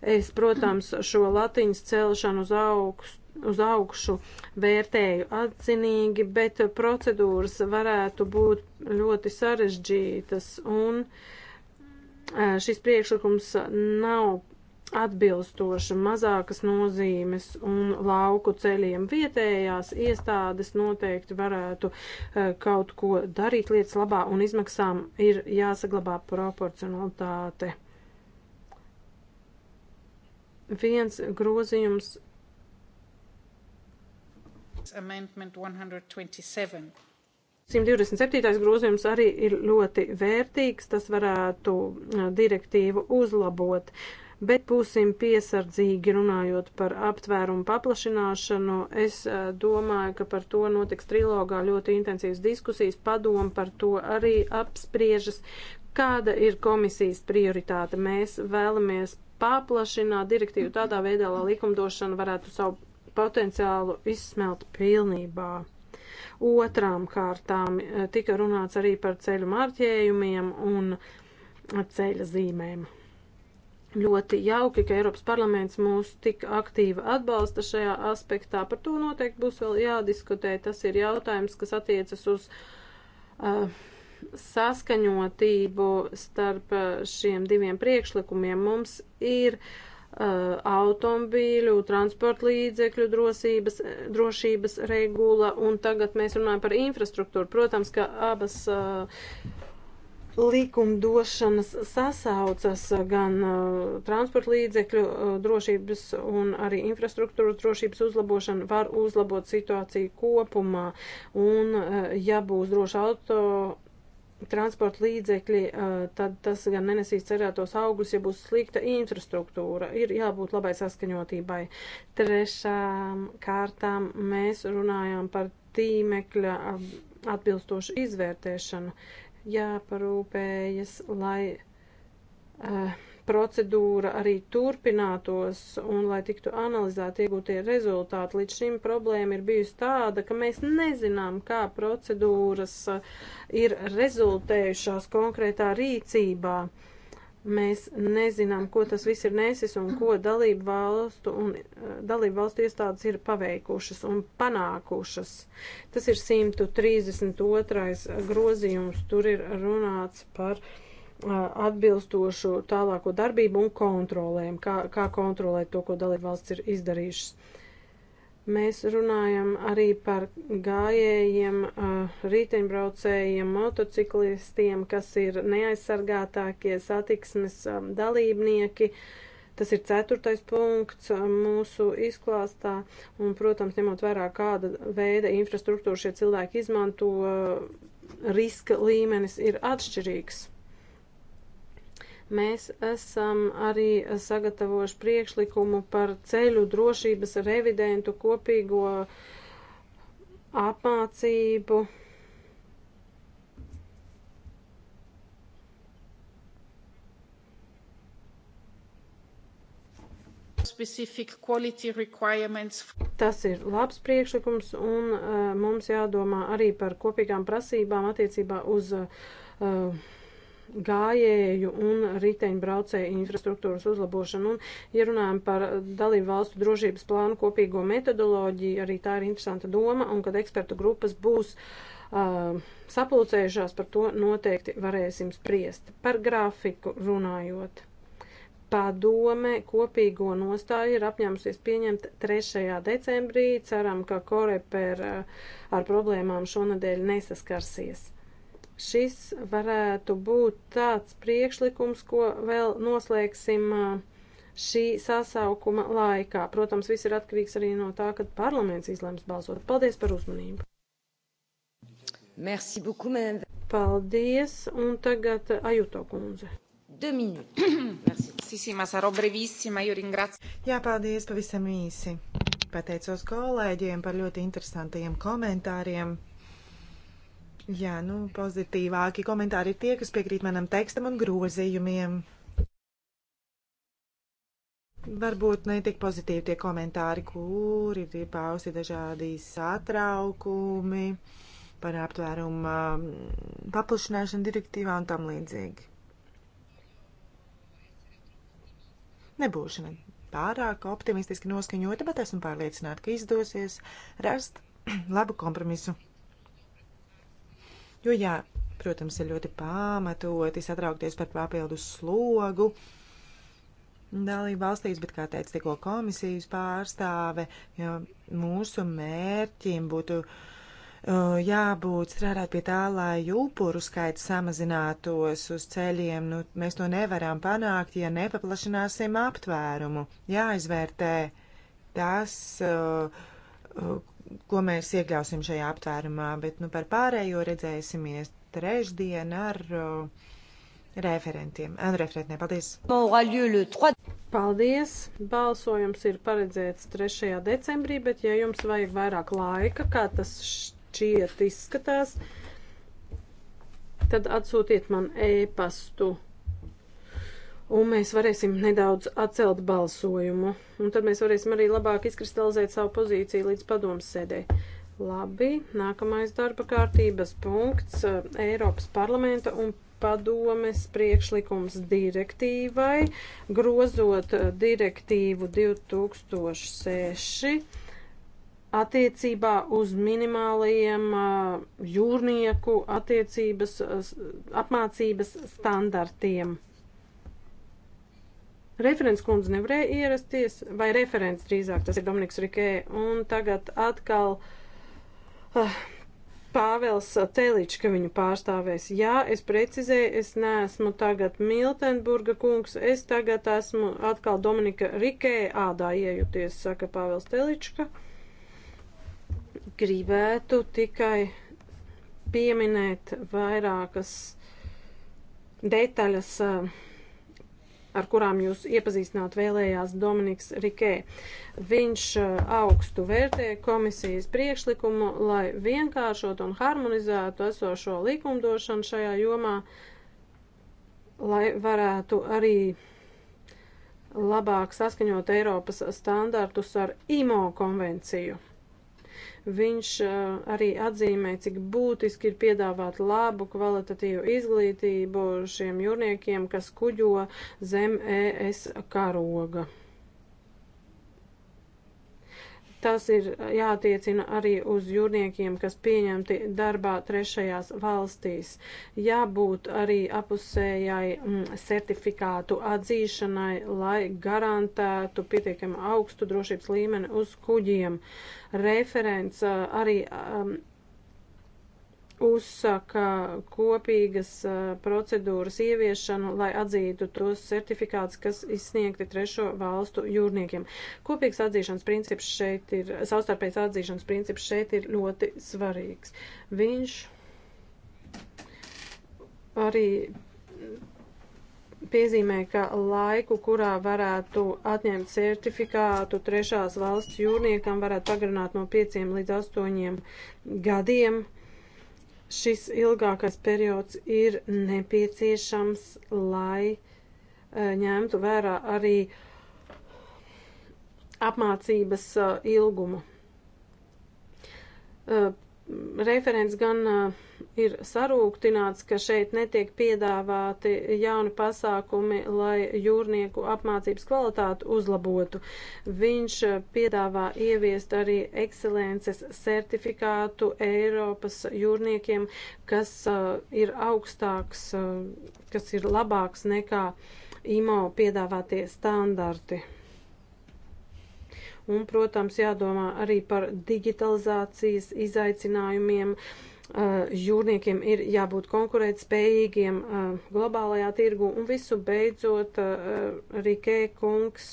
Es, protams, šo latiņas celšanu uz augstu. Uz augšu vērtēju atzinīgi, bet procedūras varētu būt ļoti sarežģītas, un eh, šis priekšlikums nav atbilstoša mazākas nozīmes un lauku ceļiem vietējās iestādes noteikti varētu eh, kaut ko darīt lietas labā un izmaksām ir jāsaglabā proporcionalitāte. Viens grozījums. Amendment 127. 127. grozījums arī ir ļoti vērtīgs, tas varētu eh, direktīvu uzlabot. Uh, bet būsim piesardzīgi runājot par aptvērumu paplašināšanu. Es domāju, ka par to notiks trilogā ļoti intensīvas diskusijas, padomu par to arī apspriežas, kāda ir komisijas prioritāte. Mēs vēlamies paplašināt direktīvu tādā veidā, lai likumdošana varētu savu potenciālu izsmelt pilnībā. Otrām kārtām tika runāts arī par ceļu marķējumiem un ceļa zīmēm. Ļoti jauki, ka Eiropas parlaments mūs tik aktīvi atbalsta šajā aspektā. Par to noteikti būs vēl jādiskutē. Tas ir jautājums, kas attiecas uz uh, saskaņotību starp uh, šiem diviem priekšlikumiem. Mums ir uh, automobīļu, transporta līdzekļu drosības, drošības regula, un tagad mēs runājam par infrastruktūru. Protams, ka abas. Uh, likumdošanas sasaucas gan uh, transporta līdzekļu uh, drošības un arī infrastruktūras drošības uzlabošana var uzlabot situāciju kopumā. Un, uh, ja būs droši auto transporta līdzekļi, uh, tad tas gan nenesīs cerētos augļus, ja būs slikta infrastruktūra. Ir jābūt labai saskaņotībai. Trešām kārtām mēs runājām par tīmekļa um, atbilstošu izvērtēšanu jāparūpējas, lai uh, procedūra arī turpinātos un lai tiktu analizēti iegūtie rezultāti. Līdz šim problēma ir bijusi tāda, ka mēs nezinām, kā procedūras eh, ir rezultējušās konkrētā rīcībā. Uh, Mēs nezinām, ko tas viss ir nesis un ko dalību valstu, un, eh, dalību valstu iestādes ir paveikušas un panākušas. Tas ir 132. grozījums, tur ir runāts par eh, atbilstošu tālāko darbību un kontrolēm, kā, kā kontrolēt to, ko dalību valsts ir izdarījušas. Mēs runājam arī par gājējiem, eh, riteņbraucējiem, motociklistiem, kas ir neaizsargātākie satiksmes eh, dalībnieki. Tas ir ceturtais punkts eh, mūsu izklāstā, un, protams, ņemot vērā, kāda veida infrastruktūru šie cilvēki izmanto, riska līmenis ir atšķirīgs. Mēs esam arī sagatavojuši priekšlikumu par ceļu drošības revidentu kopīgo apmācību. Tas ir labs priekšlikums, un uh, mums jādomā arī par kopīgām prasībām attiecībā uz uh, gājēju un riteņbraucēju infrastruktūras uzlabošanu. Un, ja runājam par dalību valstu drošības plānu kopīgo metodoloģiju, arī tā ir interesanta doma, un kad ekspertu grupas būs uh, sapulcējušās, par to noteikti varēsim spriest. Par grafiku runājot. Padome kopīgo nostāju ir apņēmusies pieņemt 3. decembrī. Ceram, ka Koreper uh, ar problēmām šonadēļ nesaskarsies. Šis varētu būt tāds priekšlikums, ko vēl noslēgsim uh, šī sasaukuma laikā. Protams, viss ir atkarīgs arī no tā, kad parlaments izlems balsot. Paldies par uzmanību! Merci beaucoup, madame. Paldies, un tagad Ajuto kundze. Sì, sì, ma sarò brevissima, io ringrazio. Jā, paldies, pavisam īsi. Pateicos kolēģiem par ļoti interesantiem komentāriem. Jā, nu, pozitīvāki komentāri ir tie, kas piekrīt manam tekstam un grozījumiem. Varbūt ne tik pozitīvi tie komentāri, kuri ir pausti dažādi satraukumi par aptvērumu um, paplašināšanu direktīvā un tam līdzīgi. Nebūšu ne pārāk optimistiski noskaņota, bet esmu pārliecināta, ka izdosies rast [CLEARS THROAT] labu kompromisu. Jo, jā, protams, ir ļoti pamatoti satraukties par papildus slogu dalību valstīs, bet, kā teica tikko komisijas pārstāve, ja mūsu mērķiem būtu uh, jābūt strādāt pie tā, lai upuru skaits samazinātos uz ceļiem. Nu, mēs to nevaram panākt, ja nepaplašināsim aptvērumu. Jāizvērtē tas, uh, ko mēs iekļausim šajā aptvērumā, bet nu, par pārējo redzēsimies trešdien ar uh, referentiem. Ar referentiem, paldies! Paldies! Balsojums ir paredzēts 3. decembrī, bet ja jums vajag vairāk laika, kā tas šķiet izskatās, tad atsūtiet man e-pastu un mēs varēsim nedaudz atcelt balsojumu. Un tad mēs varēsim arī labāk izkristalizēt savu pozīciju līdz padomas sēdē. Labi, nākamais darba kārtības punkts eh, - Eiropas parlamenta un padomes priekšlikums direktīvai, grozot eh, direktīvu 2006 attiecībā uz minimālajiem eh, jūrnieku attiecības apmācības standartiem. Referents kundze nevarēja ierasties, vai referents drīzāk, tas ir Dominiks Rikē, un tagad atkal uh, Pāvels Teličs, ka viņu pārstāvēs. Jā, es precizēju, es neesmu tagad Miltenburga kungs, es tagad esmu atkal Dominika Rikē ādā iejuties, saka Pāvels Telička. Gribētu tikai pieminēt vairākas detaļas. Uh, ar kurām jūs iepazīstināt vēlējās Dominiks Rikē. Viņš uh, augstu vērtē komisijas priekšlikumu, lai vienkāršot un harmonizētu esošo likumdošanu šajā jomā, lai varētu arī labāk saskaņot Eiropas standartus ar IMO konvenciju. Viņš eh, arī atzīmē, cik būtiski ir piedāvāt labu kvalitatīvu izglītību šiem jūrniekiem, kas kuģo zem ES karoga. Tas ir jātiecina arī uz jūrniekiem, kas pieņemti darbā trešajās valstīs. Jābūt arī apusējai mm, certifikātu atzīšanai, lai garantētu pietiekami augstu drošības līmeni uz kuģiem. Referents arī uzsaka kopīgas procedūras ieviešanu, lai atzītu tos certifikātus, kas izsniegti trešo valstu jūrniekiem. Kopīgs atzīšanas princips šeit ir, savstarpējas atzīšanas princips šeit ir ļoti svarīgs. Viņš arī piezīmē, ka laiku, kurā varētu atņemt certifikātu trešās valsts jūrniekam, varētu pagarināt no 5 līdz 8 gadiem. Uh, šis ilgākais periods ir nepieciešams, lai e, ņemtu vērā arī apmācības e, ilgumu. E, referents gan eh, ir sarūktināts, ka šeit netiek piedāvāti jauni pasākumi, lai jūrnieku apmācības kvalitāti uzlabotu. Viņš eh, piedāvā ieviest arī ekscelences certifikātu Eiropas jūrniekiem, kas eh, ir augstāks, kas ir labāks nekā IMO piedāvātie standarti. Un, protams, jādomā arī par digitalizācijas izaicinājumiem. Uh, jūrniekiem ir jābūt konkurētspējīgiem uh, globālajā tirgu. Un visu beidzot, uh, Rikē kungs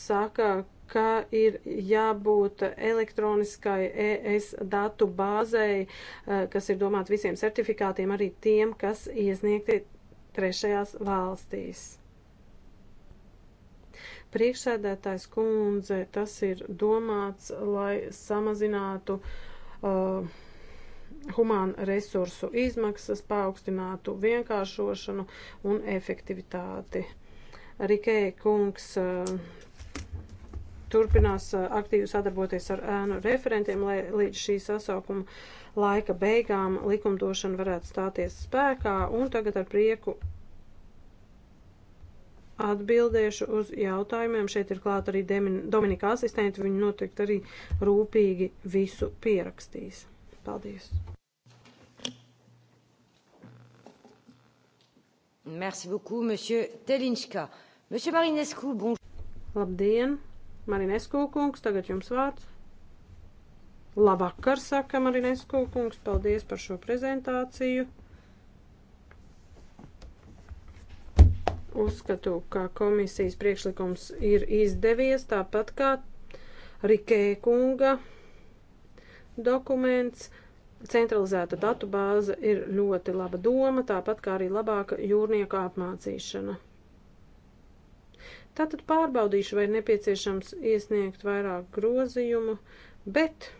saka, ka ir jābūt elektroniskai ES datu bāzei, kas ir domāta visiem certifikātiem, arī tiem, kas iesniegti trešajās valstīs. Priekšsēdētājs kundze, tas ir domāts, lai samazinātu uh, humānu resursu izmaksas, paaugstinātu vienkāršošanu un efektivitāti. Rikēja kungs uh, turpinās uh, aktīvi sadarboties ar ēnu referentiem, lai līdz šī sasaukuma laika beigām likumdošana varētu stāties spēkā, un tagad ar prieku atbildēšu uz jautājumiem. Šeit ir klāt arī Dominika asistenti, viņi noteikti arī rūpīgi visu pierakstīs. Paldies! Merci beaucoup, monsieur Telinska. Monsieur Marinescu, bonjour. Labdien, Marinescu kungs, tagad jums vārds. Labvakar, saka Marinescu kungs, paldies par šo prezentāciju. Uzskatu, ka komisijas priekšlikums ir izdevies, tāpat kā Rikē kunga dokuments. Centralizēta datu bāze ir ļoti laba doma, tāpat kā arī labāka jūrnieka apmācīšana. Tātad pārbaudīšu, vai ir nepieciešams iesniegt vairāk grozījumu, bet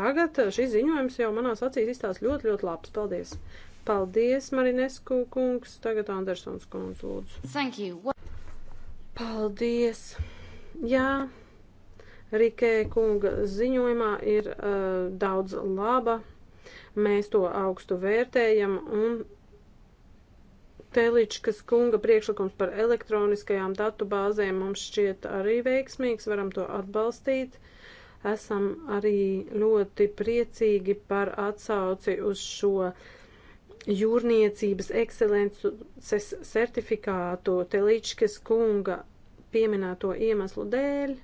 tagad šis ziņojums jau manās acīs izstāsta ļoti, ļoti labs. Paldies! Paldies, Marinesku kungs. Tagad Andersons kungs, lūdzu. Thank you. What... Paldies. Jā. Rikē kunga ziņojumā ir uh, daudz laba. Mēs to augstu vērtējam un Teličkas kunga priekšlikums par elektroniskajām datu bāzēm mums šķiet arī veiksmīgs, varam to atbalstīt. Esam arī ļoti priecīgi par atsauci uz šo jūrniecības ekscelences certifikātu Telīčkas kunga pieminēto iemeslu dēļ.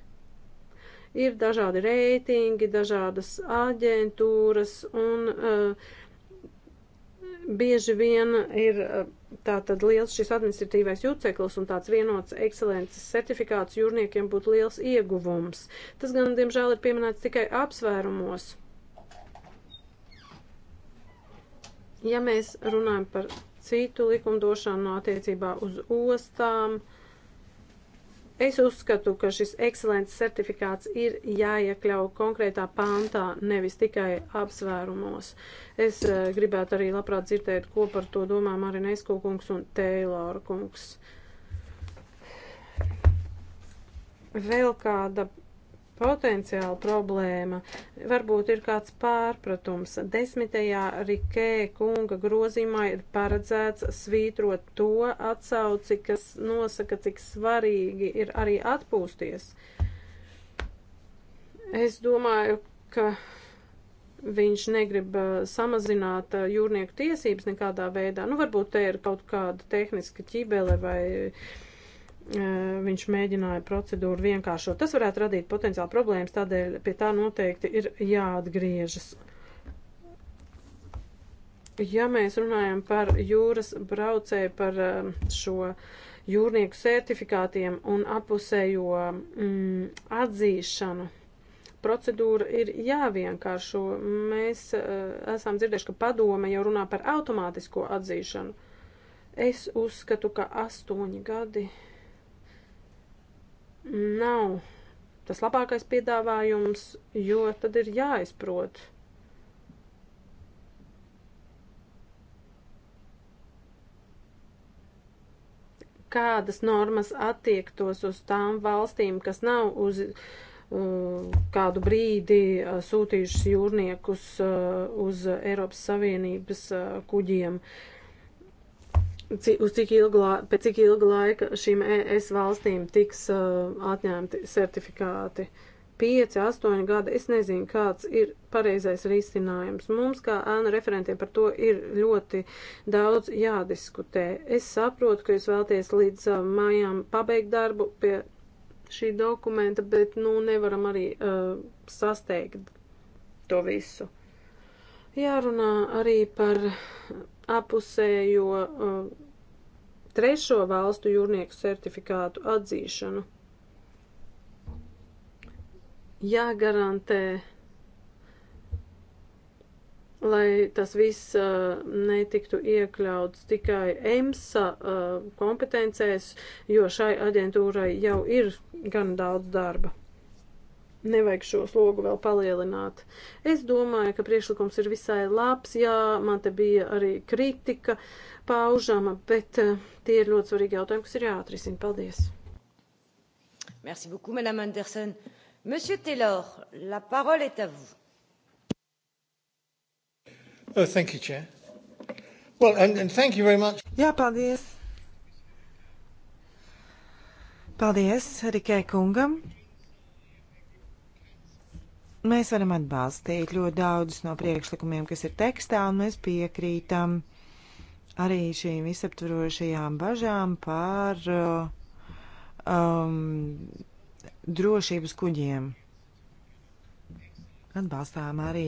Ir dažādi reitingi, dažādas aģentūras un uh, bieži vien ir uh, eh, tā tad liels šis administratīvais juceklis un tāds vienots ekscelences certifikāts jūrniekiem būtu liels ieguvums. Tas gan, diemžēl, ir pieminēts tikai apsvērumos. Ja mēs runājam par citu likumdošanu attiecībā uz ostām, es uzskatu, ka šis ekscelences certifikāts ir jāiekļau konkrētā pāntā, nevis tikai apsvērumos. Es eh, gribētu arī labprāt dzirdēt, ko par to domā Marinesko kungs un Teilora kungs. Vēl kāda potenciāla problēma. Varbūt ir kāds pārpratums. Desmitajā Rikē kunga grozījumā ir paredzēts svītrot to atsauci, kas nosaka, cik svarīgi ir arī atpūsties. Es domāju, ka viņš negrib uh, samazināt uh, jūrnieku tiesības nekādā veidā. Nu, varbūt te ir kaut kāda tehniska ķibele vai uh, viņš mēģināja procedūru vienkāršot. Tas varētu radīt potenciāli problēmas, tādēļ pie tā noteikti ir jāatgriežas. Ja mēs runājam par jūras braucēju, par šo jūrnieku certifikātiem un apusējo mm, atzīšanu, procedūra ir jāvienkāršo. Mēs uh, esam dzirdējuši, ka padome jau runā par automātisko atzīšanu. Es uzskatu, ka astoņi gadi nav tas labākais piedāvājums, jo tad ir jāizprot. Kādas normas attiektos uz tām valstīm, kas nav uz uh, kādu brīdi uh, sūtījušas jūrniekus uh, uz Eiropas Savienības uh, kuģiem? Uh, uz cik ilgu, pēc cik ilga laika šīm ES valstīm tiks uh, atņemti certifikāti. 5, 8 gadi, es nezinu, kāds ir pareizais risinājums. Mums, kā ēnu referentiem, par to ir ļoti daudz jādiskutē. Es saprotu, ka jūs vēlties līdz uh, mājām pabeigt darbu pie šī dokumenta, bet, nu, nevaram arī uh, sasteigt to visu. Jārunā arī par apusējo uh, trešo valstu jūrnieku certifikātu atzīšanu. Jāgarantē, lai tas viss uh, netiktu iekļauts tikai EMSA uh, kompetencēs, jo šai aģentūrai jau ir gan daudz darba nevajag šo slogu vēl palielināt. Es domāju, ka priekšlikums ir visai labs, jā, man te bija arī kritika paužama, bet eh, tie ir ļoti svarīgi jautājumi, kas ir jāatrisina. Paldies! Merci beaucoup, Madame Anderson. Monsieur Taylor, la parole est à vous. Oh, thank you, Chair. Well, and, and thank you very much. Jā, paldies. Paldies Rikē kungam Mēs varam atbalstīt ļoti daudzus no priekšlikumiem, kas ir tekstā, un mēs piekrītam arī šīm visaptvarošajām bažām par uh, um, drošības kuģiem. Atbalstām arī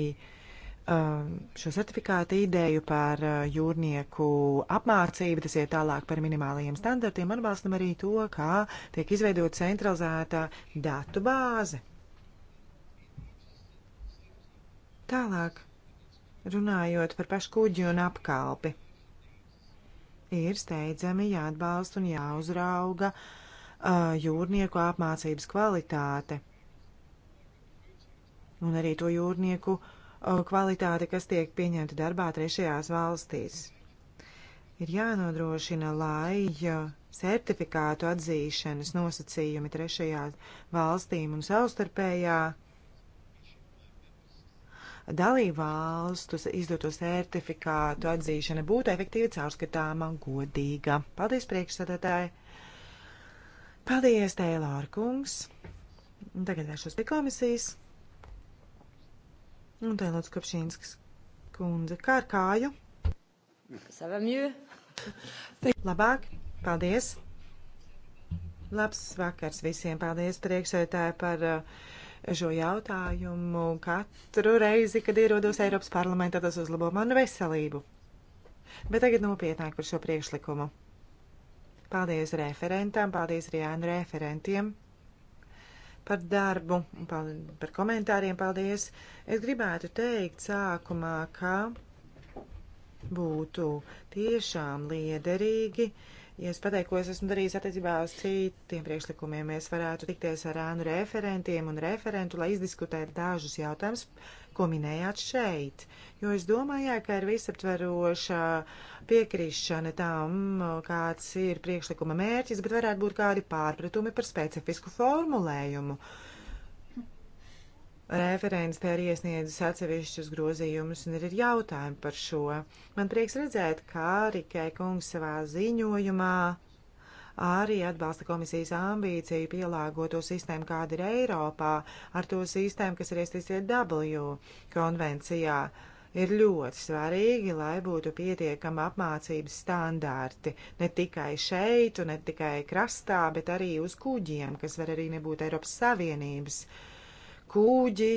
um, šo certifikātu ideju par uh, jūrnieku apmācību, tas iet tālāk par minimālajiem standartiem. Atbalstam arī to, kā tiek izveidota centralizēta datu bāze Tālāk, runājot par paškuģi un apkalpi, ir steidzami jāatbalsta un jāuzrauga uh, jūrnieku apmācības kvalitāte un arī to jūrnieku uh, kvalitāti, kas tiek pieņemti darbā trešajās valstīs ir jānodrošina, lai uh, certifikātu atzīšanas nosacījumi trešajās valstīm un savstarpējā dalībvalstu izdoto certifikātu atzīšana būtu efektīva, caurskatāma un godīga. Paldies, priekšsēdētāji! Paldies, Tēlāra kungs! Tagad vēršos pie komisijas. Un tā ir Lūdzu Kapšīnskas kundze. Kā ar kāju? Savamju. Labāk. Paldies. Labs vakars visiem. Paldies priekšētāji par uh, šo jautājumu katru reizi, kad ierodos Eiropas parlamentā, tas uzlabo manu veselību. Bet tagad nopietnāk par šo priekšlikumu. Paldies referentam, paldies Rijānu referentiem par darbu, par komentāriem, paldies. Es gribētu teikt sākumā, ka būtu tiešām liederīgi uh, Ja es pateiktu, ko es esmu darījis attiecībā uz citiem priekšlikumiem, mēs varētu tikties ar ānu referentiem un referentu, lai izdiskutētu dažus jautājumus, ko minējāt šeit. Jo es domāju, ka ir visaptveroša piekrišana tam, kāds ir priekšlikuma mērķis, bet varētu būt kādi pārpratumi par specifisku formulējumu. Uh, referents te arī iesniedzis atsevišķus grozījumus un ir jautājumi par šo. Man prieks redzēt, kā Rikē kungs savā ziņojumā arī atbalsta komisijas ambīciju pielāgot to sistēmu, kāda ir Eiropā, ar to sistēmu, kas ir iestīsiet W konvencijā. Ir ļoti svarīgi, lai būtu pietiekama apmācības standārti ne tikai šeit un ne tikai krastā, bet arī uz kuģiem, kas var arī nebūt Eiropas Savienības uh, kūģi.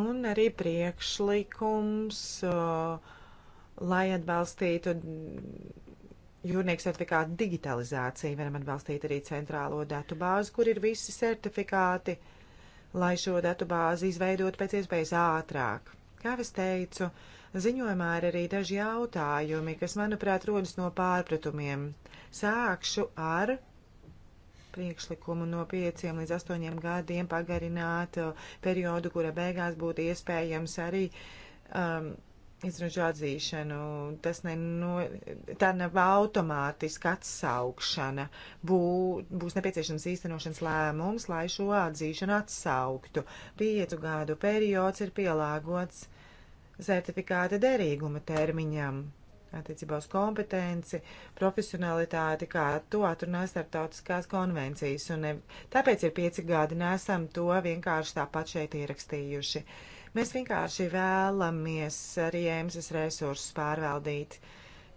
Un arī priekšlikums, uh, lai atbalstītu jūrnieku certifikātu digitalizāciju, varam atbalstīt arī centrālo datu bāzi, kur ir visi certifikāti, lai šo datu bāzi izveidot pēc iespējas ātrāk. Kā es teicu, ziņojumā ir arī daži jautājumi, kas, manuprāt, rodas no pārpratumiem. Sākšu ar priekšlikumu no pieciem līdz astoņiem gadiem pagarināt uh, periodu, kura beigās būtu iespējams arī um, izražu atzīšanu. Tas neno, nu, tā nav automātiska atsaukšana. Bū, būs nepieciešams īstenošanas lēmums, lai šo atzīšanu atsauktu. Piecu gadu periods ir pielāgots certifikāta derīguma termiņam attiecībā uz kompetenci, profesionalitāti, kā to atrunā starptautiskās konvencijas. Un ne, tāpēc ir pieci gadi, nesam to vienkārši tāpat šeit ierakstījuši. Mēs vienkārši vēlamies arī ēmas resursus pārvaldīt.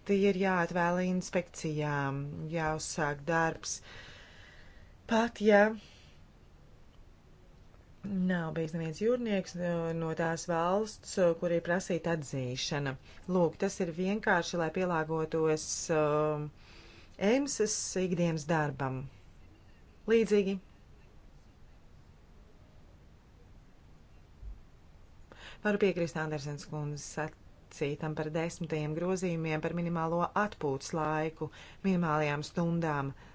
Tie ir jāatvēl inspekcijām, jāuzsāk darbs. Pat ja Nav bijis neviens jūrnieks e, no tās valsts, e, kur ir prasīta atzīšana. Lūk, tas ir vienkārši, lai pielāgotos uh, e, EMSAS ikdienas darbam. Līdzīgi. Varu piekrist Andersens kundzes sacītam par desmitajiem grozījumiem par minimālo atpūtas laiku, minimālajām stundām. Uh,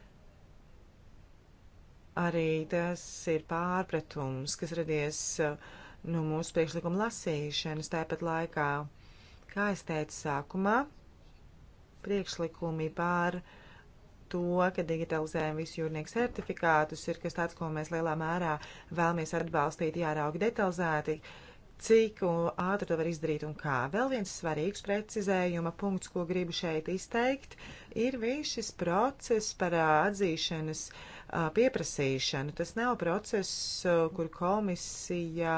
arī tas ir pārpratums, kas radies uh, no mūsu priekšlikuma lasīšanas. Tāpat laikā, kā es teicu sākumā, priekšlikumi pār to, ka digitalizējam visu jūrnieku certifikātus, ir kas tāds, ko mēs lielā mērā vēlamies atbalstīt, jārauga detalizēti, cik ātri to var izdarīt un kā. Vēl viens svarīgs precizējuma punkts, ko gribu šeit izteikt, ir viss šis process par uh, atzīšanas uh, pieprasīšanu. Tas nav process, kur komisija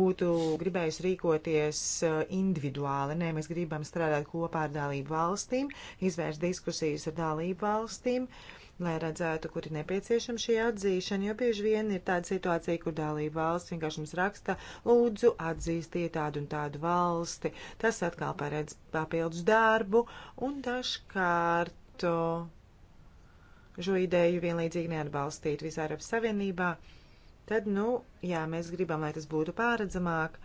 būtu gribējusi rīkoties individuāli. Nē, mēs gribam strādāt kopā ar dalību valstīm, izvērst diskusijas ar dalību valstīm, lai redzētu, kur ir nepieciešama šī atzīšana, jo bieži vien ir tāda situācija, kur dalība valsts vienkārši mums raksta, lūdzu, atzīstiet tādu un tādu valsti. Tas atkal paredz papildus darbu un dažkārt. Uh, šo ideju vienlīdzīgi neatbalstīt visā Eiropas Savienībā, tad, nu, jā, mēs gribam, lai tas būtu pāredzamāk,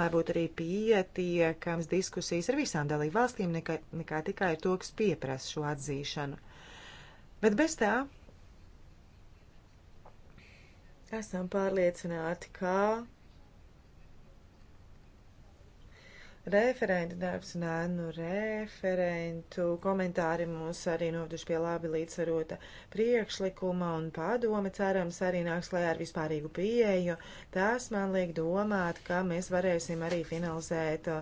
lai būtu arī pietiekams diskusijas ar visām dalību valstīm, nekā, nekā tikai ar to, kas pieprasa šo atzīšanu. Bet bez tā esam pārliecināti, ka referenta darbs un ēnu referentu komentāri mūs arī noveduši pie labi līdzsvarota priekšlikuma un padome cerams arī nāks klajā ar vispārīgu pieeju. Tas man liek domāt, ka mēs varēsim arī finalizēt uh,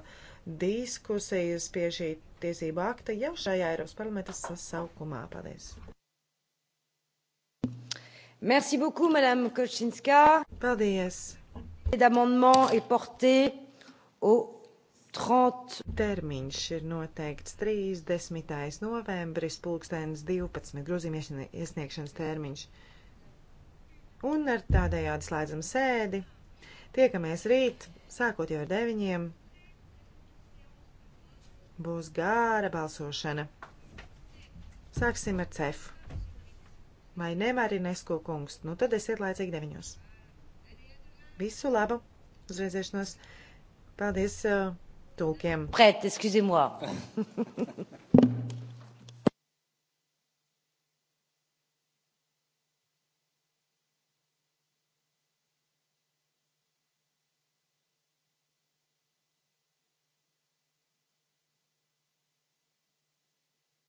diskusijas pie šī tiesība akta jau šajā Eiropas parlamenta sasaukumā. Paldies! Merci beaucoup, Madame Kochinska. Paldies! L'amendement est porté au 30. Termiņš ir noteikts 30. novembris, pulkstens 12. grozījuma iesniegšanas termiņš. Un ar tādējādi slēdzam sēdi. Tiekamies rīt, sākot jau ar 9. Būs gāra balsošana. Sāksim ar cefu. Vai nevari nesko kungs? Nu tad esiet laicīgi 9. Visu labu! Uzreizēšanos! Paldies! Uh, tulkiem. Prēt, excusez-moi. [LAUGHS]